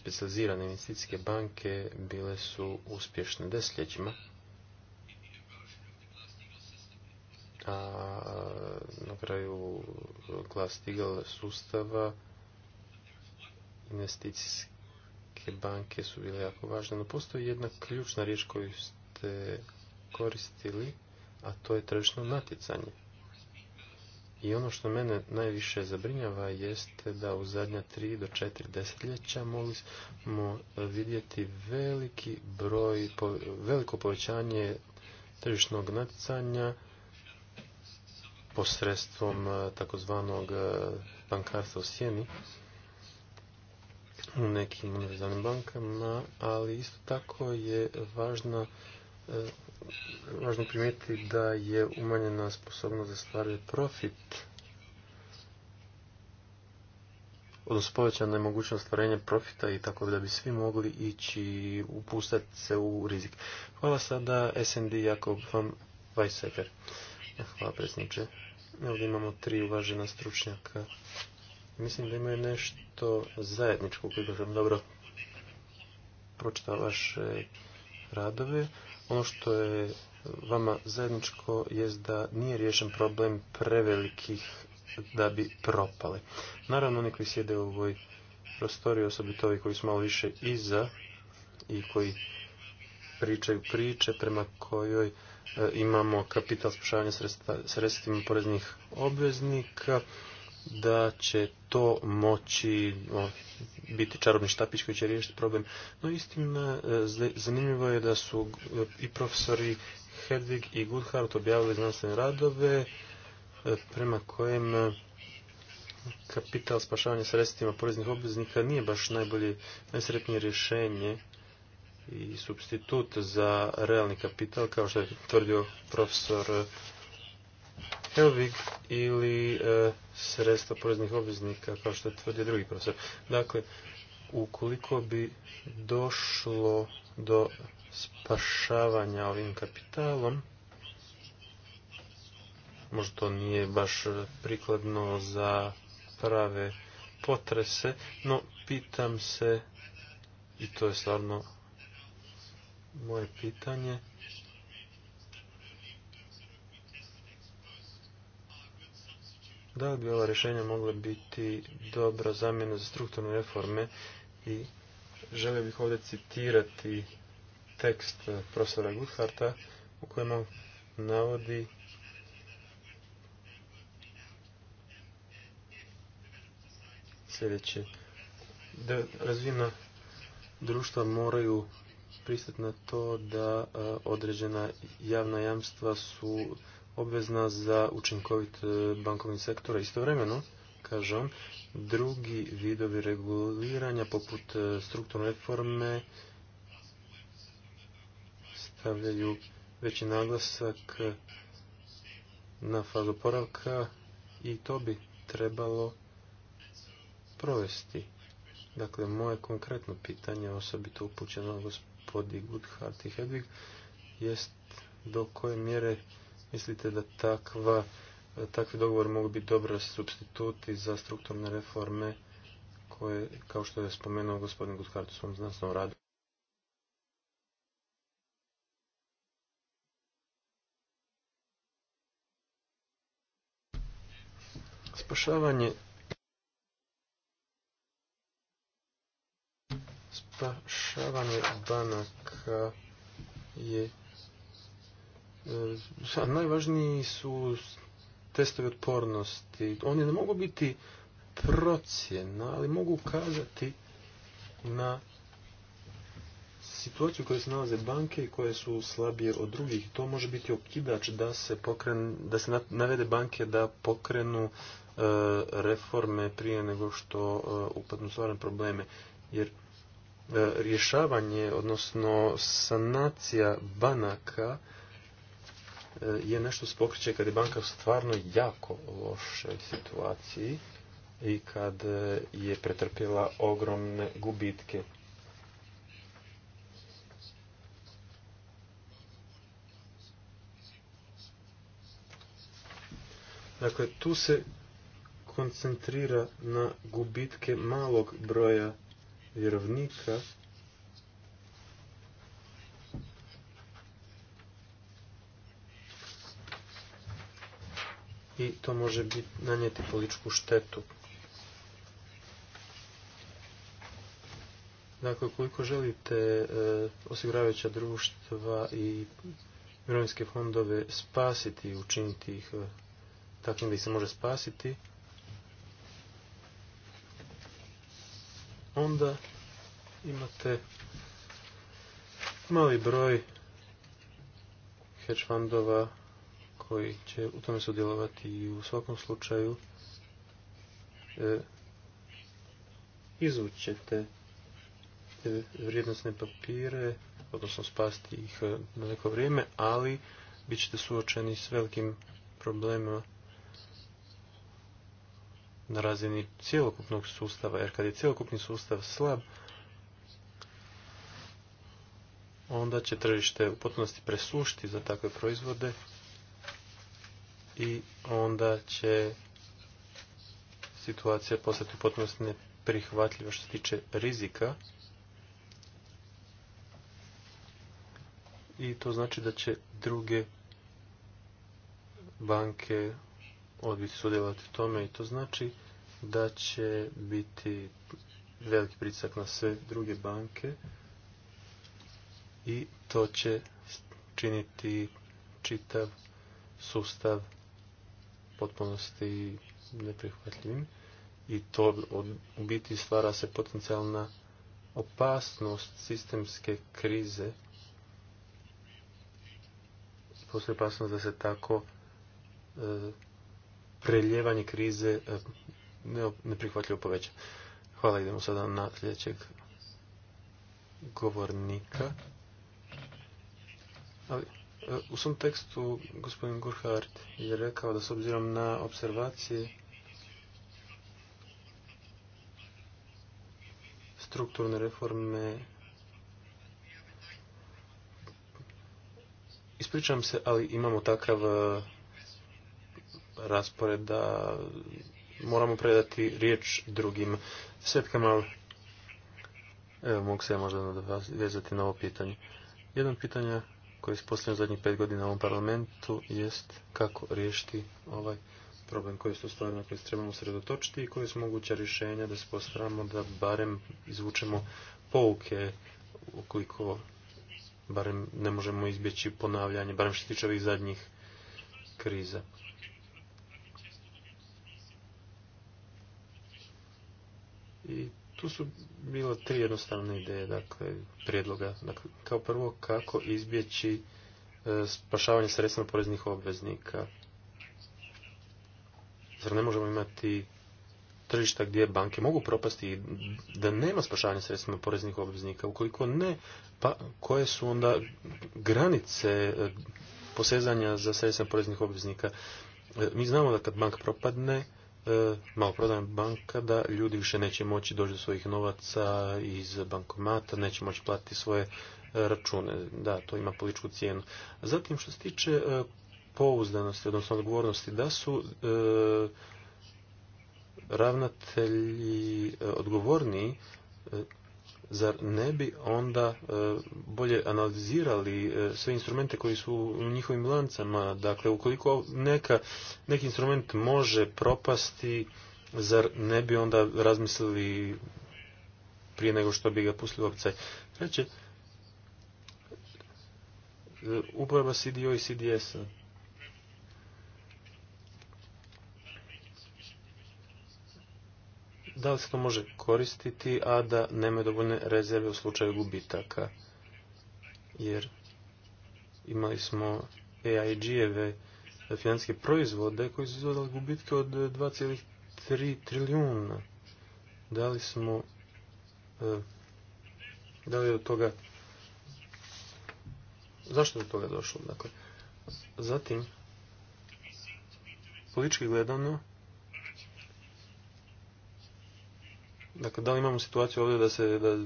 [SPEAKER 2] specijalizirane investicijske banke bile su uspješne desetljećima. a na kraju glas stigala sustava investicijske banke su bile jako važne, no postoji jedna ključna riječ koju ste koristili, a to je tržišno natjecanje. I ono što mene najviše zabrinjava jeste da u zadnja tri do četiri desetljeća mogli vidjeti veliki broj, veliko povećanje tržišnog natjecanja posredstvom e, takozvanog e, bankarstva u sjeni u nekim univerzalnim bankama, ali isto tako je važna e, važno primijetiti da je umanjena sposobnost da stvaruje profit odnosno povećana je mogućnost stvarenja profita i tako da bi svi mogli ići upustati se u rizik. Hvala sada SND Jakob van Weisseker. Hvala predsjedniče. Ovdje imamo tri uvažena stručnjaka. Mislim da imaju nešto zajedničko, koliko sam dobro pročitao vaše radove. Ono što je vama zajedničko je da nije riješen problem prevelikih da bi propale. Naravno, oni koji sjede u ovoj prostoriji, osobito ovi koji su malo više iza i koji pričaju priče prema kojoj E, imamo kapital spašavanja sredstvima poreznih obveznika, da će to moći biti čarobni štapić koji će riješiti problem. No istina, e, zanimljivo je da su e, i profesori Hedvig i Goodhart objavili znanstvene radove prema kojem kapital spašavanja sredstvima poreznih obveznika nije baš najbolje najsretnije rješenje i substitut za realni kapital, kao što je tvrdio profesor Helvig, ili e, sredstva poreznih obveznika, kao što je tvrdio drugi profesor. Dakle, ukoliko bi došlo do spašavanja ovim kapitalom, možda to nije baš prikladno za prave potrese, no pitam se, i to je stvarno moje pitanje da li bi ova rješenja mogla biti dobra zamjena za strukturne reforme i želio bih ovdje citirati tekst profesora Gutharta u kojem on navodi sljedeće. Da razvijena društva moraju pristati na to da e, određena javna jamstva su obvezna za učinkovit e, bankovni sektor. Istovremeno, kažem, drugi vidovi reguliranja poput e, strukturne reforme stavljaju veći naglasak na fazu poravka i to bi trebalo provesti. Dakle, moje konkretno pitanje osobito upućeno gospodinu Klodi i Hedvig, jest do koje mjere mislite da takva, takvi dogovori mogu biti dobar substituti za strukturne reforme koje, kao što je spomenuo gospodin Guthart u svom znanstvenom radu. Spašavanje spašavanje banaka je e, najvažniji su testovi otpornosti. Oni ne mogu biti procjena, ali mogu ukazati na situaciju u kojoj se nalaze banke i koje su slabije od drugih. To može biti okidač da se, pokren, da se navede banke da pokrenu e, reforme prije nego što e, upadnu stvarne probleme. Jer E, rješavanje, odnosno sanacija banaka e, je nešto spokriće kad je banka u stvarno jako lošoj situaciji i kad e, je pretrpjela ogromne gubitke. Dakle, tu se koncentrira na gubitke malog broja vjerovnika i to može biti nanijeti političku štetu. Dakle, koliko želite e, osiguravajuća društva i mirovinske fondove spasiti i učiniti ih e, takvim da ih se može spasiti, onda imate mali broj hedge koji će u tome sudjelovati i u svakom slučaju e, izvućete vrijednostne papire, odnosno spasti ih na neko vrijeme, ali bit ćete suočeni s velikim problemima na razini cjelokupnog sustava, jer kad je cjelokupni sustav slab, onda će tržište u potpunosti presušiti za takve proizvode i onda će situacija postati u potpunosti neprihvatljiva što se tiče rizika. I to znači da će druge banke odbiti sudjelovati tome i to znači da će biti veliki pritisak na sve druge banke i to će činiti čitav sustav potpunosti neprihvatljivim i to u biti stvara se potencijalna opasnost sistemske krize postoji opasnost da se tako e, prelijevanje preljevanje krize e, neprihvatljivo poveća. Hvala, idemo sada na sljedećeg govornika. Ali, e, u svom tekstu gospodin Gurhard je rekao da s obzirom na observacije strukturne reforme ispričam se, ali imamo takav e, raspored da moramo predati riječ drugim. Svet ali evo mogu se možda vezati na ovo pitanje. Jedno od pitanja koje se postavljeno zadnjih pet godina u ovom parlamentu jest kako riješiti ovaj problem koji su stvari na koji se trebamo sredotočiti i koje su moguća rješenja da se postaramo da barem izvučemo pouke ukoliko barem ne možemo izbjeći ponavljanje, barem što se tiče ovih zadnjih kriza. I tu su bilo tri jednostavne ideje, dakle, prijedloga. Dakle, kao prvo, kako izbjeći e, spašavanje sredstva poreznih obveznika. Zar ne možemo imati tržišta gdje banke mogu propasti da nema spašavanja sredstvima poreznih obveznika. Ukoliko ne, pa koje su onda granice e, posezanja za sredstvima poreznih obveznika? E, mi znamo da kad bank propadne, E, maloprodajna banka da ljudi više neće moći doći do svojih novaca iz bankomata, neće moći platiti svoje e, račune. Da, to ima političku cijenu. Zatim što se tiče e, pouzdanosti, odnosno odgovornosti, da su ravnatelji odgovorni zar ne bi onda e, bolje analizirali e, sve instrumente koji su u njihovim lancama? Dakle, ukoliko neka, neki instrument može propasti, zar ne bi onda razmislili prije nego što bi ga pustili opcaj? Treće, e, uporaba CDO i CDS-a. da li se to može koristiti, a da nema dovoljne rezerve u slučaju gubitaka. Jer imali smo AIG-eve financijske proizvode koji su izvodali gubitke od 2,3 trilijuna. Da li smo e, da li je od toga zašto je do toga došlo? Dakle, zatim politički gledano Dakle, da li imamo situaciju ovdje da, se, da,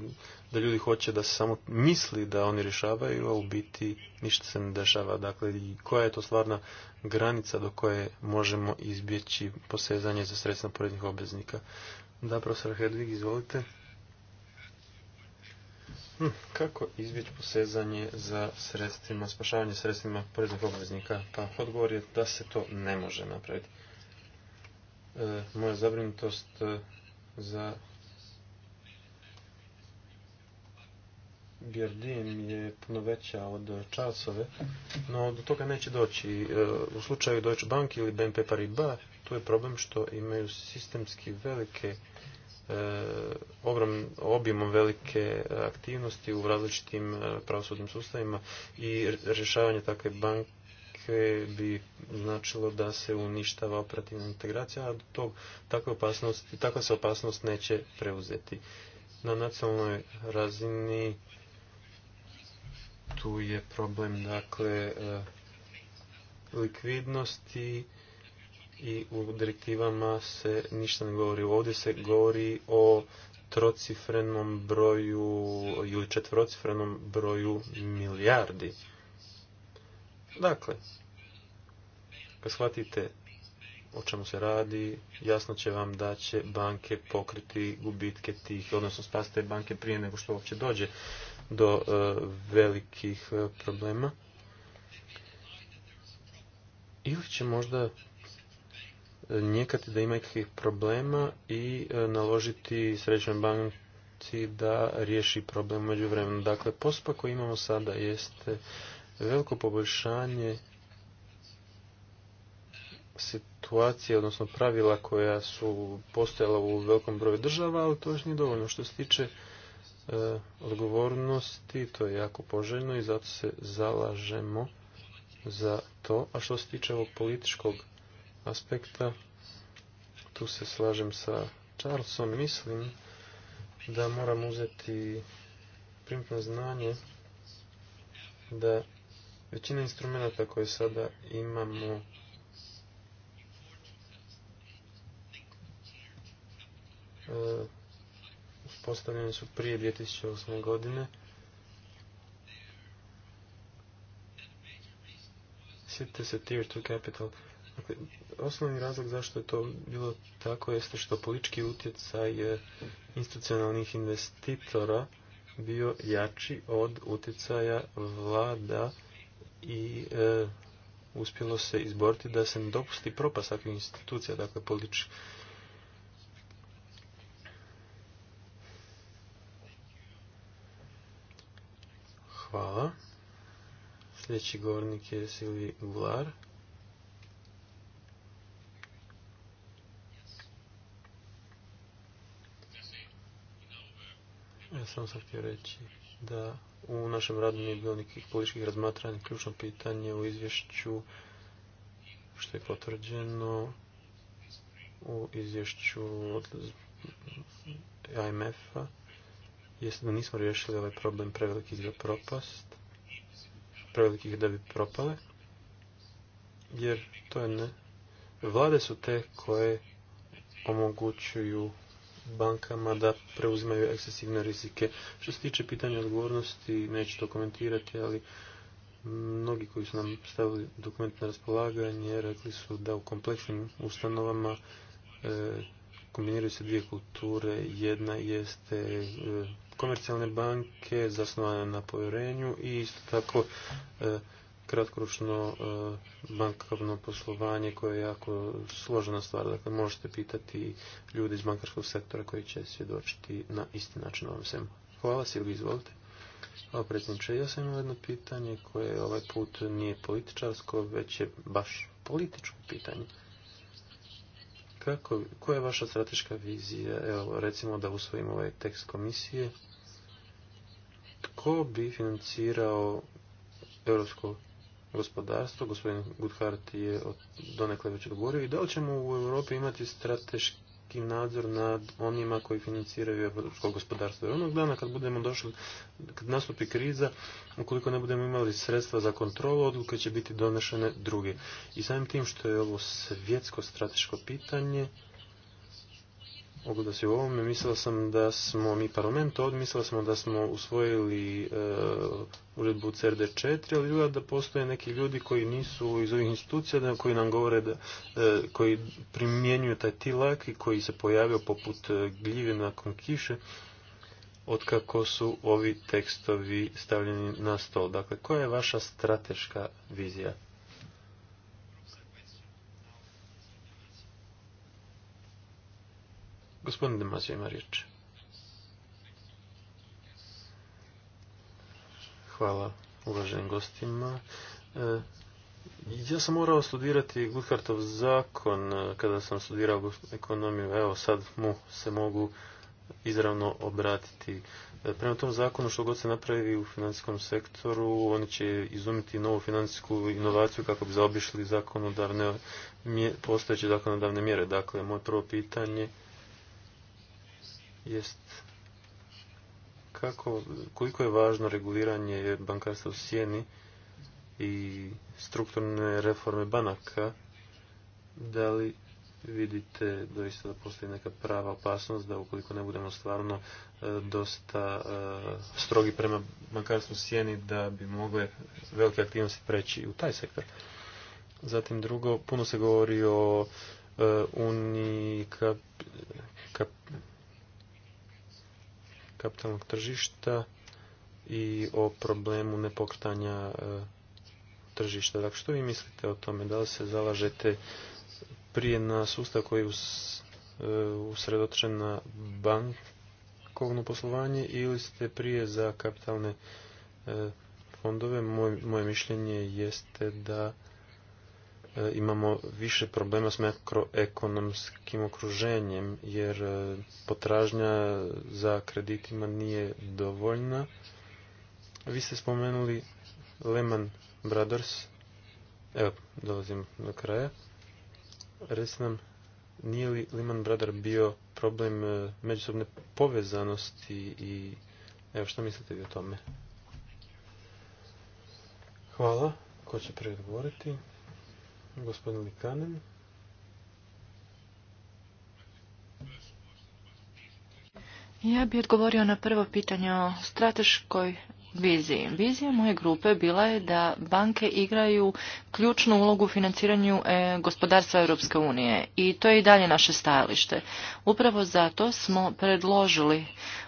[SPEAKER 2] da ljudi hoće da se samo misli da oni rješavaju, a u biti ništa se ne dešava. Dakle, koja je to stvarna granica do koje možemo izbjeći posezanje za sredstva porednih obveznika? Da, profesor Hedvig, izvolite. Hm, kako izbjeći posezanje za sredstvima, spašavanje sredstvima poreznih obveznika? Pa odgovor je da se to ne može napraviti. E, moja zabrinutost e, za gerdin je puno veća od časove, no do toga neće doći. E, u slučaju Deutsche Bank ili BNP Paribas, tu je problem što imaju sistemski velike e, ogrom, objemom velike aktivnosti u različitim e, pravosudnim sustavima i rješavanje takve banke bi značilo da se uništava operativna integracija, a do tog takva se opasnost neće preuzeti. Na nacionalnoj razini tu je problem dakle e, likvidnosti i u direktivama se ništa ne govori. Ovdje se govori o trocifrenom broju ili četvrocifrenom broju milijardi. Dakle, kad shvatite o čemu se radi, jasno će vam da će banke pokriti gubitke tih, odnosno spasite banke prije nego što uopće dođe do e, velikih e, problema? Ili će možda njekati da ima nekih problema i e, naložiti srećnoj banci da riješi problem u međuvremenu. Dakle, postupak koji imamo sada jeste veliko poboljšanje situacije, odnosno pravila koja su postojala u velikom broju država, ali to još nije dovoljno. Što se tiče E, odgovornosti, to je jako poželjno i zato se zalažemo za to. A što se tiče ovog političkog aspekta, tu se slažem sa Charlesom, mislim da moram uzeti primitno znanje da većina instrumenta koje sada imamo e, postavljene su prije 2008. godine. Sjetite se Tier 2 Capital. Dakle, osnovni razlog zašto je to bilo tako jeste što politički utjecaj e, institucionalnih investitora bio jači od utjecaja vlada i e, uspjelo se izboriti da se ne dopusti propast takvih institucija, dakle politički. Hvala. Sljedeći govornik je Silvi Gular. Ja sam sam htio reći da u našem radu nije bilo nekih političkih razmatranja. Ključno pitanje u izvješću što je potvrđeno u izvješću od IMF-a jeste da nismo riješili ovaj problem prevelikih za propast, prevelikih da bi propale, jer to je ne. Vlade su te koje omogućuju bankama da preuzimaju ekscesivne rizike. Što se tiče pitanja odgovornosti, neću to komentirati, ali mnogi koji su nam stavili dokument na raspolaganje rekli su da u kompleksnim ustanovama e, kombiniraju se dvije kulture. Jedna jeste e, komercijalne banke zasnovane na povjerenju i isto tako e, kratkoročno e, bankovno poslovanje koje je jako složena stvar. Dakle, možete pitati ljudi iz bankarskog sektora koji će svjedočiti na isti način ovom svemu. Hvala, Silvi, izvolite. Hvala, predsjedniče. Ja sam imao jedno pitanje koje ovaj put nije političarsko, već je baš političko pitanje. Kako, koja je vaša strateška vizija? Evo, recimo da usvojimo ovaj tekst komisije ko bi financirao europsko gospodarstvo, gospodin Guthart je donekle već odgovorio, i da li ćemo u Europi imati strateški nadzor nad onima koji financiraju europsko gospodarstvo. I onog dana kad budemo došli, kad nastupi kriza, ukoliko ne budemo imali sredstva za kontrolu, odluke će biti donešene druge. I samim tim što je ovo svjetsko strateško pitanje, Ogleda se u ovome, mislila sam da smo mi parlament od mislila smo da smo usvojili e, uredbu CRD4, ali druga da postoje neki ljudi koji nisu iz ovih institucija, da, koji nam govore da, e, koji primjenjuju taj tilak i koji se pojavio poput e, gljive nakon kiše, od kako su ovi tekstovi stavljeni na stol. Dakle, koja je vaša strateška vizija? Gospodin Demasio ima riječ. Hvala uvaženim gostima. E, ja sam morao studirati Guthartov zakon e, kada sam studirao ekonomiju. Evo sad mu se mogu izravno obratiti. E, prema tom zakonu što god se napravi u financijskom sektoru, oni će izumiti novu financijsku inovaciju kako bi zaobišli zakonodavne, postojeće zakonodavne mjere. Dakle, moje prvo pitanje jest kako, koliko je važno reguliranje bankarstva u sjeni i strukturne reforme banaka, da li vidite doista da postoji neka prava opasnost da ukoliko ne budemo stvarno e, dosta e, strogi prema bankarstvu sjeni da bi mogle velike aktivnosti preći u taj sektor. Zatim drugo, puno se govori o e, uniji kap, kap, kapitalnog tržišta i o problemu nepokretanja e, tržišta. Dakle, što vi mislite o tome? Da li se zalažete prije na sustav koji je e, usredotočen na bankovno poslovanje ili ste prije za kapitalne e, fondove? moje mišljenje jeste da E, imamo više problema s makroekonomskim okruženjem jer e, potražnja za kreditima nije dovoljna. Vi ste spomenuli Lehman Brothers. Evo, dolazim do kraja. Reci nam, nije li Lehman Brothers bio problem e, međusobne povezanosti i evo što mislite vi o tome? Hvala. Ko će prije odgovoriti? Gospodin
[SPEAKER 3] Ja bih odgovorio na prvo pitanje o strateškoj viziji. Vizija moje grupe bila je da banke igraju ključnu ulogu u financiranju e, gospodarstva Europske unije i to je i dalje naše stajalište. Upravo zato smo predložili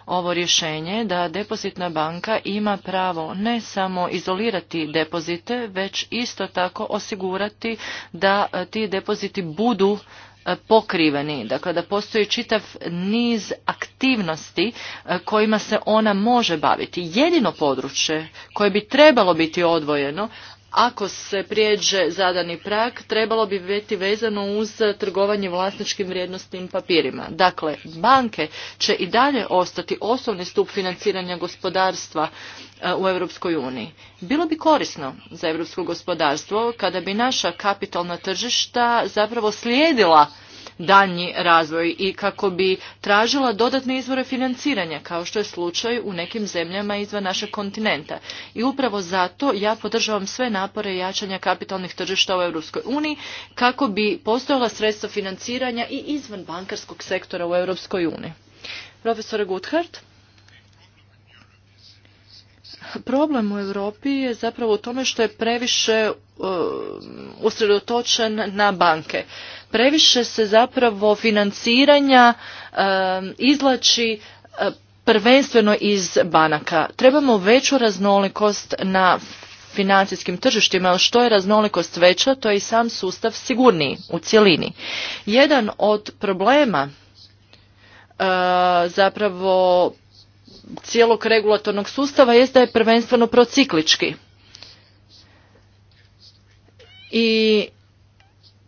[SPEAKER 3] ovo rješenje da depozitna banka ima pravo ne samo izolirati depozite, već isto tako osigurati da e, ti depoziti budu E, pokriveni, dakle da postoji čitav niz aktivnosti e, kojima se ona može baviti. Jedino područje koje bi trebalo biti odvojeno ako se prijeđe zadani prag, trebalo bi biti vezano uz trgovanje vlasničkim vrijednosnim papirima. Dakle, banke će i dalje ostati osnovni stup financiranja gospodarstva e, u Europskoj uniji. Bilo bi korisno za europsko gospodarstvo kada bi naša kapitalna tržišta zapravo slijedila daljnji razvoj i kako bi tražila dodatne izvore financiranja kao što je slučaj u nekim zemljama izvan našeg kontinenta. I upravo zato ja podržavam sve napore jačanja kapitalnih tržišta u Europskoj uniji kako bi postojala sredstva financiranja i izvan bankarskog sektora u Europskoj uniji. Profesor Problem u Europi je zapravo u tome što je previše e, usredotočen na banke. Previše se zapravo financiranja e, izlači e, prvenstveno iz banaka. Trebamo veću raznolikost na financijskim tržištima, ali što je raznolikost veća, to je i sam sustav sigurniji u cjelini. Jedan od problema zapravo cijelog regulatornog sustava jest da je prvenstveno prociklički. I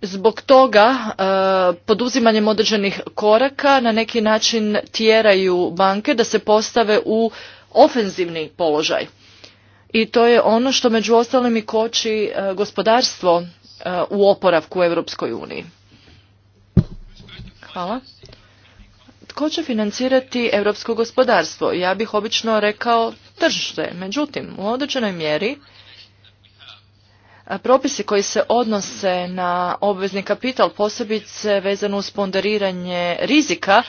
[SPEAKER 3] zbog toga e, poduzimanjem određenih koraka na neki način tjeraju banke da se postave u ofenzivni položaj. I to je ono što među ostalim i koči e, gospodarstvo e, u oporavku u Europskoj uniji. Hvala. Tko će financirati europsko gospodarstvo? Ja bih obično rekao tržište. Međutim, u određenoj mjeri propisi koji se odnose na obvezni kapital, posebice vezano uz ponderiranje rizika,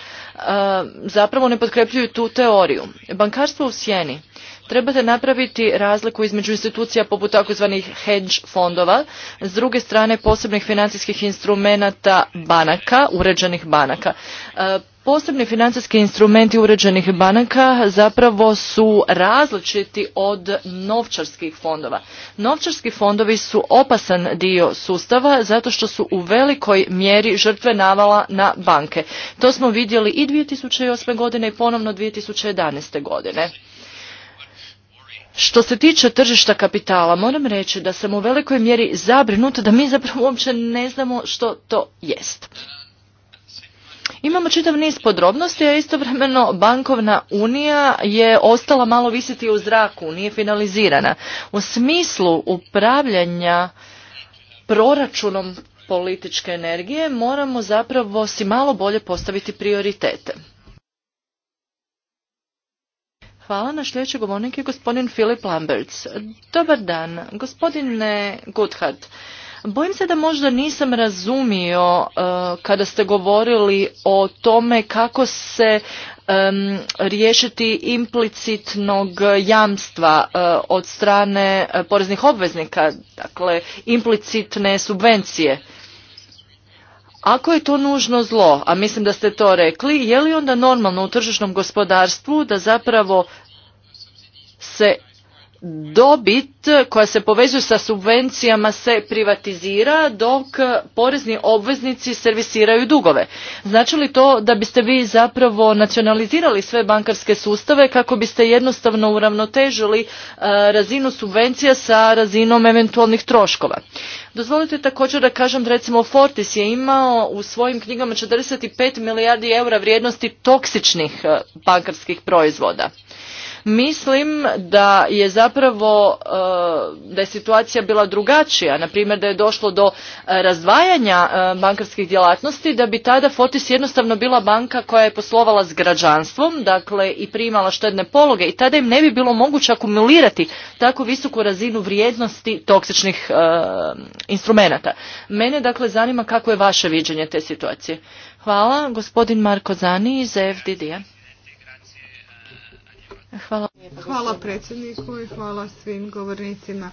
[SPEAKER 3] zapravo ne potkrepljuju tu teoriju. Bankarstvo u sjeni trebate napraviti razliku između institucija poput takozvanih hedge fondova, s druge strane posebnih financijskih instrumenata banaka, uređenih banaka. Posebni financijski instrumenti uređenih banaka zapravo su različiti od novčarskih fondova. Novčarski fondovi su opasan dio sustava zato što su u velikoj mjeri žrtve navala na banke. To smo vidjeli i 2008. godine i ponovno 2011. godine. Što se tiče tržišta kapitala, moram reći da sam u velikoj mjeri zabrinut da mi zapravo uopće ne znamo što to jest. Imamo čitav niz podrobnosti, a istovremeno bankovna unija je ostala malo visiti u zraku, nije finalizirana. U smislu upravljanja proračunom političke energije moramo zapravo si malo bolje postaviti prioritete. Hvala. na sljedeći govornik je gospodin Filip Lamberts. Dobar dan. Gospodine Goodhart, Bojim se da možda nisam razumio e, kada ste govorili o tome kako se riješiti implicitnog jamstva e, od strane e, poreznih obveznika, dakle implicitne subvencije. Ako je to nužno zlo, a mislim da ste to rekli, je li onda normalno u tržišnom gospodarstvu da zapravo se dobit koja se povezuje sa subvencijama se privatizira dok porezni obveznici servisiraju dugove. Znači li to da biste vi zapravo nacionalizirali sve bankarske sustave kako biste jednostavno uravnotežili e, razinu subvencija sa razinom eventualnih troškova? Dozvolite također da kažem recimo Fortis je imao u svojim knjigama 45 milijardi eura vrijednosti toksičnih e, bankarskih proizvoda. Mislim da je zapravo eh, da je situacija bila drugačija, na primjer da je došlo do eh, razdvajanja eh, bankarskih djelatnosti, da bi tada Fortis jednostavno bila banka koja je poslovala s građanstvom, dakle i primala štedne pologe i tada im ne bi bilo moguće akumulirati tako visoku razinu vrijednosti toksičnih instrumenata. Mene dakle zanima kako je vaše viđenje te situacije. Hvala, gospodin Marko Zani iz fdd
[SPEAKER 1] Hvala. predsjedniku i hvala svim govornicima.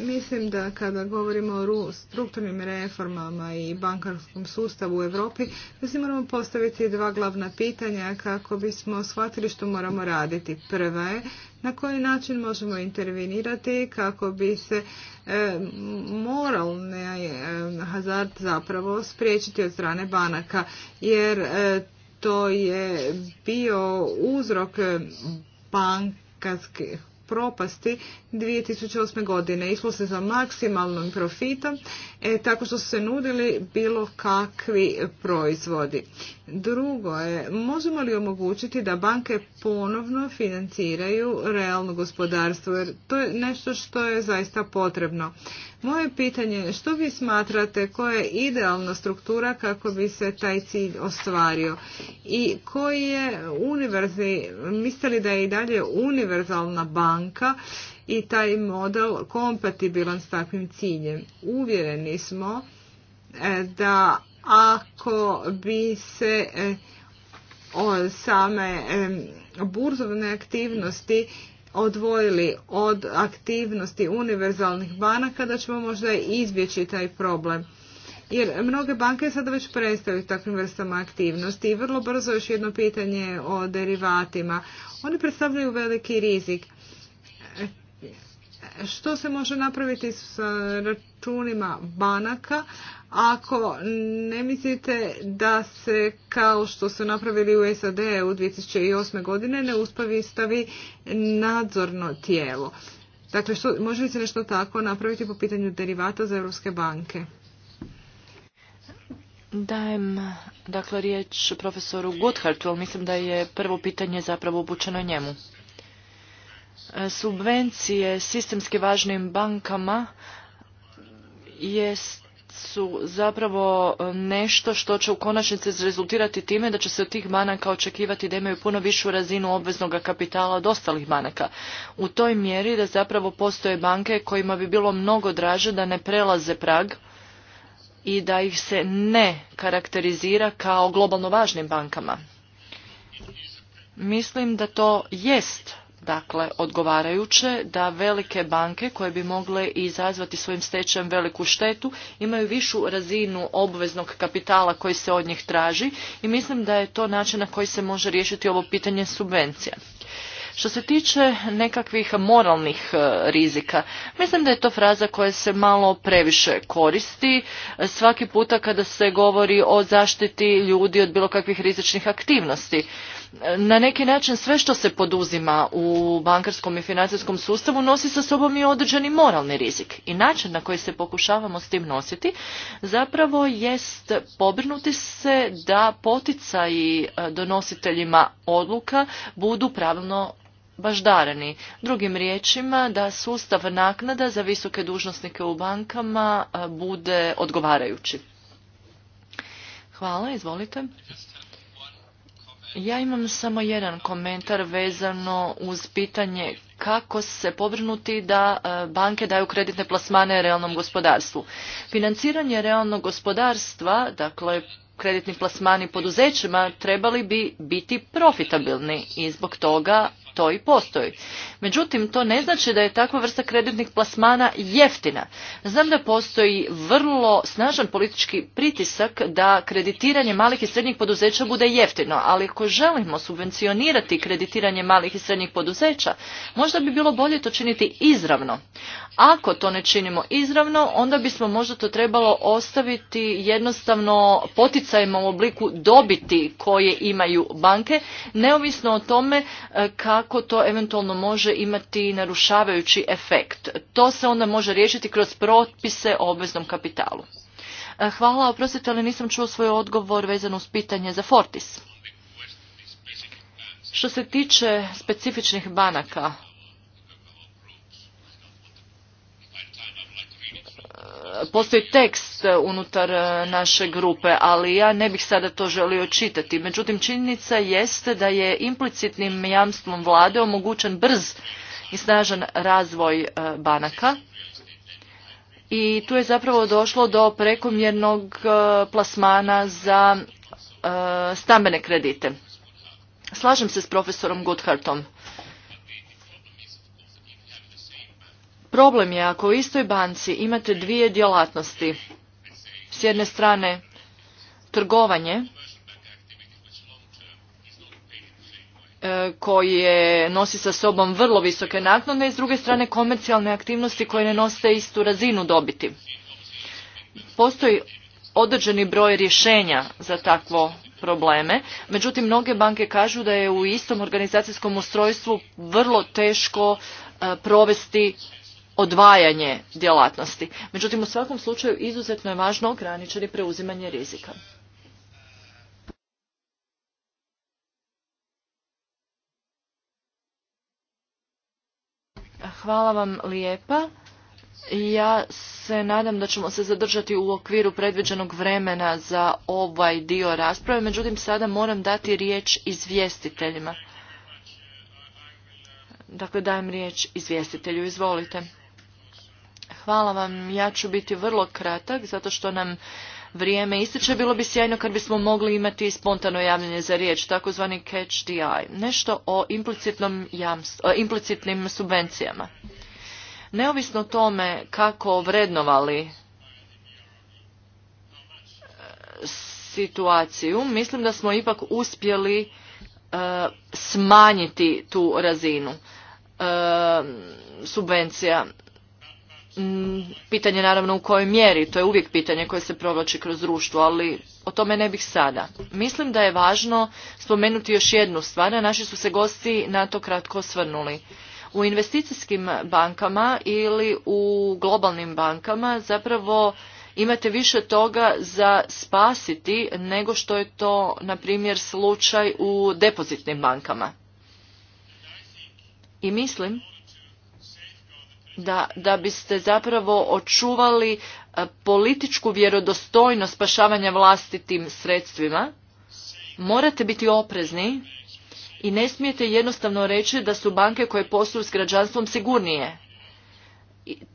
[SPEAKER 1] Mislim da kada govorimo o strukturnim reformama i bankarskom sustavu u Europi, da moramo postaviti dva glavna pitanja kako bismo shvatili što moramo raditi. Prva je na koji način možemo intervenirati kako bi se e, moralni e, hazard zapravo spriječiti od strane banaka jer e, to je bio uzrok bankarskih propasti 2008. godine. Išlo se za maksimalnom profitom e, tako što su se nudili bilo kakvi proizvodi. Drugo je, možemo li omogućiti da banke ponovno financiraju realno gospodarstvo jer to je nešto što je zaista potrebno. Moje pitanje je što vi smatrate koja je idealna struktura kako bi se taj cilj ostvario i koji je univerzi, mislite li da je i dalje univerzalna banka i taj model kompatibilan s takvim ciljem? Uvjereni smo e, da ako bi se e, same burzovne aktivnosti odvojili od aktivnosti univerzalnih banaka da ćemo možda izbjeći taj problem. Jer mnoge banke sada već prestaju takvim vrstama aktivnosti i vrlo brzo još jedno pitanje o derivatima. Oni predstavljaju veliki rizik. Što se može napraviti s računima banaka ako ne mislite da se kao što su napravili u SAD u 2008. godine ne uspavi stavi nadzorno tijelo. Dakle, što, može li se nešto tako napraviti po pitanju derivata za Europske banke?
[SPEAKER 3] Dajem
[SPEAKER 1] dakle, riječ profesoru Goodhartu, ali mislim da je
[SPEAKER 3] prvo pitanje zapravo upućeno njemu. E, subvencije sistemski važnim bankama jest su zapravo e, nešto što će u konačnici rezultirati time da će se od tih banaka očekivati da imaju puno višu razinu obveznog kapitala od ostalih banaka. U toj mjeri da zapravo postoje banke kojima bi bilo mnogo draže da ne prelaze prag i da ih se ne karakterizira kao globalno važnim bankama. Mislim da to jest dakle odgovarajuće da velike banke koje bi mogle izazvati svojim stečajem veliku štetu imaju višu razinu obveznog kapitala koji se od njih traži i mislim da je to način na koji se može riješiti ovo pitanje subvencija. Što se tiče nekakvih moralnih e, rizika, mislim da je to fraza koja se malo previše koristi svaki puta kada se govori o zaštiti ljudi od bilo kakvih rizičnih aktivnosti na neki način sve što se poduzima u bankarskom i financijskom sustavu nosi sa sobom i određeni moralni rizik. I način na koji se pokušavamo s tim nositi zapravo jest pobrinuti se da poticaji e, donositeljima odluka budu pravilno baždareni. Drugim riječima da sustav naknada za visoke dužnosnike u bankama e, bude odgovarajući. Hvala, izvolite. Ja imam samo jedan komentar vezano uz pitanje kako se pobrinuti da e, banke daju kreditne plasmane realnom gospodarstvu. Financiranje realnog gospodarstva, dakle kreditni plasmani poduzećima trebali bi biti profitabilni i zbog toga to i postoji. Međutim, to ne znači da je takva vrsta kreditnih plasmana jeftina. Znam da postoji vrlo snažan politički pritisak da kreditiranje malih i srednjih poduzeća bude jeftino, ali ako želimo subvencionirati kreditiranje malih i srednjih poduzeća, možda bi bilo bolje to činiti izravno. Ako to ne činimo izravno, onda bismo možda to trebalo ostaviti jednostavno poticajima u obliku dobiti koje imaju banke, neovisno o tome e, kako kako to eventualno može imati narušavajući efekt. To se onda može riješiti kroz propise o obveznom kapitalu. E, hvala, oprostite, ali nisam čuo svoj odgovor vezan uz pitanje za Fortis. Što se tiče specifičnih banaka, postoji tekst unutar e, naše grupe, ali ja ne bih sada to želio čitati. Međutim, činjenica jeste da je implicitnim jamstvom vlade omogućen brz i snažan razvoj e, banaka i tu je zapravo došlo do prekomjernog e, plasmana za stambene kredite. Slažem se s profesorom Goodhartom. Problem je ako u istoj banci imate dvije djelatnosti. S jedne strane trgovanje e, koje nosi sa sobom vrlo visoke naknade i s druge strane komercijalne aktivnosti koje ne nose istu razinu dobiti. Postoji određeni broj rješenja za takvo probleme, međutim mnoge banke kažu da je u istom organizacijskom ustrojstvu vrlo teško e, provesti odvajanje djelatnosti. Međutim, u svakom slučaju izuzetno je važno ograničiti preuzimanje rizika. Hvala vam lijepa. Ja se nadam da ćemo se zadržati u okviru predviđenog vremena za ovaj dio rasprave, međutim sada moram dati riječ izvjestiteljima. Dakle, dajem riječ izvjestitelju. Izvolite. Hvala vam. Ja ću biti vrlo kratak zato što nam vrijeme ističe. Bilo bi sjajno kad bismo mogli imati spontano javljanje za riječ, takozvani catch the eye. Nešto o implicitnim subvencijama. Neovisno tome kako vrednovali e, situaciju, mislim da smo ipak uspjeli e, smanjiti tu razinu e, subvencija Mm, pitanje naravno u kojoj mjeri, to je uvijek pitanje koje se provlači kroz društvo, ali o tome ne bih sada. Mislim da je važno spomenuti još jednu stvar, a naši su se gosti na to kratko osvrnuli. U investicijskim bankama ili u globalnim bankama zapravo imate više toga za spasiti nego što je to, na primjer, slučaj u depozitnim bankama. I mislim da, da biste zapravo očuvali e, političku vjerodostojnost spašavanja vlastitim sredstvima, morate biti oprezni i ne smijete jednostavno reći da su banke koje posluju s građanstvom sigurnije.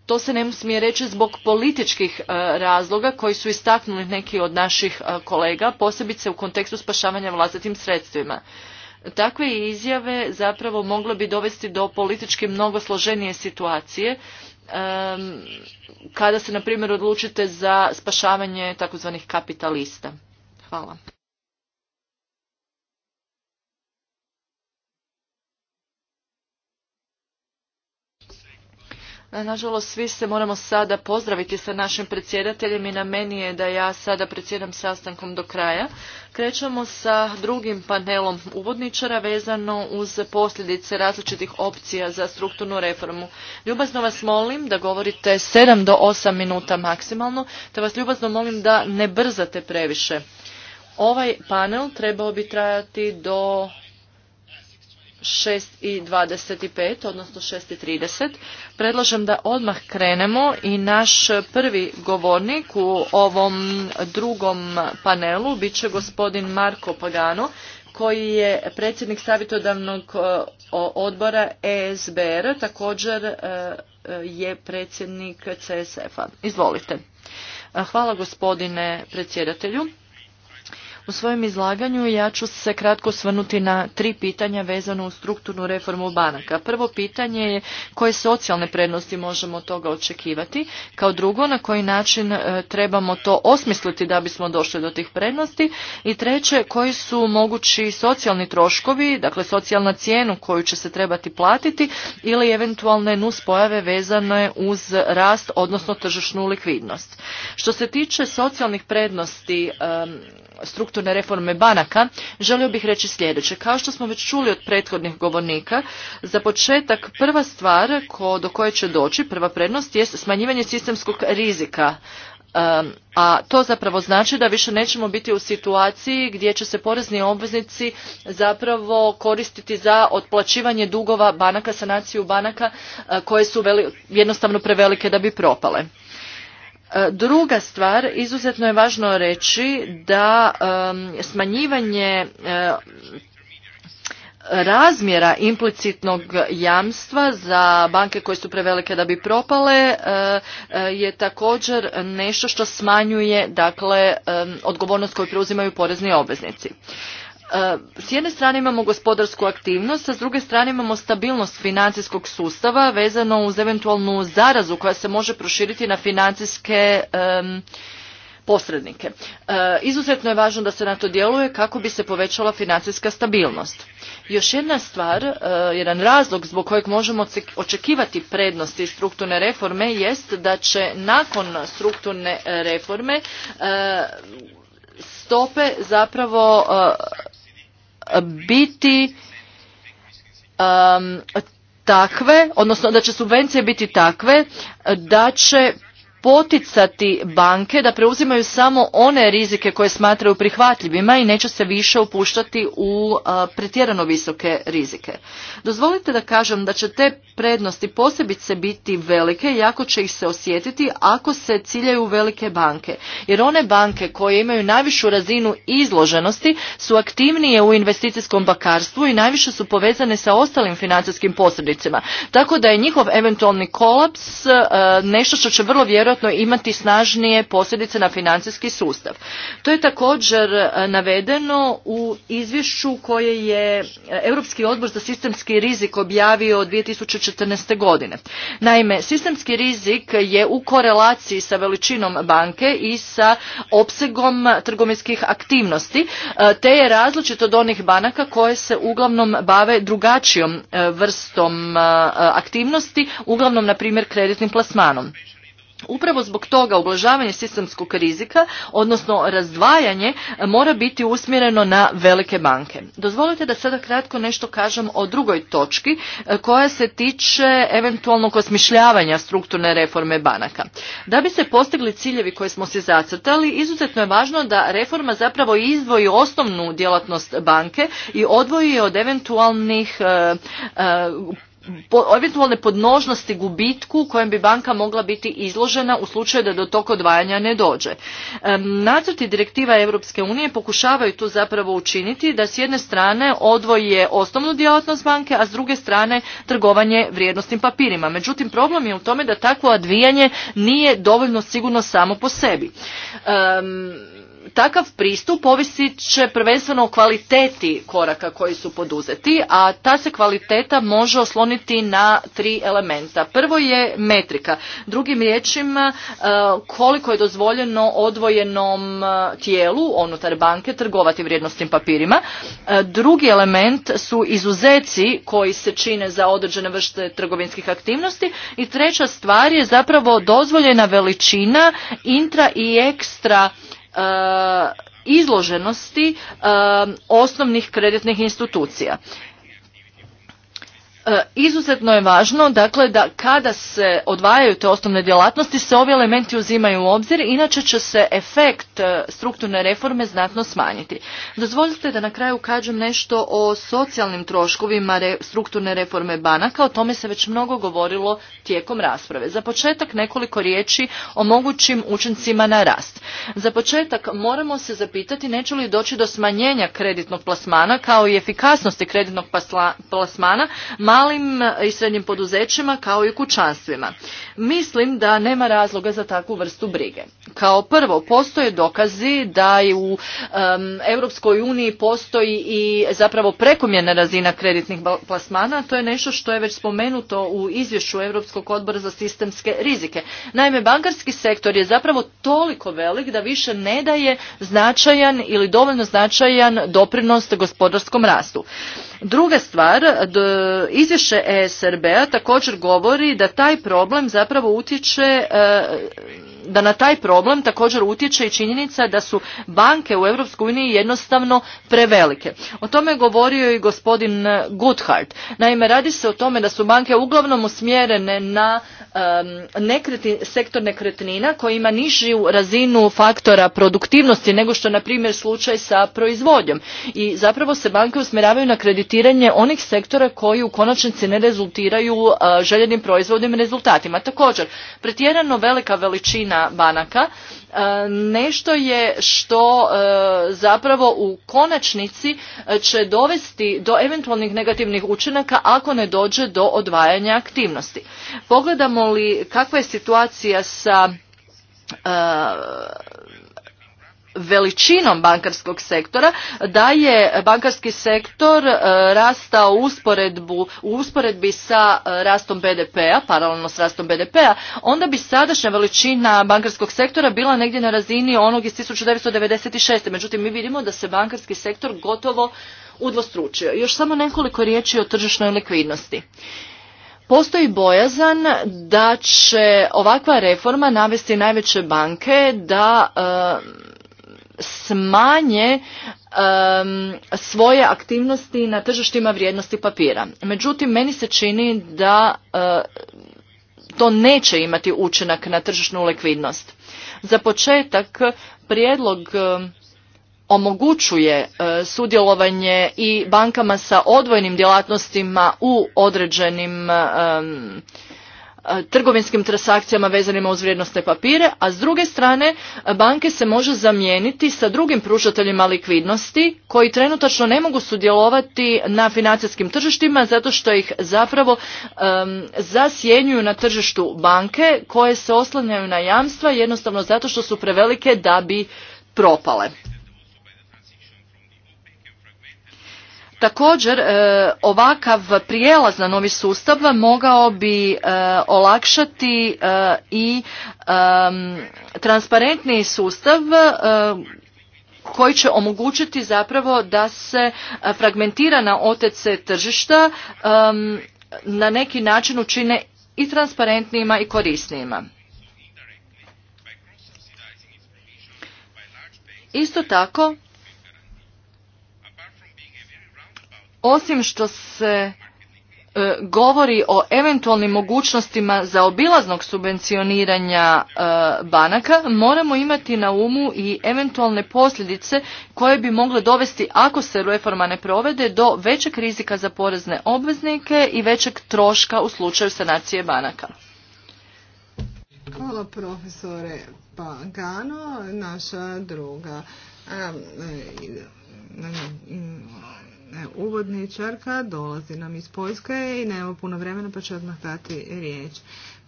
[SPEAKER 3] To se ne smije reći zbog političkih e, razloga koji su istaknuli neki od naših e, kolega, posebice u kontekstu spašavanja vlastitim sredstvima. Takve izjave zapravo mogle bi dovesti do politički mnogo složenije situacije kada se, na primjer, odlučite za spašavanje takozvanih kapitalista. Hvala. Nažalost, svi se moramo sada pozdraviti sa našim predsjedateljem i na meni je da ja sada predsjedam sastankom do kraja. Krećemo sa drugim panelom uvodničara vezano uz posljedice različitih opcija za strukturnu reformu. Ljubazno vas molim da govorite 7 do 8 minuta maksimalno, te vas ljubazno molim da ne brzate previše. Ovaj panel trebao bi trajati do 6.25, i odnosno 6.30, i Predlažem da odmah krenemo i naš prvi govornik u ovom drugom panelu bit će gospodin Marko Pagano, koji je predsjednik savjetodavnog e, odbora ESBR, također e, je predsjednik CSF-a. Izvolite. E, hvala gospodine predsjedatelju. U svojem izlaganju ja ću se kratko svrnuti na tri pitanja vezano u strukturnu reformu banaka. Prvo pitanje je koje socijalne prednosti možemo od toga očekivati, kao drugo na koji način e, trebamo to osmisliti da bismo došli do tih prednosti i treće koji su mogući socijalni troškovi, dakle socijalna cijenu koju će se trebati platiti ili eventualne nuspojave vezane uz rast, odnosno tržišnu likvidnost. Što se tiče socijalnih prednosti strukturne reforme banaka, želio bih reći sljedeće. Kao što smo već čuli od prethodnih govornika, za početak prva stvar do koje će doći, prva prednost, je smanjivanje sistemskog rizika um, a to zapravo znači da više nećemo biti u situaciji gdje će se porezni obveznici zapravo koristiti za otplaćivanje dugova banaka, sanaciju banaka uh, koje su jednostavno prevelike da bi propale. E, druga stvar, izuzetno je važno reći da smanjivanje e, razmjera implicitnog jamstva za banke koje su prevelike da bi propale e, je također nešto što smanjuje dakle odgovornost koju preuzimaju porezni obveznici. E, s jedne strane imamo gospodarsku aktivnost, a s druge strane imamo stabilnost financijskog sustava vezano uz eventualnu zarazu koja se može proširiti na financijske posrednike. E, izuzetno je važno da se na to djeluje kako bi se povećala financijska stabilnost. Još jedna stvar, e, jedan razlog zbog kojeg možemo očekivati prednosti strukturne reforme jest da će nakon strukturne reforme stope zapravo biti um, takve, odnosno da će subvencije biti takve da će poticati banke da preuzimaju samo one rizike koje smatraju prihvatljivima i neće se više upuštati u pretjerano visoke rizike. Dozvolite da kažem da će te prednosti posebice biti velike i jako će ih se osjetiti ako se ciljaju velike banke. Jer one banke koje imaju najvišu razinu izloženosti su aktivnije u investicijskom bakarstvu i najviše su povezane sa ostalim financijskim posrednicima. Tako da je njihov eventualni kolaps nešto što će vrlo vjerojatno vjerojatno imati snažnije posljedice na financijski sustav. To je također e, navedeno u izvješću koje je e, Europski odbor za sistemski rizik objavio 2014. godine. Naime, sistemski rizik je u korelaciji sa veličinom banke i sa opsegom trgovinskih aktivnosti, e, te je različit od onih banaka koje se uglavnom bave drugačijom vrstom aktivnosti, uglavnom na primjer kreditnim plasmanom. Upravo zbog toga ublažavanje sistemskog rizika, odnosno razdvajanje, mora biti usmjereno na velike banke. Dozvolite da sada kratko nešto kažem o drugoj točki e, koja se tiče eventualnog osmišljavanja strukturne reforme banaka. Da bi se postigli ciljevi koje smo se zacrtali, izuzetno je važno da reforma zapravo izdvoji osnovnu djelatnost banke i odvoji je od eventualnih e, e, eventualne podnožnosti gubitku kojem bi banka mogla biti izložena u slučaju da do tog odvajanja ne dođe. Nacrti direktiva Europske unije pokušavaju tu zapravo učiniti da s jedne strane odvoje osnovnu djelatnost banke, a s druge strane trgovanje vrijednostnim papirima. Međutim, problem je u tome da takvo odvijanje nije dovoljno sigurno samo po sebi. Takav pristup ovisit će prvenstveno o kvaliteti koraka koji su poduzeti, a ta se kvaliteta može osloniti na tri elementa. Prvo je metrika. Drugim riječima e, koliko je dozvoljeno odvojenom e, tijelu unutar banke trgovati vrijednostnim papirima. E, drugi element su izuzeci koji se čine za određene vrste trgovinskih aktivnosti i treća stvar je zapravo dozvoljena veličina intra i ekstra izloženosti e, osnovnih kreditnih institucija E, izuzetno je važno dakle da kada se odvajaju te osnovne djelatnosti se ovi elementi uzimaju u obzir, inače će se efekt e, strukturne reforme znatno smanjiti. Dozvolite da na kraju kažem nešto o socijalnim troškovima strukturne reforme banaka, o tome se već mnogo govorilo tijekom rasprave. Za početak nekoliko riječi o mogućim učincima na rast. Za početak moramo se zapitati neće li doći do smanjenja kreditnog plasmana kao i efikasnosti kreditnog plasmana malim i srednjim poduzećima kao i kućanstvima. Mislim da nema razloga za takvu vrstu brige. Kao prvo, postoje dokazi da u um, Europskoj uniji postoji i zapravo prekomjerna razina kreditnih plasmana. To je nešto što je već spomenuto u izvješću Europskog odbora za sistemske rizike. Naime, bankarski sektor je zapravo toliko velik da više ne daje značajan ili dovoljno značajan doprinos gospodarskom rastu. Druga stvar, izvješće ESRB-a također govori da taj problem zapravo utječe e, da na taj problem također utječe i činjenica da su banke u EU uniji jednostavno prevelike. O tome je govorio i gospodin Goodhart. Naime, radi se o tome da su banke uglavnom usmjerene na sektor nekretnina koji ima nižu razinu faktora produktivnosti nego što je na primjer slučaj sa proizvodnjom. I zapravo se banke usmjeravaju na kreditiranje onih sektora koji u konačnici ne rezultiraju uh, željenim proizvodnim rezultatima. Također, pretjerano velika veličina banaka e, nešto je što e, zapravo u konačnici e, će dovesti do eventualnih negativnih učinaka ako ne dođe do odvajanja aktivnosti. Pogledamo li kakva je situacija sa veličinom bankarskog sektora da je bankarski sektor e, rastao u, usporedbu, u usporedbi sa e, rastom BDP-a, paralelno s rastom BDP-a, onda bi sadašnja veličina bankarskog sektora bila negdje na razini onog iz 1996. Međutim, mi vidimo da se bankarski sektor gotovo udvostručio. Još samo nekoliko riječi o tržišnoj likvidnosti. Postoji bojazan da će ovakva reforma navesti najveće banke da smanje svoje aktivnosti na tržištima vrijednosti papira. Međutim, meni se čini da e, to neće imati učinak na tržišnu likvidnost. Za početak, prijedlog omogućuje e, sudjelovanje i bankama sa odvojnim djelatnostima u određenim E, trgovinskim transakcijama vezanima uz vrijednostne papire, a s druge strane e, banke se može zamijeniti sa drugim pružateljima likvidnosti koji trenutačno ne mogu sudjelovati na financijskim tržištima zato što ih zapravo zasjenjuju na tržištu banke koje se oslanjaju na jamstva jednostavno zato što su prevelike da bi propale. Također, e, ovakav prijelaz na novi sustav mogao bi e, olakšati e, i transparentniji sustav koji će omogućiti zapravo da se fragmentirana OTC tržišta na neki način učine i transparentnijima i korisnijima. Isto tako, osim što se e, govori o eventualnim mogućnostima za obilaznog subvencioniranja e, banaka, moramo imati na umu i eventualne posljedice koje bi mogle dovesti, ako se reforma ne provede, do većeg rizika za porezne obveznike i većeg troška u slučaju sanacije banaka.
[SPEAKER 1] Hvala profesore Pagano, naša druga e, E, uvodničarka dolazi nam iz Poljske i nema puno vremena pa ću odmah dati riječ.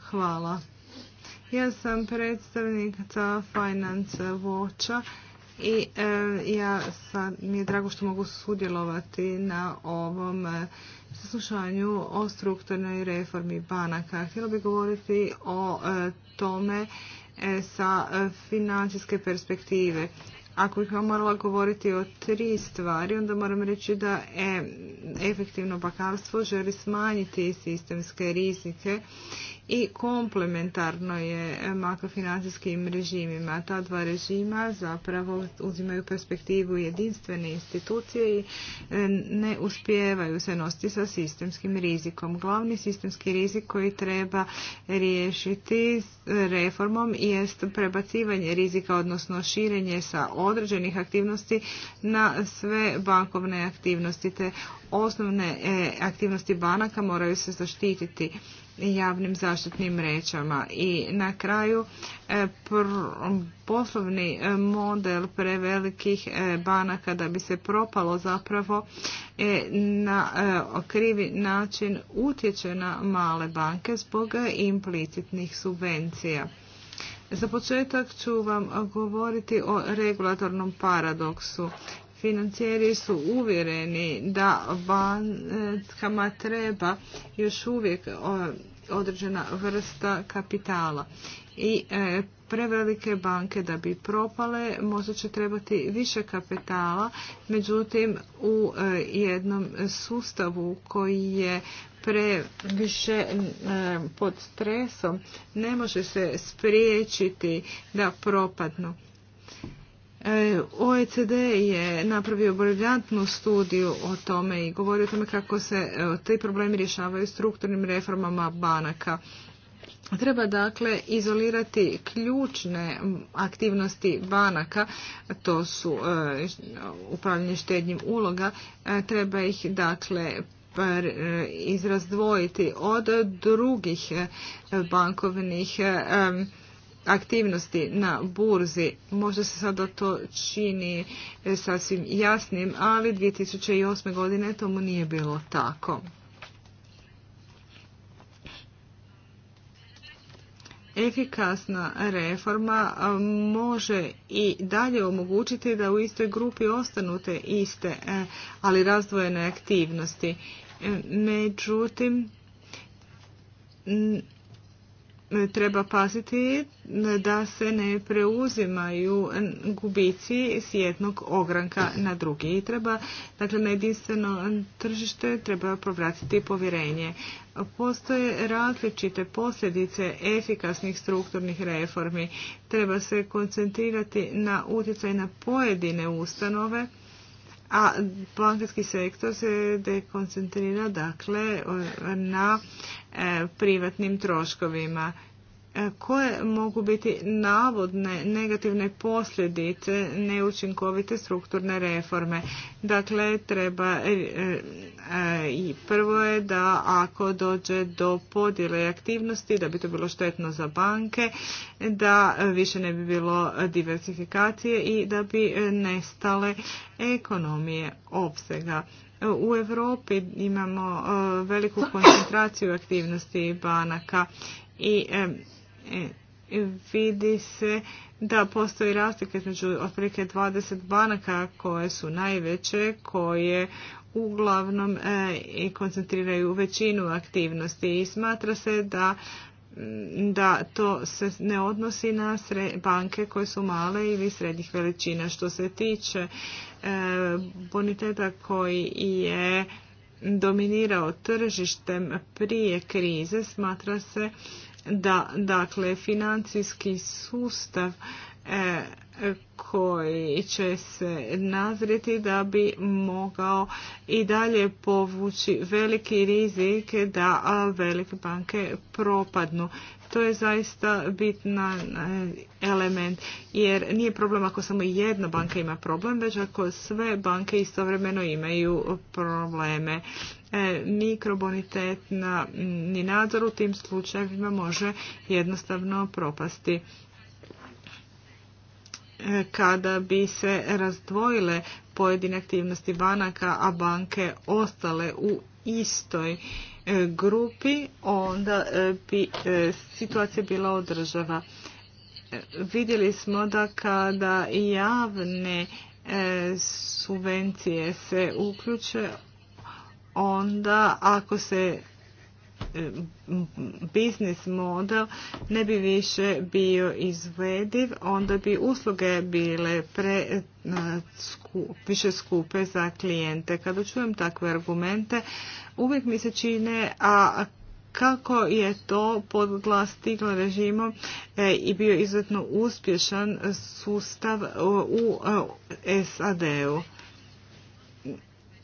[SPEAKER 1] Hvala. Ja sam predstavnica Finance Watcha i e, ja mi je drago što mogu sudjelovati na ovom e, saslušanju o strukturnoj reformi banaka. Htjela bih govoriti o tome sa financijske perspektive. Ako bih vam morala govoriti o tri stvari, onda moram reći da e, efektivno bakarstvo želi smanjiti sistemske rizike i komplementarno je makrofinancijskim režimima. Ta dva režima zapravo uzimaju perspektivu jedinstvene institucije i e, ne uspijevaju se nositi sa sistemskim rizikom. Glavni sistemski rizik koji treba riješiti reformom jest prebacivanje rizika, odnosno širenje sa određenih aktivnosti na sve bankovne aktivnosti. Te osnovne e, aktivnosti banaka moraju se zaštititi javnim zaštitnim mrećama. I na kraju e, poslovni e, model prevelikih e, banaka da bi se propalo zapravo na krivi način utječe na male banke zbog implicitnih subvencija. Za početak ću vam govoriti o regulatornom paradoksu financijeri su uvjereni da bankama treba još uvijek određena vrsta kapitala i e, prevelike banke da bi propale možda će trebati više kapitala međutim u e, jednom sustavu koji je previše e, pod stresom ne može se spriječiti da propadnu E, OECD je napravio briljantnu studiju o tome i govori o tome kako se te problemi rješavaju strukturnim reformama banaka. Treba dakle izolirati ključne aktivnosti banaka, to su e, upravljanje štednjim uloga, e, treba ih dakle izrazdvojiti od drugih bankovnih aktivnosti na burzi. Možda se sada to čini e, sasvim jasnim, ali 2008. godine tomu nije bilo tako. Efikasna reforma može i dalje omogućiti da u istoj grupi ostanu te iste, e, ali razdvojene aktivnosti. E, međutim, treba paziti da se ne preuzimaju gubici s jednog ogranka na drugi. I treba, dakle, na jedinstveno tržište treba povratiti povjerenje. Postoje različite posljedice efikasnih strukturnih reformi. Treba se koncentrirati na utjecaj na pojedine ustanove, a bankarski sektor se dekoncentrira dakle na e, privatnim troškovima. E, koje mogu biti navodne negativne posljedice neučinkovite strukturne reforme. Dakle, treba e, e, i prvo je da ako dođe do podjele aktivnosti, da bi to bilo štetno za banke, da više ne bi bilo diversifikacije i da bi nestale ekonomije opsega. U Europi imamo veliku koncentraciju aktivnosti banaka i vidi se da postoji razlika između otprilike 20 banaka koje su najveće, koje uglavnom e, i koncentriraju većinu aktivnosti i smatra se da da to se ne odnosi na banke koje su male ili srednjih veličina. Što se tiče e, boniteta koji je dominirao tržištem prije krize, smatra se da dakle financijski sustav e, koji će se nazriti da bi mogao i dalje povući veliki rizik da velike banke propadnu. To je zaista bitan e, element jer nije problem ako samo jedna banka ima problem, već ako sve banke istovremeno imaju probleme. E, mikrobonitetna ni nadzor u tim slučajevima može jednostavno propasti e, kada bi se razdvojile pojedine aktivnosti banaka, a banke ostale u istoj e, grupi, onda bi situacija bila održava. Vidjeli smo da kada javne subvencije se uključe, onda ako se e, biznis model ne bi više bio izvediv, onda bi usluge bile pre, e, više skupe za klijente. Kada čujem takve argumente, uvijek mi se čine, a kako je to pod stiglo režimom e, i bio izuzetno uspješan sustav u, u SAD-u.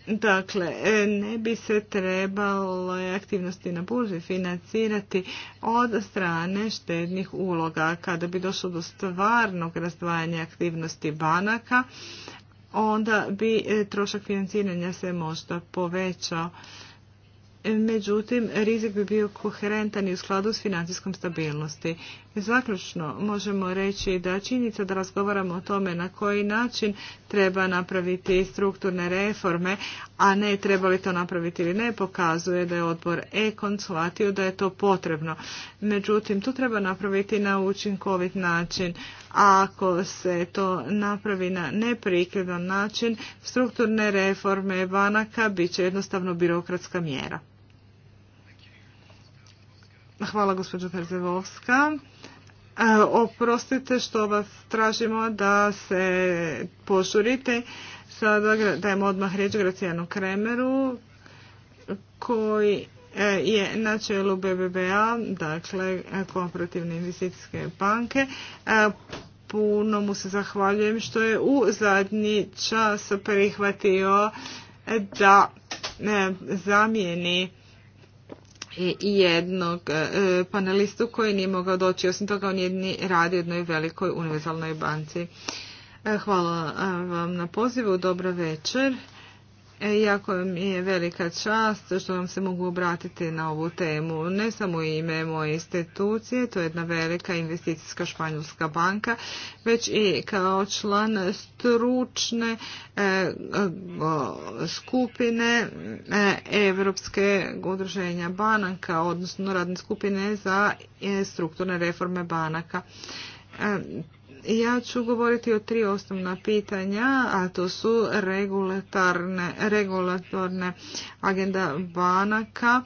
[SPEAKER 1] Dakle, e, ne bi se trebale aktivnosti na burzi financirati od strane štednih uloga. Kada bi došlo do stvarnog razdvajanja aktivnosti banaka, onda bi e, trošak financiranja se možda povećao. Međutim, rizik bi bio koherentan i u skladu s financijskom stabilnosti. Zaključno možemo reći da činjenica da razgovaramo o tome na koji način treba napraviti strukturne reforme, a ne treba li to napraviti ili ne, pokazuje da je odbor Ekon shvatio da je to potrebno. Međutim, to treba napraviti na učinkovit način. A ako se to napravi na neprikredan način, strukturne reforme banaka bit će jednostavno birokratska mjera. Hvala gospođo Perzevovska. Oprostite što vas tražimo da se požurite. Sada dajemo odmah riječ Gracijanu Kremeru koji e, je na čelu BBBA, dakle Kooperativne investicijske banke. E, puno mu se zahvaljujem što je u zadnji čas prihvatio da e, zamijeni i jednog e, panelistu koji nije mogao doći. Osim toga, on jedni radi u jednoj velikoj univerzalnoj banci. E, hvala e, vam na pozivu, dobro večer. Iako e, mi je velika čast što vam se mogu obratiti na ovu temu. Ne samo ime moje institucije, to je jedna velika investicijska španjolska banka, već i kao član stručne e, skupine e, Evropske udruženja banaka, odnosno radne skupine za strukturne reforme banaka. Ja ću govoriti o tri osnovna pitanja, a to su regulatorne, regulatorne agenda banaka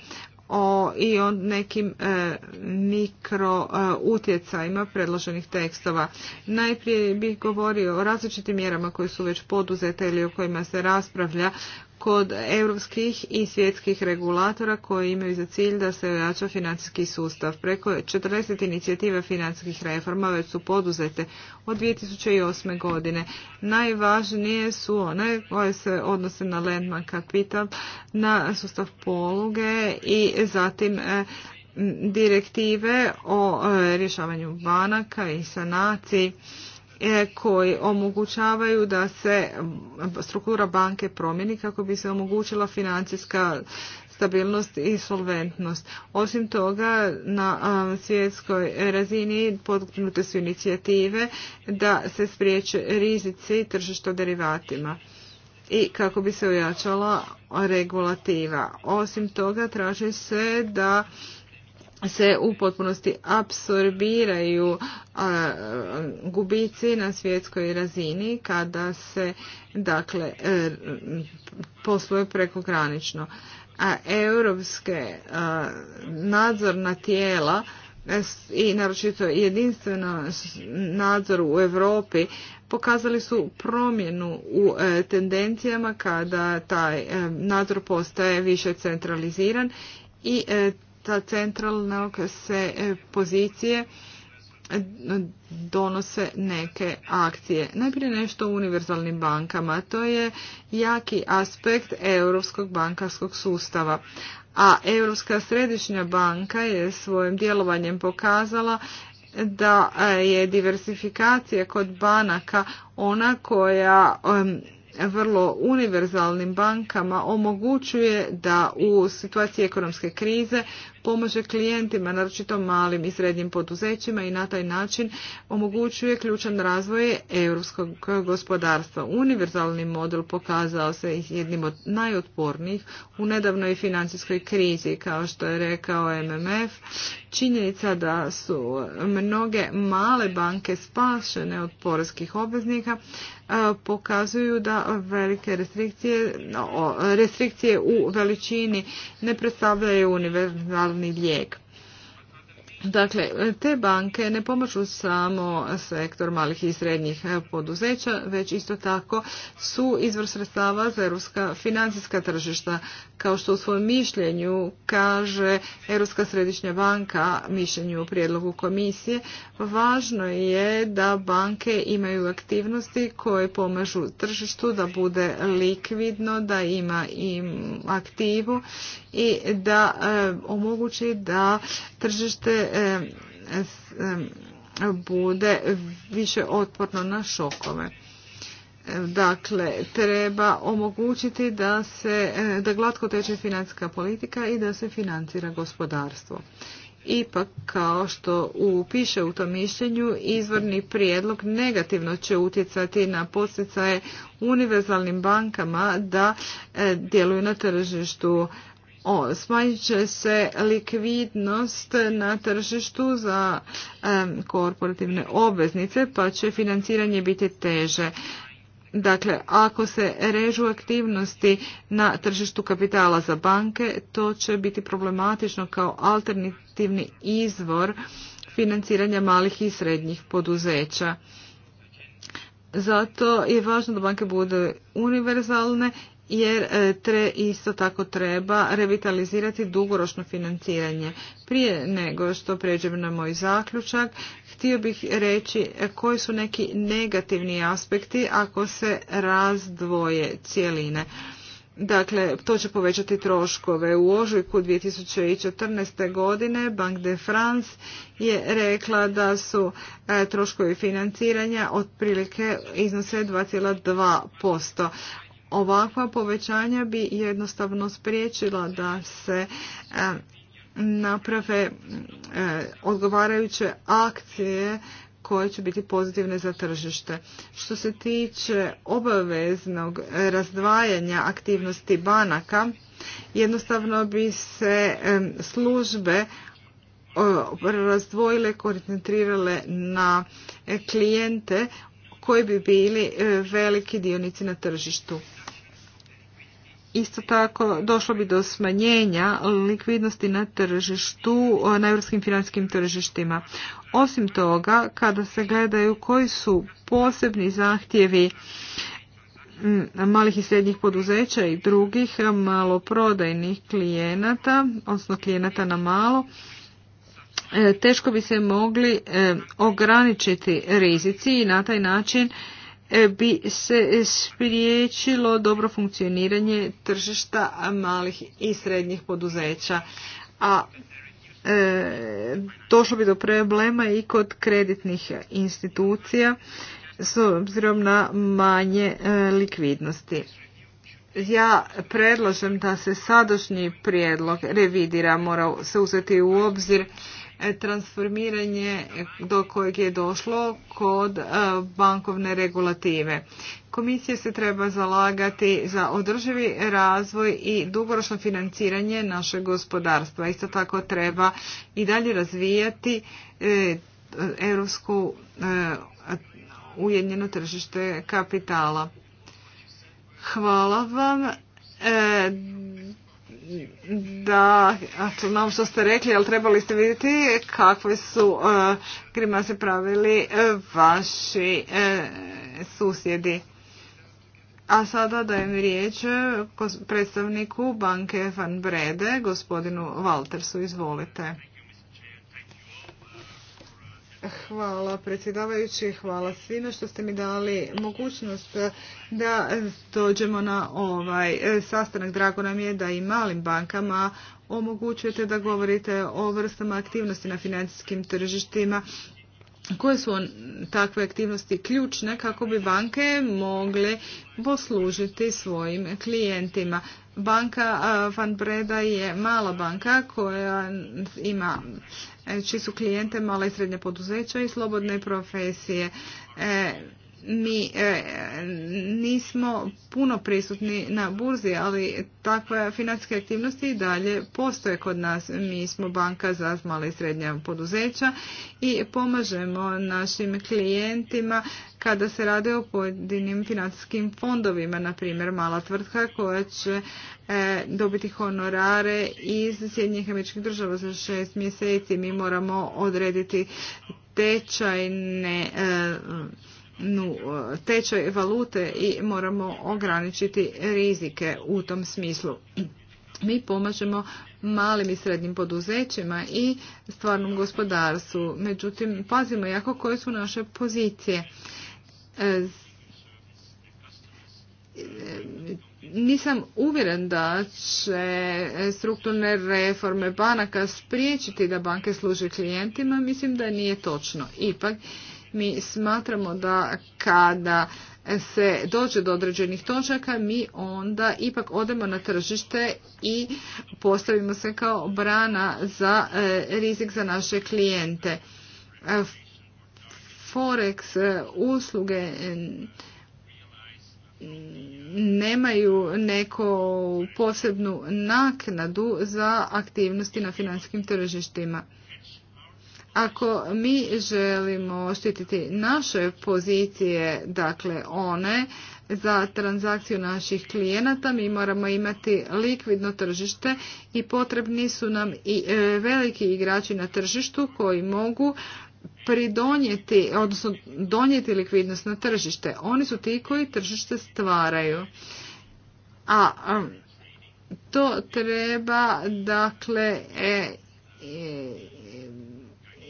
[SPEAKER 1] o, i o nekim e, mikro e, utjecajima predloženih tekstova. Najprije bih govorio o različitim mjerama koje su već poduzete ili o kojima se raspravlja kod europskih i svjetskih regulatora koji imaju za cilj da se ojača financijski sustav. Preko 40 inicijativa financijskih reforma već su poduzete od 2008. godine. Najvažnije su one koje se odnose na Landman Capital, na sustav poluge i zatim e, direktive o e, rješavanju banaka i sanaciji E, koji omogućavaju da se struktura banke promjeni kako bi se omogućila financijska stabilnost i solventnost. Osim toga, na svjetskoj razini podgnute su inicijative da se spriječe rizici tržišta derivatima i kako bi se ojačala regulativa. Osim toga, traže se da se u potpunosti apsorbiraju a, gubici na svjetskoj razini kada se dakle e, posluje prekogranično. A europske nadzorna tijela e, i naročito jedinstveno nadzor u Europi pokazali su promjenu u e, tendencijama kada taj nadzor postaje više centraliziran i ta centralnog se e, pozicije e, donose neke akcije. Najprije nešto o univerzalnim bankama. To je jaki aspekt europskog bankarskog sustava. A Europska središnja banka je svojim djelovanjem pokazala da e, je diversifikacija kod banaka ona koja vrlo univerzalnim bankama omogućuje da u situaciji ekonomske krize pomaže klijentima, naročito malim i srednjim poduzećima i na taj način omogućuje ključan razvoj europskog gospodarstva. Univerzalni model pokazao se jednim od najotpornijih u nedavnoj financijskoj krizi, kao što je rekao MMF. Činjenica da su mnoge male banke spašene od porezkih obveznika e, pokazuju da velike restrikcije, restrikcije u veličini ne predstavljaju univerzalni osnovni lijek. Dakle, te banke ne pomažu samo sektor malih i srednjih poduzeća, već isto tako su izvor sredstava za europska financijska tržišta. Kao što u svom mišljenju kaže Europska središnja banka, mišljenju u prijedlogu komisije, važno je da banke imaju aktivnosti koje pomažu tržištu da bude likvidno, da ima im aktivu i da e, omogući da tržište bude više otporno na šokove. Dakle, treba omogućiti da se, da glatko teče financijska politika i da se financira gospodarstvo. Ipak, kao što piše u tom mišljenju, izvorni prijedlog negativno će utjecati na posticaje univerzalnim bankama da djeluju na tržištu o, smanjit će se likvidnost na tržištu za korporativne obveznice, pa će financiranje biti teže. Dakle, ako se režu aktivnosti na tržištu kapitala za banke, to će biti problematično kao alternativni izvor financiranja malih i srednjih poduzeća. Zato je važno da banke budu univerzalne jer e, tre isto tako treba revitalizirati dugoročno financiranje. Prije nego što pređem na moj zaključak, htio bih reći koji su neki negativni aspekti ako se razdvoje cijeline. Dakle, to će povećati troškove. U ožujku 2014. godine Bank de France je rekla da su e, troškovi financiranja otprilike iznose 2,2%, Ovakva povećanja bi jednostavno spriječila da se naprave odgovarajuće akcije koje će biti pozitivne za tržište. Što se tiče obaveznog razdvajanja aktivnosti banaka, jednostavno bi se službe razdvojile, koncentrirale na klijente koji bi bili e, veliki dionici na tržištu. Isto tako došlo bi do smanjenja likvidnosti na tržištu, na europskim financijskim tržištima. Osim toga, kada se gledaju koji su posebni zahtjevi mm, malih i srednjih poduzeća i drugih maloprodajnih klijenata, odnosno klijenata na malo, e, teško bi se mogli e, ograničiti rizici i na taj način E, bi se spriječilo dobro funkcioniranje tržišta malih i srednjih poduzeća. A e, došlo bi do problema i kod kreditnih institucija s obzirom na manje e, likvidnosti. Ja predlažem da se sadašnji prijedlog revidira, mora se uzeti u obzir E, transformiranje do kojeg je došlo kod e, bankovne regulative. Komisija se treba zalagati za održivi razvoj i dugoročno financiranje našeg gospodarstva. Isto tako treba i dalje razvijati e, europsku ujedinjeno tržište kapitala. Hvala vam da, znam što ste rekli, ali trebali ste vidjeti kakve su e, grima se pravili e, vaši e, susjedi. A sada dajem riječ predstavniku banke Van Brede, gospodinu Waltersu, izvolite. Hvala predsjedavajući, hvala svima što ste mi dali mogućnost da dođemo na ovaj e, sastanak. Drago nam je da i malim bankama omogućujete da govorite o vrstama aktivnosti na financijskim tržištima. Koje su takve aktivnosti ključne kako bi banke mogle poslužiti svojim klijentima? Banka Van Breda je mala banka koja ima e, čiji su klijente mala i srednja poduzeća i slobodne profesije. E, mi e, nismo puno prisutni na burzi, ali takve financijske aktivnosti i dalje postoje kod nas. Mi smo banka za mala i srednja poduzeća i pomažemo našim klijentima kada se rade o pojedinim financijskim fondovima, na primjer mala tvrtka koja će e, dobiti honorare iz Sjedinjenih američkih država za šest mjeseci. Mi moramo odrediti tečajne e, nu, tečaj valute i moramo ograničiti rizike u tom smislu. Mi pomažemo malim i srednjim poduzećima i stvarnom gospodarstvu. Međutim, pazimo jako koje su naše pozicije. E, nisam uvjeren da će strukturne reforme banaka spriječiti da banke služe klijentima, mislim da nije točno. Ipak mi smatramo da kada se dođe do određenih točaka, mi onda ipak odemo na tržište i postavimo se kao brana za e, rizik za naše klijente e, Forex e, usluge e, nemaju neku posebnu naknadu za aktivnosti na financijskim tržištima. Ako mi želimo štititi naše pozicije, dakle one za transakciju naših klijenata, mi moramo imati likvidno tržište i potrebni su nam i e, veliki igrači na tržištu koji mogu pridonijeti, odnosno donijeti likvidnost na tržište. Oni su ti koji tržište stvaraju. A to treba dakle e, e,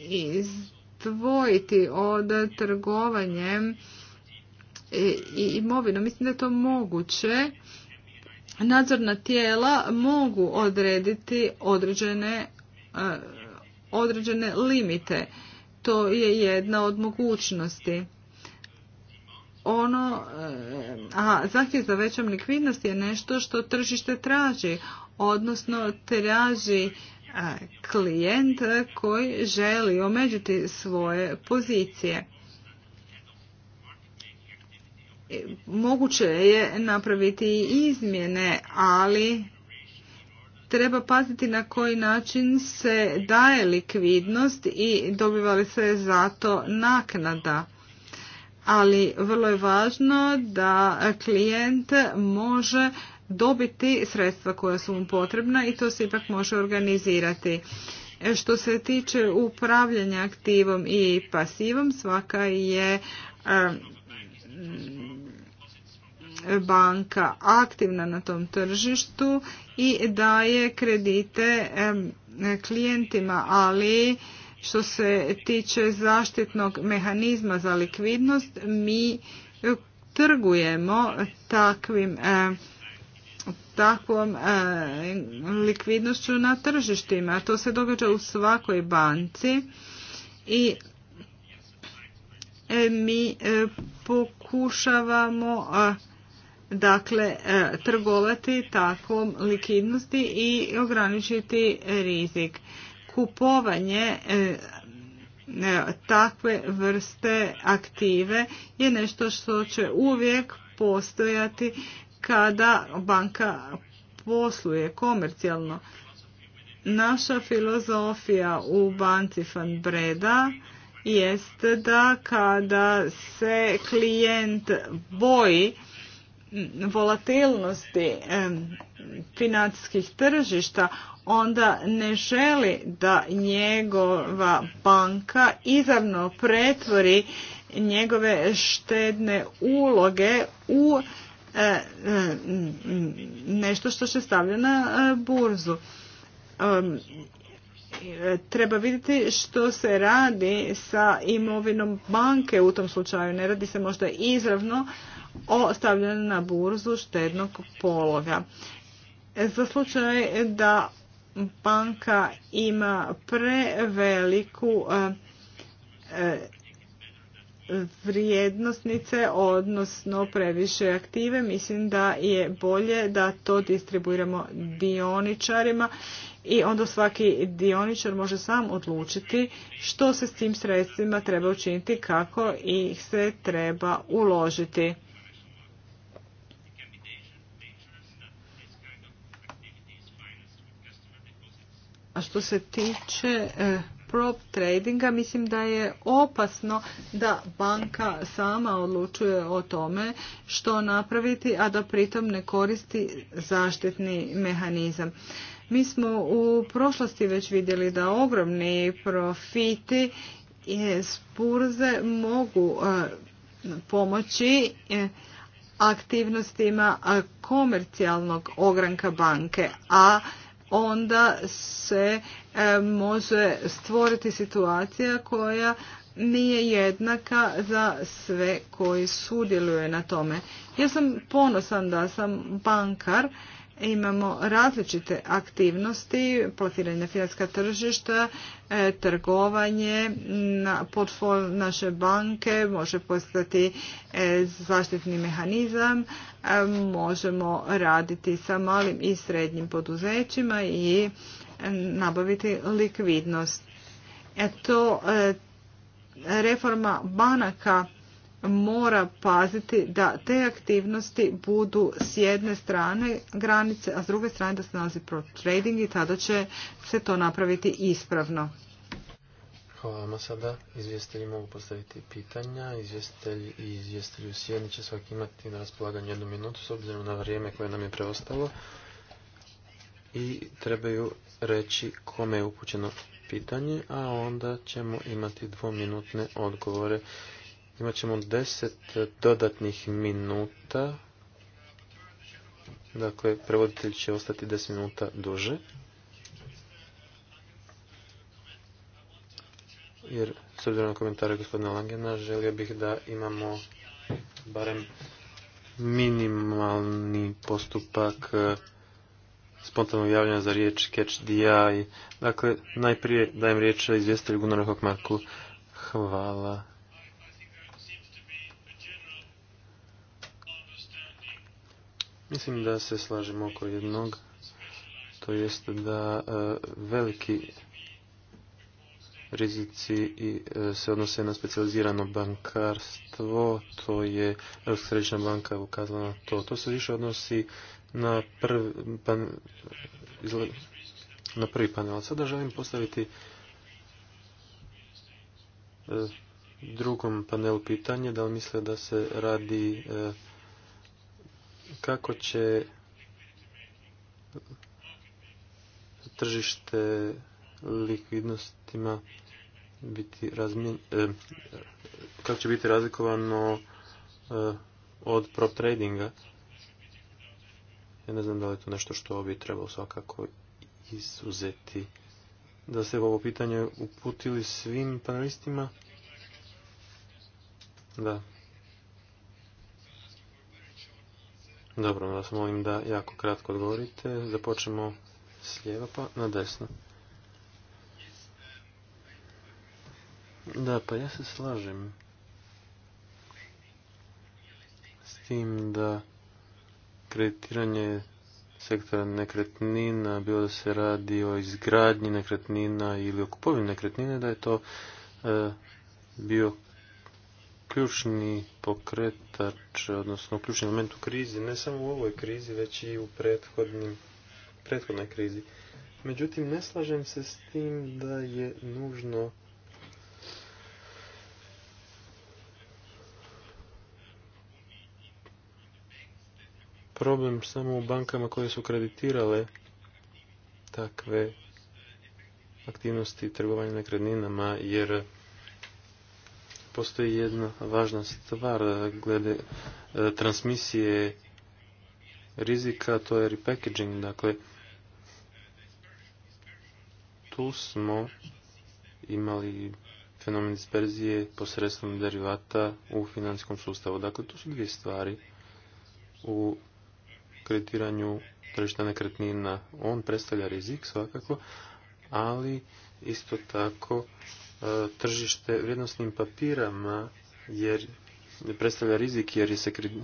[SPEAKER 1] izdvojiti od trgovanjem i imovinom. Mislim da je to moguće. Nadzorna tijela mogu odrediti određene, e, određene limite to je jedna od mogućnosti. Ono, eh, a zahtjev za većom likvidnosti je nešto što tržište traži, odnosno traži eh, klijent koji želi omeđuti svoje pozicije. Moguće je napraviti i izmjene, ali treba paziti na koji način se daje likvidnost i dobiva li se za to naknada. Ali vrlo je važno da klijent može dobiti sredstva koja su mu potrebna i to se ipak može organizirati. Što se tiče upravljanja aktivom i pasivom, svaka je banka aktivna na tom tržištu i daje kredite klijentima, ali što se tiče zaštitnog mehanizma za likvidnost, mi trgujemo takvim takvom likvidnošću na tržištima. To se događa u svakoj banci i mi pokušavamo dakle e, trgovati takvom likidnosti i ograničiti rizik. Kupovanje e, e, takve vrste aktive je nešto što će uvijek postojati kada banka posluje komercijalno. Naša filozofija u banci Van Breda jest da kada se klijent boji volatilnosti financijskih tržišta, onda ne želi da njegova banka izravno pretvori njegove štedne uloge u e, e, nešto što se stavlja na e, burzu. Treba vidjeti što se radi sa imovinom banke u tom slučaju. Ne radi se možda izravno, o stavljanju na burzu štednog pologa. Za slučaj da banka ima preveliku e, e, vrijednosnice, odnosno previše aktive, mislim da je bolje da to distribuiramo dioničarima i onda svaki dioničar može sam odlučiti što se s tim sredstvima treba učiniti, kako ih se treba uložiti. A što se tiče e, prop tradinga, mislim da je opasno da banka sama odlučuje o tome što napraviti, a da pritom ne koristi zaštitni mehanizam. Mi smo u prošlosti već vidjeli da ogromni profiti i spurze mogu e, pomoći e, aktivnostima komercijalnog ogranka banke, a onda se e, može stvoriti situacija koja nije jednaka za sve koji sudjeluju na tome. Ja sam ponosan da sam bankar imamo različite aktivnosti, plasiranje na financijska tržišta, e, trgovanje, na portfolio naše banke može postati e, zaštitni mehanizam, e, možemo raditi sa malim i srednjim poduzećima i nabaviti likvidnost. Eto, to reforma banaka mora paziti da te aktivnosti budu s jedne strane granice, a s druge strane da se nalazi pro trading i tada će se to napraviti ispravno.
[SPEAKER 2] Hvala vam sada. Izvjestitelji mogu postaviti pitanja. Izvjestitelji i izvjestitelji u će svaki imati na raspolaganju jednu minutu s obzirom na vrijeme koje nam je preostalo. I trebaju reći kome je upućeno pitanje, a onda ćemo imati dvominutne odgovore Imat ćemo deset dodatnih minuta. Dakle, prevoditelj će ostati 10 minuta duže. Jer, s obzirom na komentare gospodina Langena, želio bih da imamo barem minimalni postupak eh, spontanog javljanja za riječ catch DI. Dakle, najprije dajem riječ izvjestitelju Gunnar Marku. Hvala Mislim da se slažemo oko jednog, to jest da e, veliki rizici i e, se odnose na specijalizirano bankarstvo, to je Europska središnja banka ukazala na to. To se više odnosi na prvi, pan, na prvi panel. Sada želim postaviti e, drugom panelu pitanje da li misle da se radi kako će tržište likvidnostima biti e, kako će biti razlikovano e, od prop tradinga. Ja ne znam da li je to nešto što bi trebalo svakako izuzeti. Da se ovo pitanje uputili svim panelistima? Da, Dobro, vas molim da jako kratko odgovorite. Započnemo s lijeva pa na desno. Da, pa ja se slažem s tim da kreditiranje sektora nekretnina, bilo da se radi o izgradnji nekretnina ili o kupovini nekretnine, da je to e, bio ključni pokretač, odnosno ključni moment u krizi, ne samo u ovoj krizi, već i u prethodnoj krizi. Međutim, ne slažem se s tim da je nužno problem samo u bankama koje su kreditirale takve aktivnosti trgovanja nekretninama, jer postoji jedna važna stvar glede e, transmisije rizika, to je repackaging, dakle tu smo imali fenomen disperzije posredstvom derivata u financijskom sustavu. Dakle, tu su dvije stvari u kreditiranju tržišta nekretnina. On predstavlja rizik svakako, ali isto tako E, tržište vrijednostnim papirama jer predstavlja rizik jer je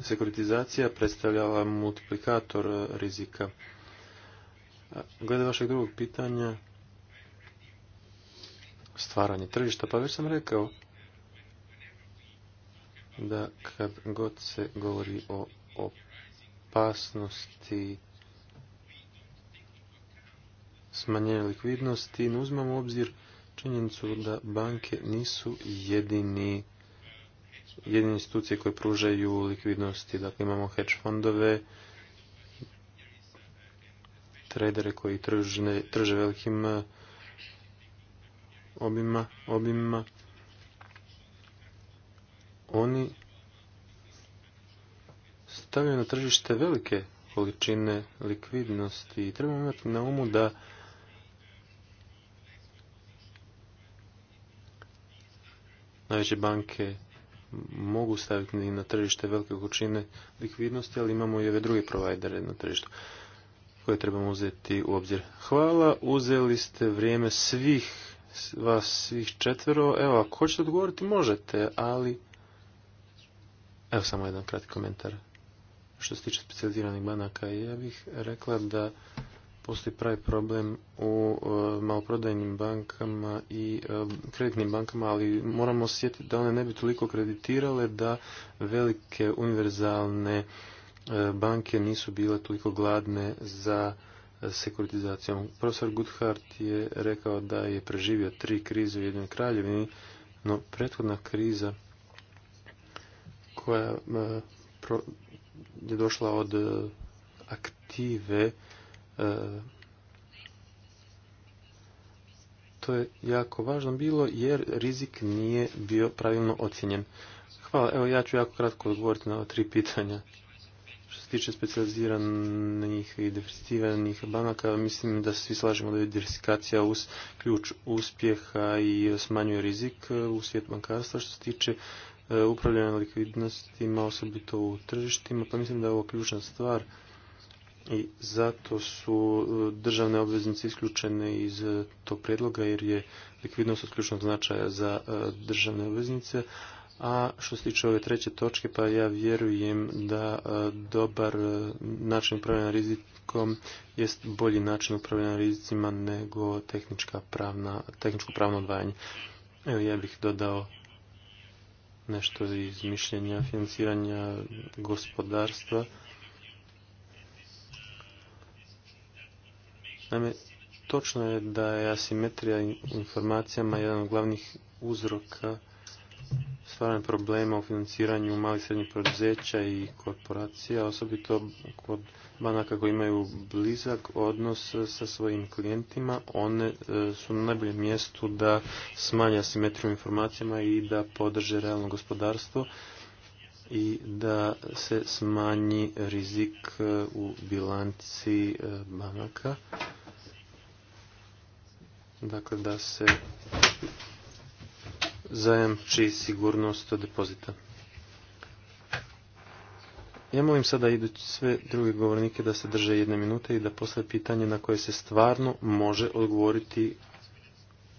[SPEAKER 2] sekuritizacija predstavljala multiplikator e, rizika. Glede vašeg drugog pitanja, stvaranje tržišta, pa već sam rekao da kad god se govori o opasnosti smanjenja likvidnosti, ne uzmemo u obzir činjenicu da banke nisu jedini jedine institucije koje pružaju likvidnosti. Dakle, imamo hedge fondove, tradere koji tržne, trže velikim eh, obima, obima. Oni stavljaju na tržište velike količine likvidnosti i trebamo imati na umu da najveće banke mogu staviti na tržište velike količine likvidnosti, ali imamo i ove druge provajdere na tržištu koje trebamo uzeti u obzir. Hvala, uzeli ste vrijeme svih, vas svih četvero. Evo, ako hoćete odgovoriti, možete, ali... Evo samo jedan kratki komentar. Što se tiče specializiranih banaka, ja bih rekla da postoji pravi problem u e, maloprodajnim bankama i e, kreditnim bankama, ali moramo osjetiti da one ne bi toliko kreditirale da velike univerzalne e, banke nisu bile toliko gladne za sekuritizacijom. Profesor Goodhart je rekao da je preživio tri krize u jednoj kraljevini, no prethodna kriza koja je došla od aktive E, to je jako važno bilo jer rizik nije bio pravilno ocjenjen. Hvala, evo ja ću jako kratko odgovoriti na ova tri pitanja. Što se tiče specializiranih i diversificiranih banaka, mislim da se svi slažemo da je diversifikacija uz ključ uspjeha i smanjuje rizik u svijetu bankarstva. Što se tiče e, upravljanja likvidnostima, osobito u tržištima, pa mislim da je ovo ključna stvar i zato su e, državne obveznice isključene iz e, tog predloga jer je likvidnost od ključnog značaja za e, državne obveznice. A što se tiče ove treće točke, pa ja vjerujem da dobar način upravljanja rizikom jest bolji način upravljanja rizicima nego tehnička pravna, tehničko pravno odvajanje. Evo ja bih dodao nešto iz mišljenja financiranja gospodarstva Naime, točno je da je asimetrija informacijama jedan od glavnih uzroka stvaranja problema u financiranju malih srednjih poduzeća i korporacija, osobito kod banaka koji imaju blizak odnos sa svojim klijentima, one e, su na najboljem mjestu da smanje asimetriju informacijama i da podrže realno gospodarstvo i da se smanji rizik e, u bilanci e, banaka dakle da se zajamči sigurnost od depozita. Ja molim sada idu sve druge govornike da se drže jedne minute i da postave pitanje na koje se stvarno može odgovoriti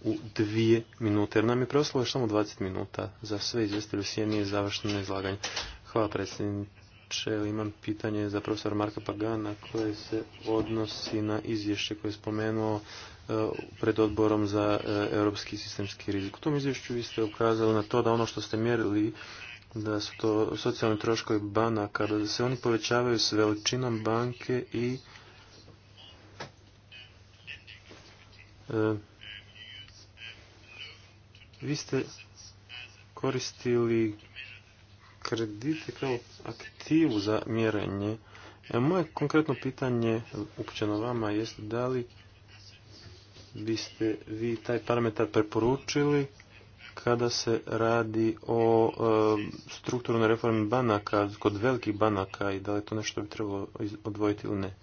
[SPEAKER 2] u dvije minute. Jer nam je preostalo još samo 20 minuta za sve izvjestelju usjenije i završeno izlaganje. Hvala predsjedniče. Imam pitanje za profesora Marka Pagana koje se odnosi na izvješće koje je spomenuo E, pred odborom za e, europski sistemski rizik. U tom izvješću vi ste ukazali na to da ono što ste mjerili da su to socijalni troškovi banaka, da se oni povećavaju s veličinom banke i e, vi ste koristili kredite kao aktivu za mjerenje. moje konkretno pitanje upućeno vama jest da li Biste vi taj parametar preporučili kada se radi o e, strukturnoj reformi banaka, kod velikih banaka i da li to nešto bi trebalo odvojiti ili ne?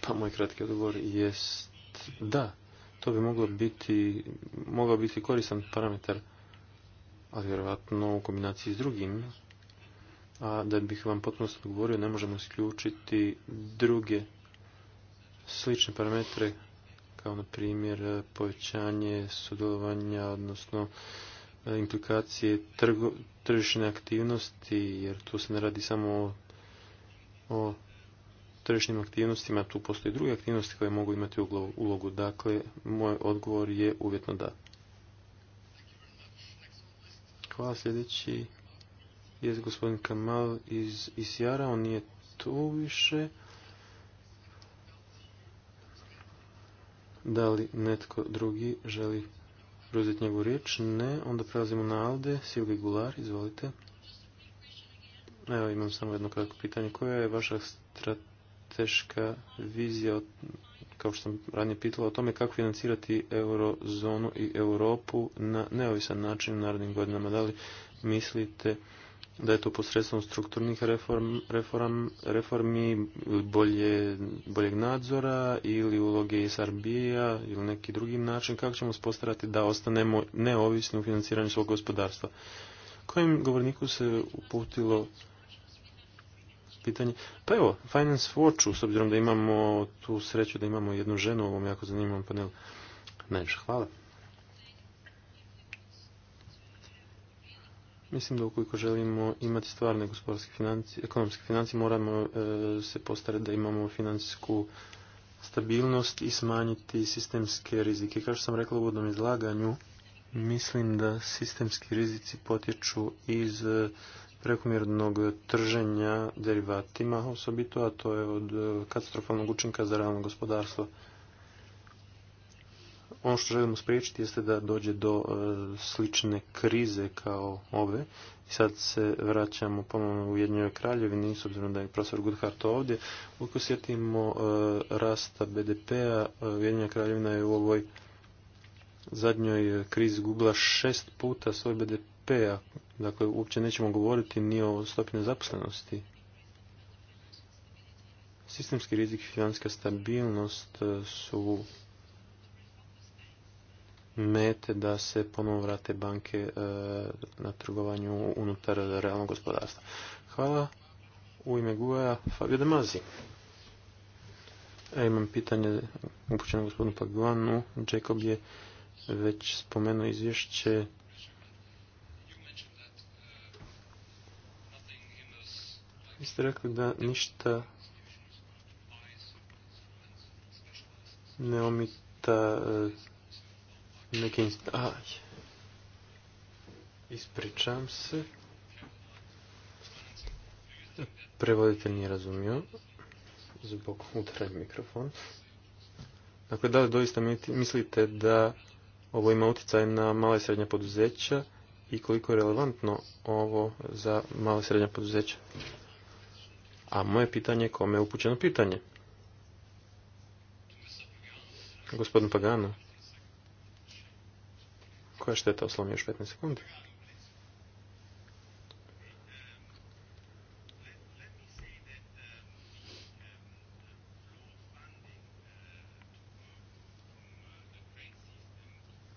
[SPEAKER 2] Pa moj kratki odgovor jest da, to bi moglo biti, mogao biti koristan parametar, ali vjerojatno u kombinaciji s drugim. A da bih vam potpuno odgovorio, ne možemo isključiti druge slične parametre kao na primjer povećanje sudjelovanja odnosno e, implikacije tržišne aktivnosti jer tu se ne radi samo o, o tržišnim aktivnostima, tu postoje druge aktivnosti koje mogu imati ulogu. Dakle, moj odgovor je uvjetno da. Hvala sljedeći je gospodin Kamal iz Isjara, on nije tu više. Da li netko drugi želi preuzeti njegovu riječ? Ne. Onda prelazimo na Alde. Silvi Gular, izvolite. Evo, imam samo jedno kratko pitanje. Koja je vaša strateška vizija, kao što sam ranije pitala, o tome kako financirati eurozonu i Europu na neovisan način u narodnim godinama? Da li mislite da je to posredstvom strukturnih reform, reformi, bolje, boljeg nadzora ili uloge SRB-a ili neki drugi način, kako ćemo spostarati da ostanemo neovisni u financiranju svog gospodarstva. Kojem govorniku se uputilo pitanje? Pa evo, Finance Watchu, s obzirom da imamo tu sreću da imamo jednu ženu u ovom jako zanimljivom panelu. Najviše, hvala. Mislim da ukoliko želimo imati stvarne gospodarske financije, ekonomske financije, moramo e, se postaviti da imamo financijsku stabilnost i smanjiti sistemske rizike. Kao što sam rekla u uvodnom izlaganju, mislim da sistemski rizici potječu iz e, prekomjernog trženja derivatima osobito, a to je od e, katastrofalnog učinka za realno gospodarstvo ono što želimo spriječiti jeste da dođe do e, slične krize kao ove. I sad se vraćamo ponovno u jednoj kraljevini, s obzirom da je profesor Goodhart ovdje. Ukoliko sjetimo e, rasta BDP-a, e, Ujedinjena kraljevina je u ovoj zadnjoj krizi gubila šest puta svoj BDP-a. Dakle, uopće nećemo govoriti ni o stopi zaposlenosti. Sistemski rizik i financijska stabilnost su mete da se ponovo vrate banke e, na trgovanju unutar realnog gospodarstva. Hvala. U ime Guaja Fabio Demazi. imam pitanje upućeno gospodinu Paguanu. Jacob je već spomenuo izvješće Vi ste rekli da ništa ne omita e, neke... Aj. Ispričam se. Prevoditelj nije razumio. Zbog utranje mikrofon. Dakle, da li doista mislite da ovo ima utjecaj na mala i srednja poduzeća i koliko je relevantno ovo za male i srednja poduzeća? A moje pitanje je kome je upućeno pitanje? Gospodin Pagano. Koja je šteta? Oslo još 15 sekundi.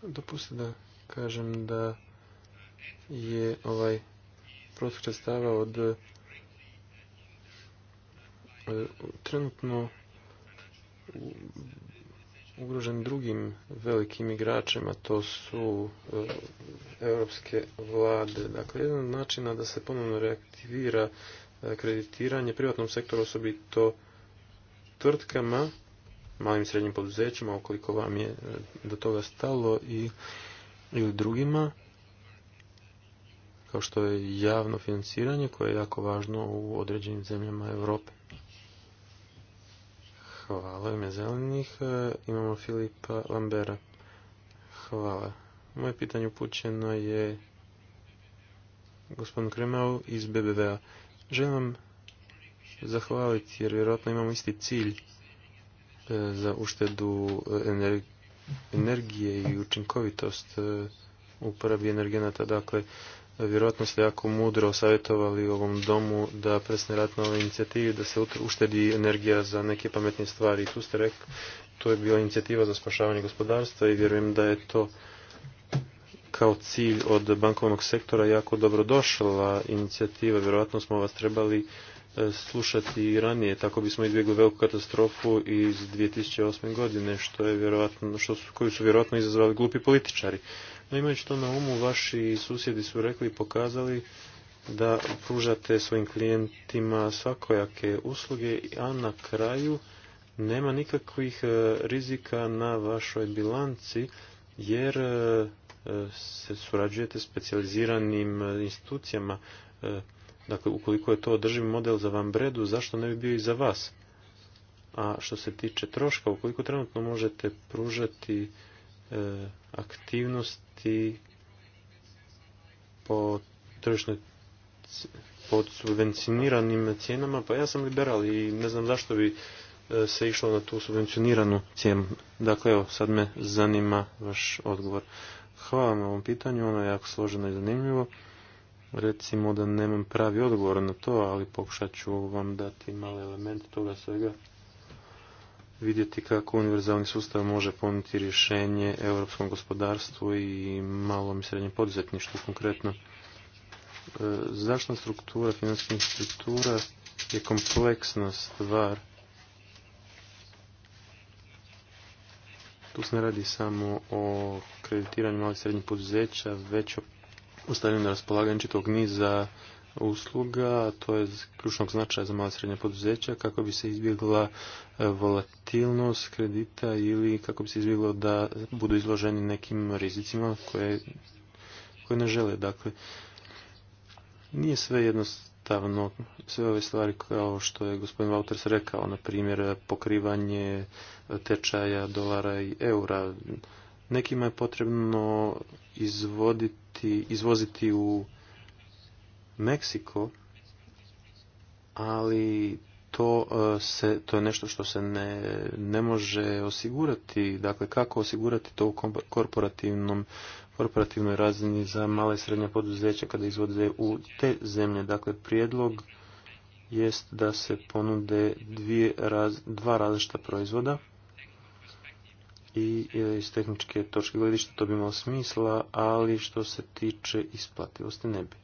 [SPEAKER 2] Dopustite da kažem da je ovaj protok sredstava od eh, trenutno ugrožen drugim velikim igračima, to su e, europske vlade. Dakle, jedan od načina da se ponovno reaktivira e, kreditiranje privatnom sektoru, osobito tvrtkama, malim i srednjim poduzećima, ukoliko vam je e, do toga stalo i ili drugima, kao što je javno financiranje koje je jako važno u određenim zemljama Europe. Hvala, ime zelenih. E, imamo Filipa Lambera. Hvala. Moje pitanje upućeno je gospodinu Kremau iz BBVA. Želim vam zahvaliti jer vjerojatno imamo isti cilj e, za uštedu e, energije i učinkovitost uporabi energenata. Dakle, vjerojatno ste jako mudro savjetovali u ovom domu da presne ratno na ovoj inicijativi da se uštedi energija za neke pametne stvari. Tu ste rekli, to je bila inicijativa za spašavanje gospodarstva i vjerujem da je to kao cilj od bankovnog sektora jako dobro došla inicijativa. Vjerojatno smo vas trebali e, slušati i ranije. Tako bismo izbjegli veliku katastrofu iz 2008. godine, što je vjerojatno, što su, koju su vjerojatno izazvali glupi političari. No imajući to na umu, vaši susjedi su rekli i pokazali da pružate svojim klijentima svakojake usluge, a na kraju nema nikakvih e, rizika na vašoj bilanci, jer e, e, se surađujete specijaliziranim institucijama. Dakle, ukoliko je to održiv model za vam bredu, zašto ne bi bio i za vas? A što se tiče troška, ukoliko trenutno možete pružati E, aktivnosti po tržišnoj pod subvencioniranim cijenama, pa ja sam liberal i ne znam zašto bi e, se išlo na tu subvencioniranu cijenu. Dakle, evo, sad me zanima vaš odgovor. Hvala vam na ovom pitanju, ono je jako složeno i zanimljivo. Recimo da nemam pravi odgovor na to, ali pokušat ću vam dati male elemente toga svega vidjeti kako univerzalni sustav može ponuditi rješenje europskom gospodarstvu i malom i srednjem poduzetništvu konkretno. E, Zašto struktura financijskih struktura je kompleksna stvar. Tu se ne radi samo o kreditiranju malih i srednjih poduzeća, već o ostavljanju na raspolaganju čitog niza usluga, to je ključnog značaja za mala srednja poduzeća kako bi se izbjegla e, volatilnost kredita ili kako bi se izbjeglo da budu izloženi nekim rizicima koje, koje ne žele. Dakle, nije sve jednostavno sve ove stvari kao što je gospodin Vauters rekao, na primjer pokrivanje tečaja dolara i eura. Nekima je potrebno izvoditi, izvoziti u Meksiko, ali to, uh, se, to je nešto što se ne, ne može osigurati. Dakle, kako osigurati to u korporativnom korporativnoj razini za male i srednje poduzeća kada izvode u te zemlje. Dakle, prijedlog jest da se ponude dvije, dva različita proizvoda i e, iz tehničke točke gledišta to bi imalo smisla, ali što se tiče isplativosti ne bi.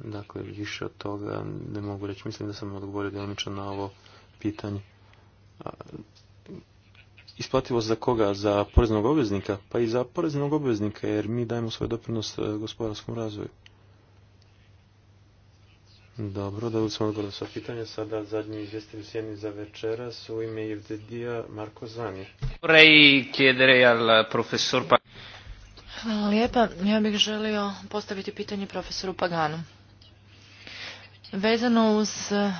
[SPEAKER 2] Dakle, više od toga ne mogu reći. Mislim da sam odgovorio djelomično na ovo pitanje. Isplativost za koga? Za poreznog obveznika? Pa i za poreznog obveznika, jer mi dajemo svoj doprinos e, gospodarskom razvoju. Dobro, da smo odgovor na sva pitanja. Sada zadnji izvjestitelj u za večera su u ime Ivdedija Marko Zani.
[SPEAKER 1] Pa-
[SPEAKER 3] Hvala lijepa. Ja bih želio postaviti pitanje profesoru Paganu. Vezano uz e,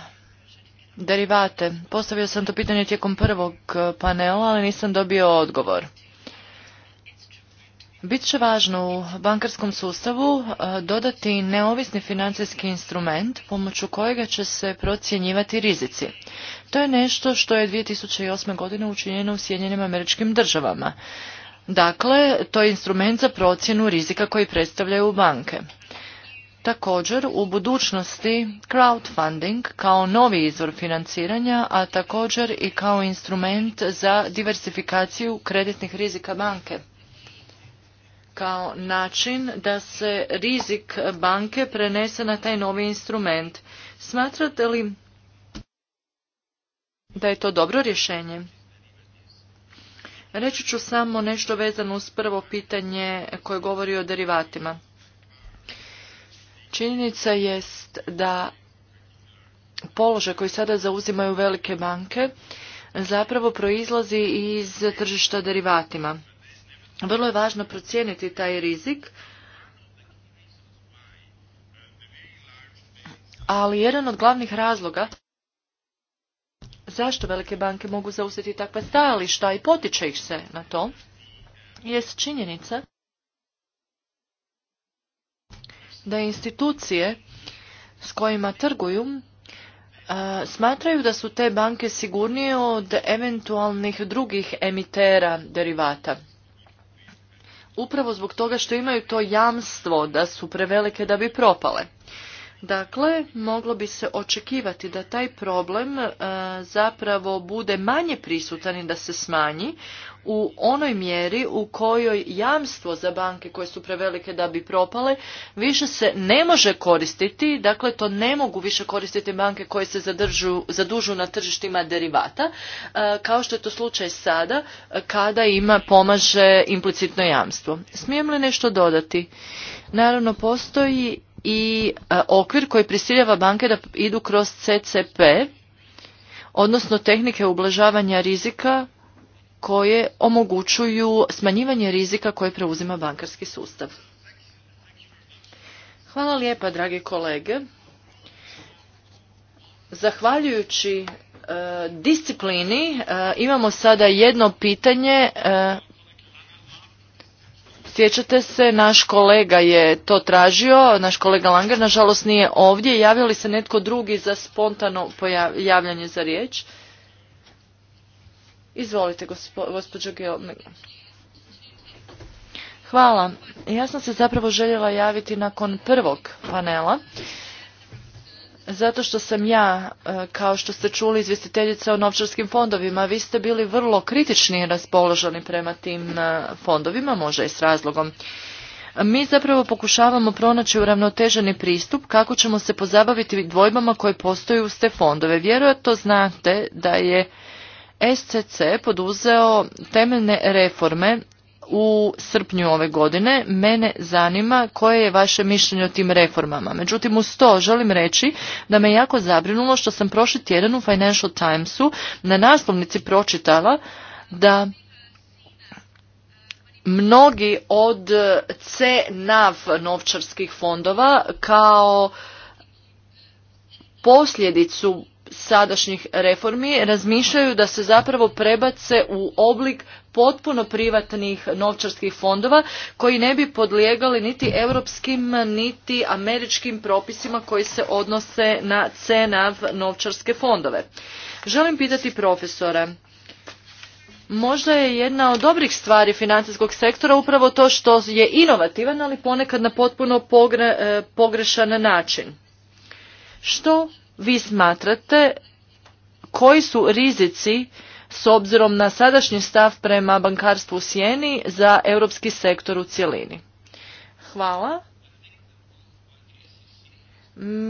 [SPEAKER 3] derivate, postavio sam to pitanje tijekom prvog e, panela, ali nisam dobio odgovor. Bit će važno u bankarskom sustavu e, dodati neovisni financijski instrument pomoću kojega će se procjenjivati rizici. To je nešto što je 2008. godine učinjeno u Sjedinjenim američkim državama. Dakle, to je instrument za procjenu rizika koji predstavljaju banke. Također u budućnosti crowdfunding kao novi izvor financiranja, a također i kao instrument za diversifikaciju kreditnih rizika banke kao način da se rizik banke prenese na taj novi instrument. Smatrate li da je to dobro rješenje? Reći ću samo nešto vezano uz prvo pitanje koje govori o derivatima. Činjenica jest da položaj koji sada zauzimaju velike banke zapravo proizlazi iz tržišta derivatima. Vrlo je važno procijeniti taj rizik, ali jedan od glavnih razloga zašto velike banke mogu zauzeti takva stajališta i potiče ih se na to, jest činjenica da institucije s kojima trguju e, smatraju da su te banke sigurnije od eventualnih drugih emitera derivata. Upravo zbog toga što imaju to jamstvo da su prevelike da bi propale. Dakle, moglo bi se očekivati da taj problem e, zapravo bude manje prisutan i da se smanji u onoj mjeri u kojoj jamstvo za banke koje su prevelike da bi propale više se ne može koristiti, dakle to ne mogu više koristiti banke koje se zadržu, zadužu na tržištima derivata, e, kao što je to slučaj sada e, kada ima pomaže implicitno jamstvo. Smijem li nešto dodati? Naravno, postoji i e, okvir koji prisiljava banke da idu kroz CCP, odnosno tehnike ublažavanja rizika koje omogućuju smanjivanje rizika koje preuzima bankarski sustav. Hvala lijepa, drage kolege. Zahvaljujući e, disciplini e, imamo sada jedno pitanje Sjećate se, naš kolega je to tražio, naš kolega Langer nažalost nije ovdje. Javio li se netko drugi za spontano javljanje za riječ? Izvolite, gospođo Hvala. Ja sam se zapravo željela javiti nakon prvog panela zato što sam ja, e, kao što ste čuli, izvjestiteljica o novčarskim fondovima, vi ste bili vrlo kritični raspoloženi prema tim e, fondovima, možda i s razlogom. Mi zapravo pokušavamo pronaći uravnoteženi pristup kako ćemo se pozabaviti dvojbama koje postoje uz te fondove. Vjerojatno znate da je SCC poduzeo temeljne reforme u srpnju ove godine. Mene zanima koje je vaše mišljenje o tim reformama. Međutim, uz to želim reći da me jako zabrinulo što sam prošli tjedan u Financial Timesu na naslovnici pročitala da mnogi od CNAV novčarskih fondova kao posljedicu sadašnjih reformi razmišljaju da se zapravo prebace u oblik potpuno privatnih novčarskih fondova koji ne bi podlijegali niti europskim niti američkim propisima koji se odnose na CNAV novčarske fondove. Želim pitati profesora, možda je jedna od dobrih stvari financijskog sektora upravo to što je inovativan, ali ponekad na potpuno e, pogrešan način. Što vi smatrate, koji su rizici s obzirom na sadašnji stav prema bankarstvu u sjeni za europski sektor u cjelini. Hvala.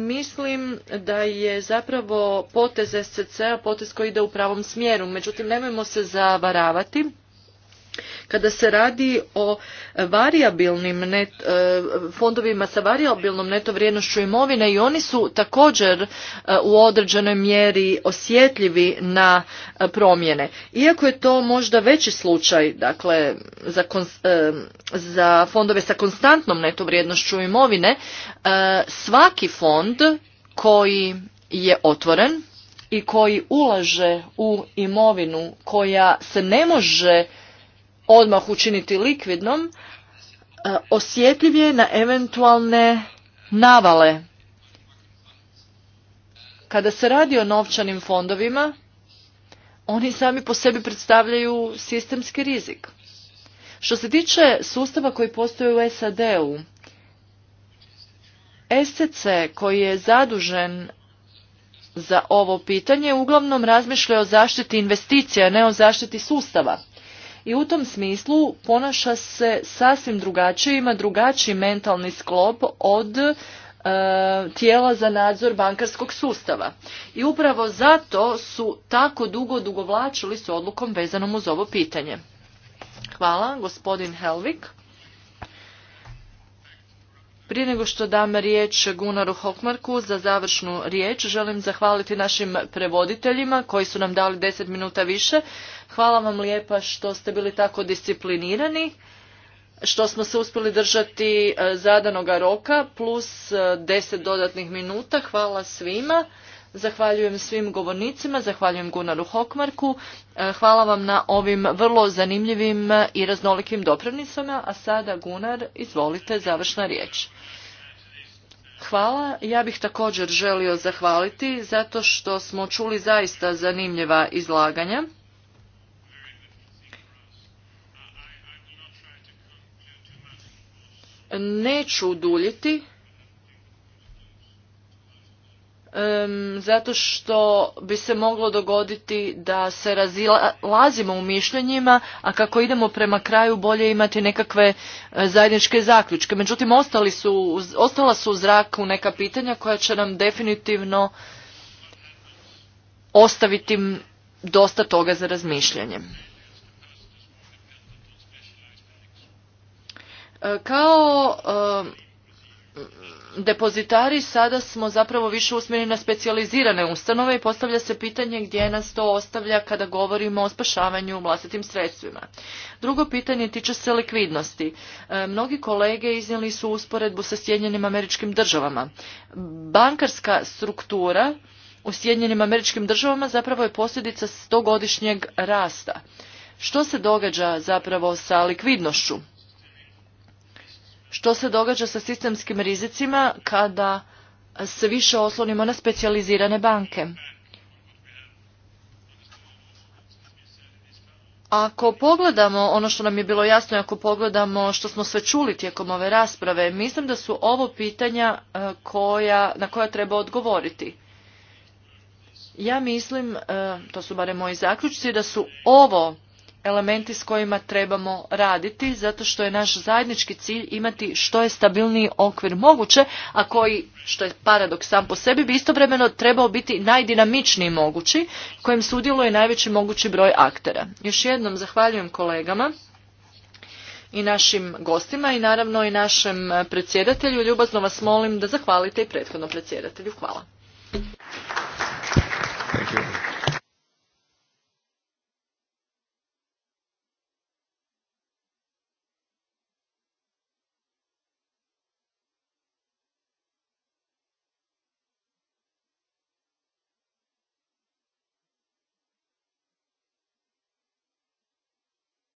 [SPEAKER 3] Mislim da je zapravo potez SCC-a potez koji ide u pravom smjeru, međutim nemojmo se zavaravati. Kada se radi o variabilnim e, fondovima sa variabilnom neto vrijednošću imovine i oni su također e, u određenoj mjeri osjetljivi na e, promjene. Iako je to možda veći slučaj dakle, za, za fondove sa konstantnom neto vrijednošću imovine, svaki fond koji je otvoren i koji ulaže u imovinu koja se ne može odmah učiniti likvidnom, e, osjetljiv je na eventualne navale. Kada se radi o novčanim fondovima, oni sami po sebi predstavljaju sistemski rizik. Što se tiče sustava koji postoji u SAD-u, SCC koji je zadužen za ovo pitanje uglavnom razmišlja o zaštiti investicija, ne o zaštiti sustava i u tom smislu ponaša se sasvim drugačije, ima drugačiji mentalni sklop od e, tijela za nadzor bankarskog sustava. I upravo zato su tako dugo dugovlačili s odlukom vezanom uz ovo pitanje. Hvala, gospodin Helvik. Prije nego što dam riječ Gunaru Hokmarku za završnu riječ, želim zahvaliti našim prevoditeljima koji su nam dali 10 minuta više. Hvala vam lijepa što ste bili tako disciplinirani što smo se uspjeli držati e, zadanoga roka plus 10 e, dodatnih minuta. Hvala svima. Zahvaljujem svim govornicima, zahvaljujem Gunaru Hokmarku. E, hvala vam na ovim vrlo zanimljivim i raznolikim dopravnicama, A sada Gunar, izvolite, završna riječ. Hvala. Ja bih također želio zahvaliti zato što smo čuli zaista zanimljiva izlaganja. Neću duljiti zato što bi se moglo dogoditi da se razilazimo u mišljenjima, a kako idemo prema kraju bolje imati nekakve e, zajedničke zaključke. Međutim, ostali su, ostala su u zraku neka pitanja koja će nam definitivno ostaviti dosta toga za razmišljanje. E, kao e, depozitari sada smo zapravo više usmjereni na specijalizirane ustanove i postavlja se pitanje gdje nas to ostavlja kada govorimo o spašavanju vlastitim sredstvima. Drugo pitanje tiče se likvidnosti. E, mnogi kolege iznijeli su usporedbu sa Sjedinjenim američkim državama. Bankarska struktura u Sjedinjenim američkim državama zapravo je posljedica stogodišnjeg rasta. Što se događa zapravo sa likvidnošću? što se događa sa sistemskim rizicima kada se više oslonimo na specijalizirane banke. Ako pogledamo ono što nam je bilo jasno i ako pogledamo što smo sve čuli tijekom ove rasprave, mislim da su ovo pitanja e, koja, na koja treba odgovoriti. Ja mislim, e, to su barem moji zaključci, da su ovo elementi s kojima trebamo raditi, zato što je naš zajednički cilj imati što je stabilniji okvir moguće, a koji, što je paradoks sam po sebi, bi istovremeno trebao biti najdinamičniji mogući, kojem sudjeluje najveći mogući broj aktera. Još jednom zahvaljujem kolegama i našim gostima i naravno i našem predsjedatelju. Ljubazno vas molim da zahvalite i prethodnom predsjedatelju.
[SPEAKER 2] Hvala.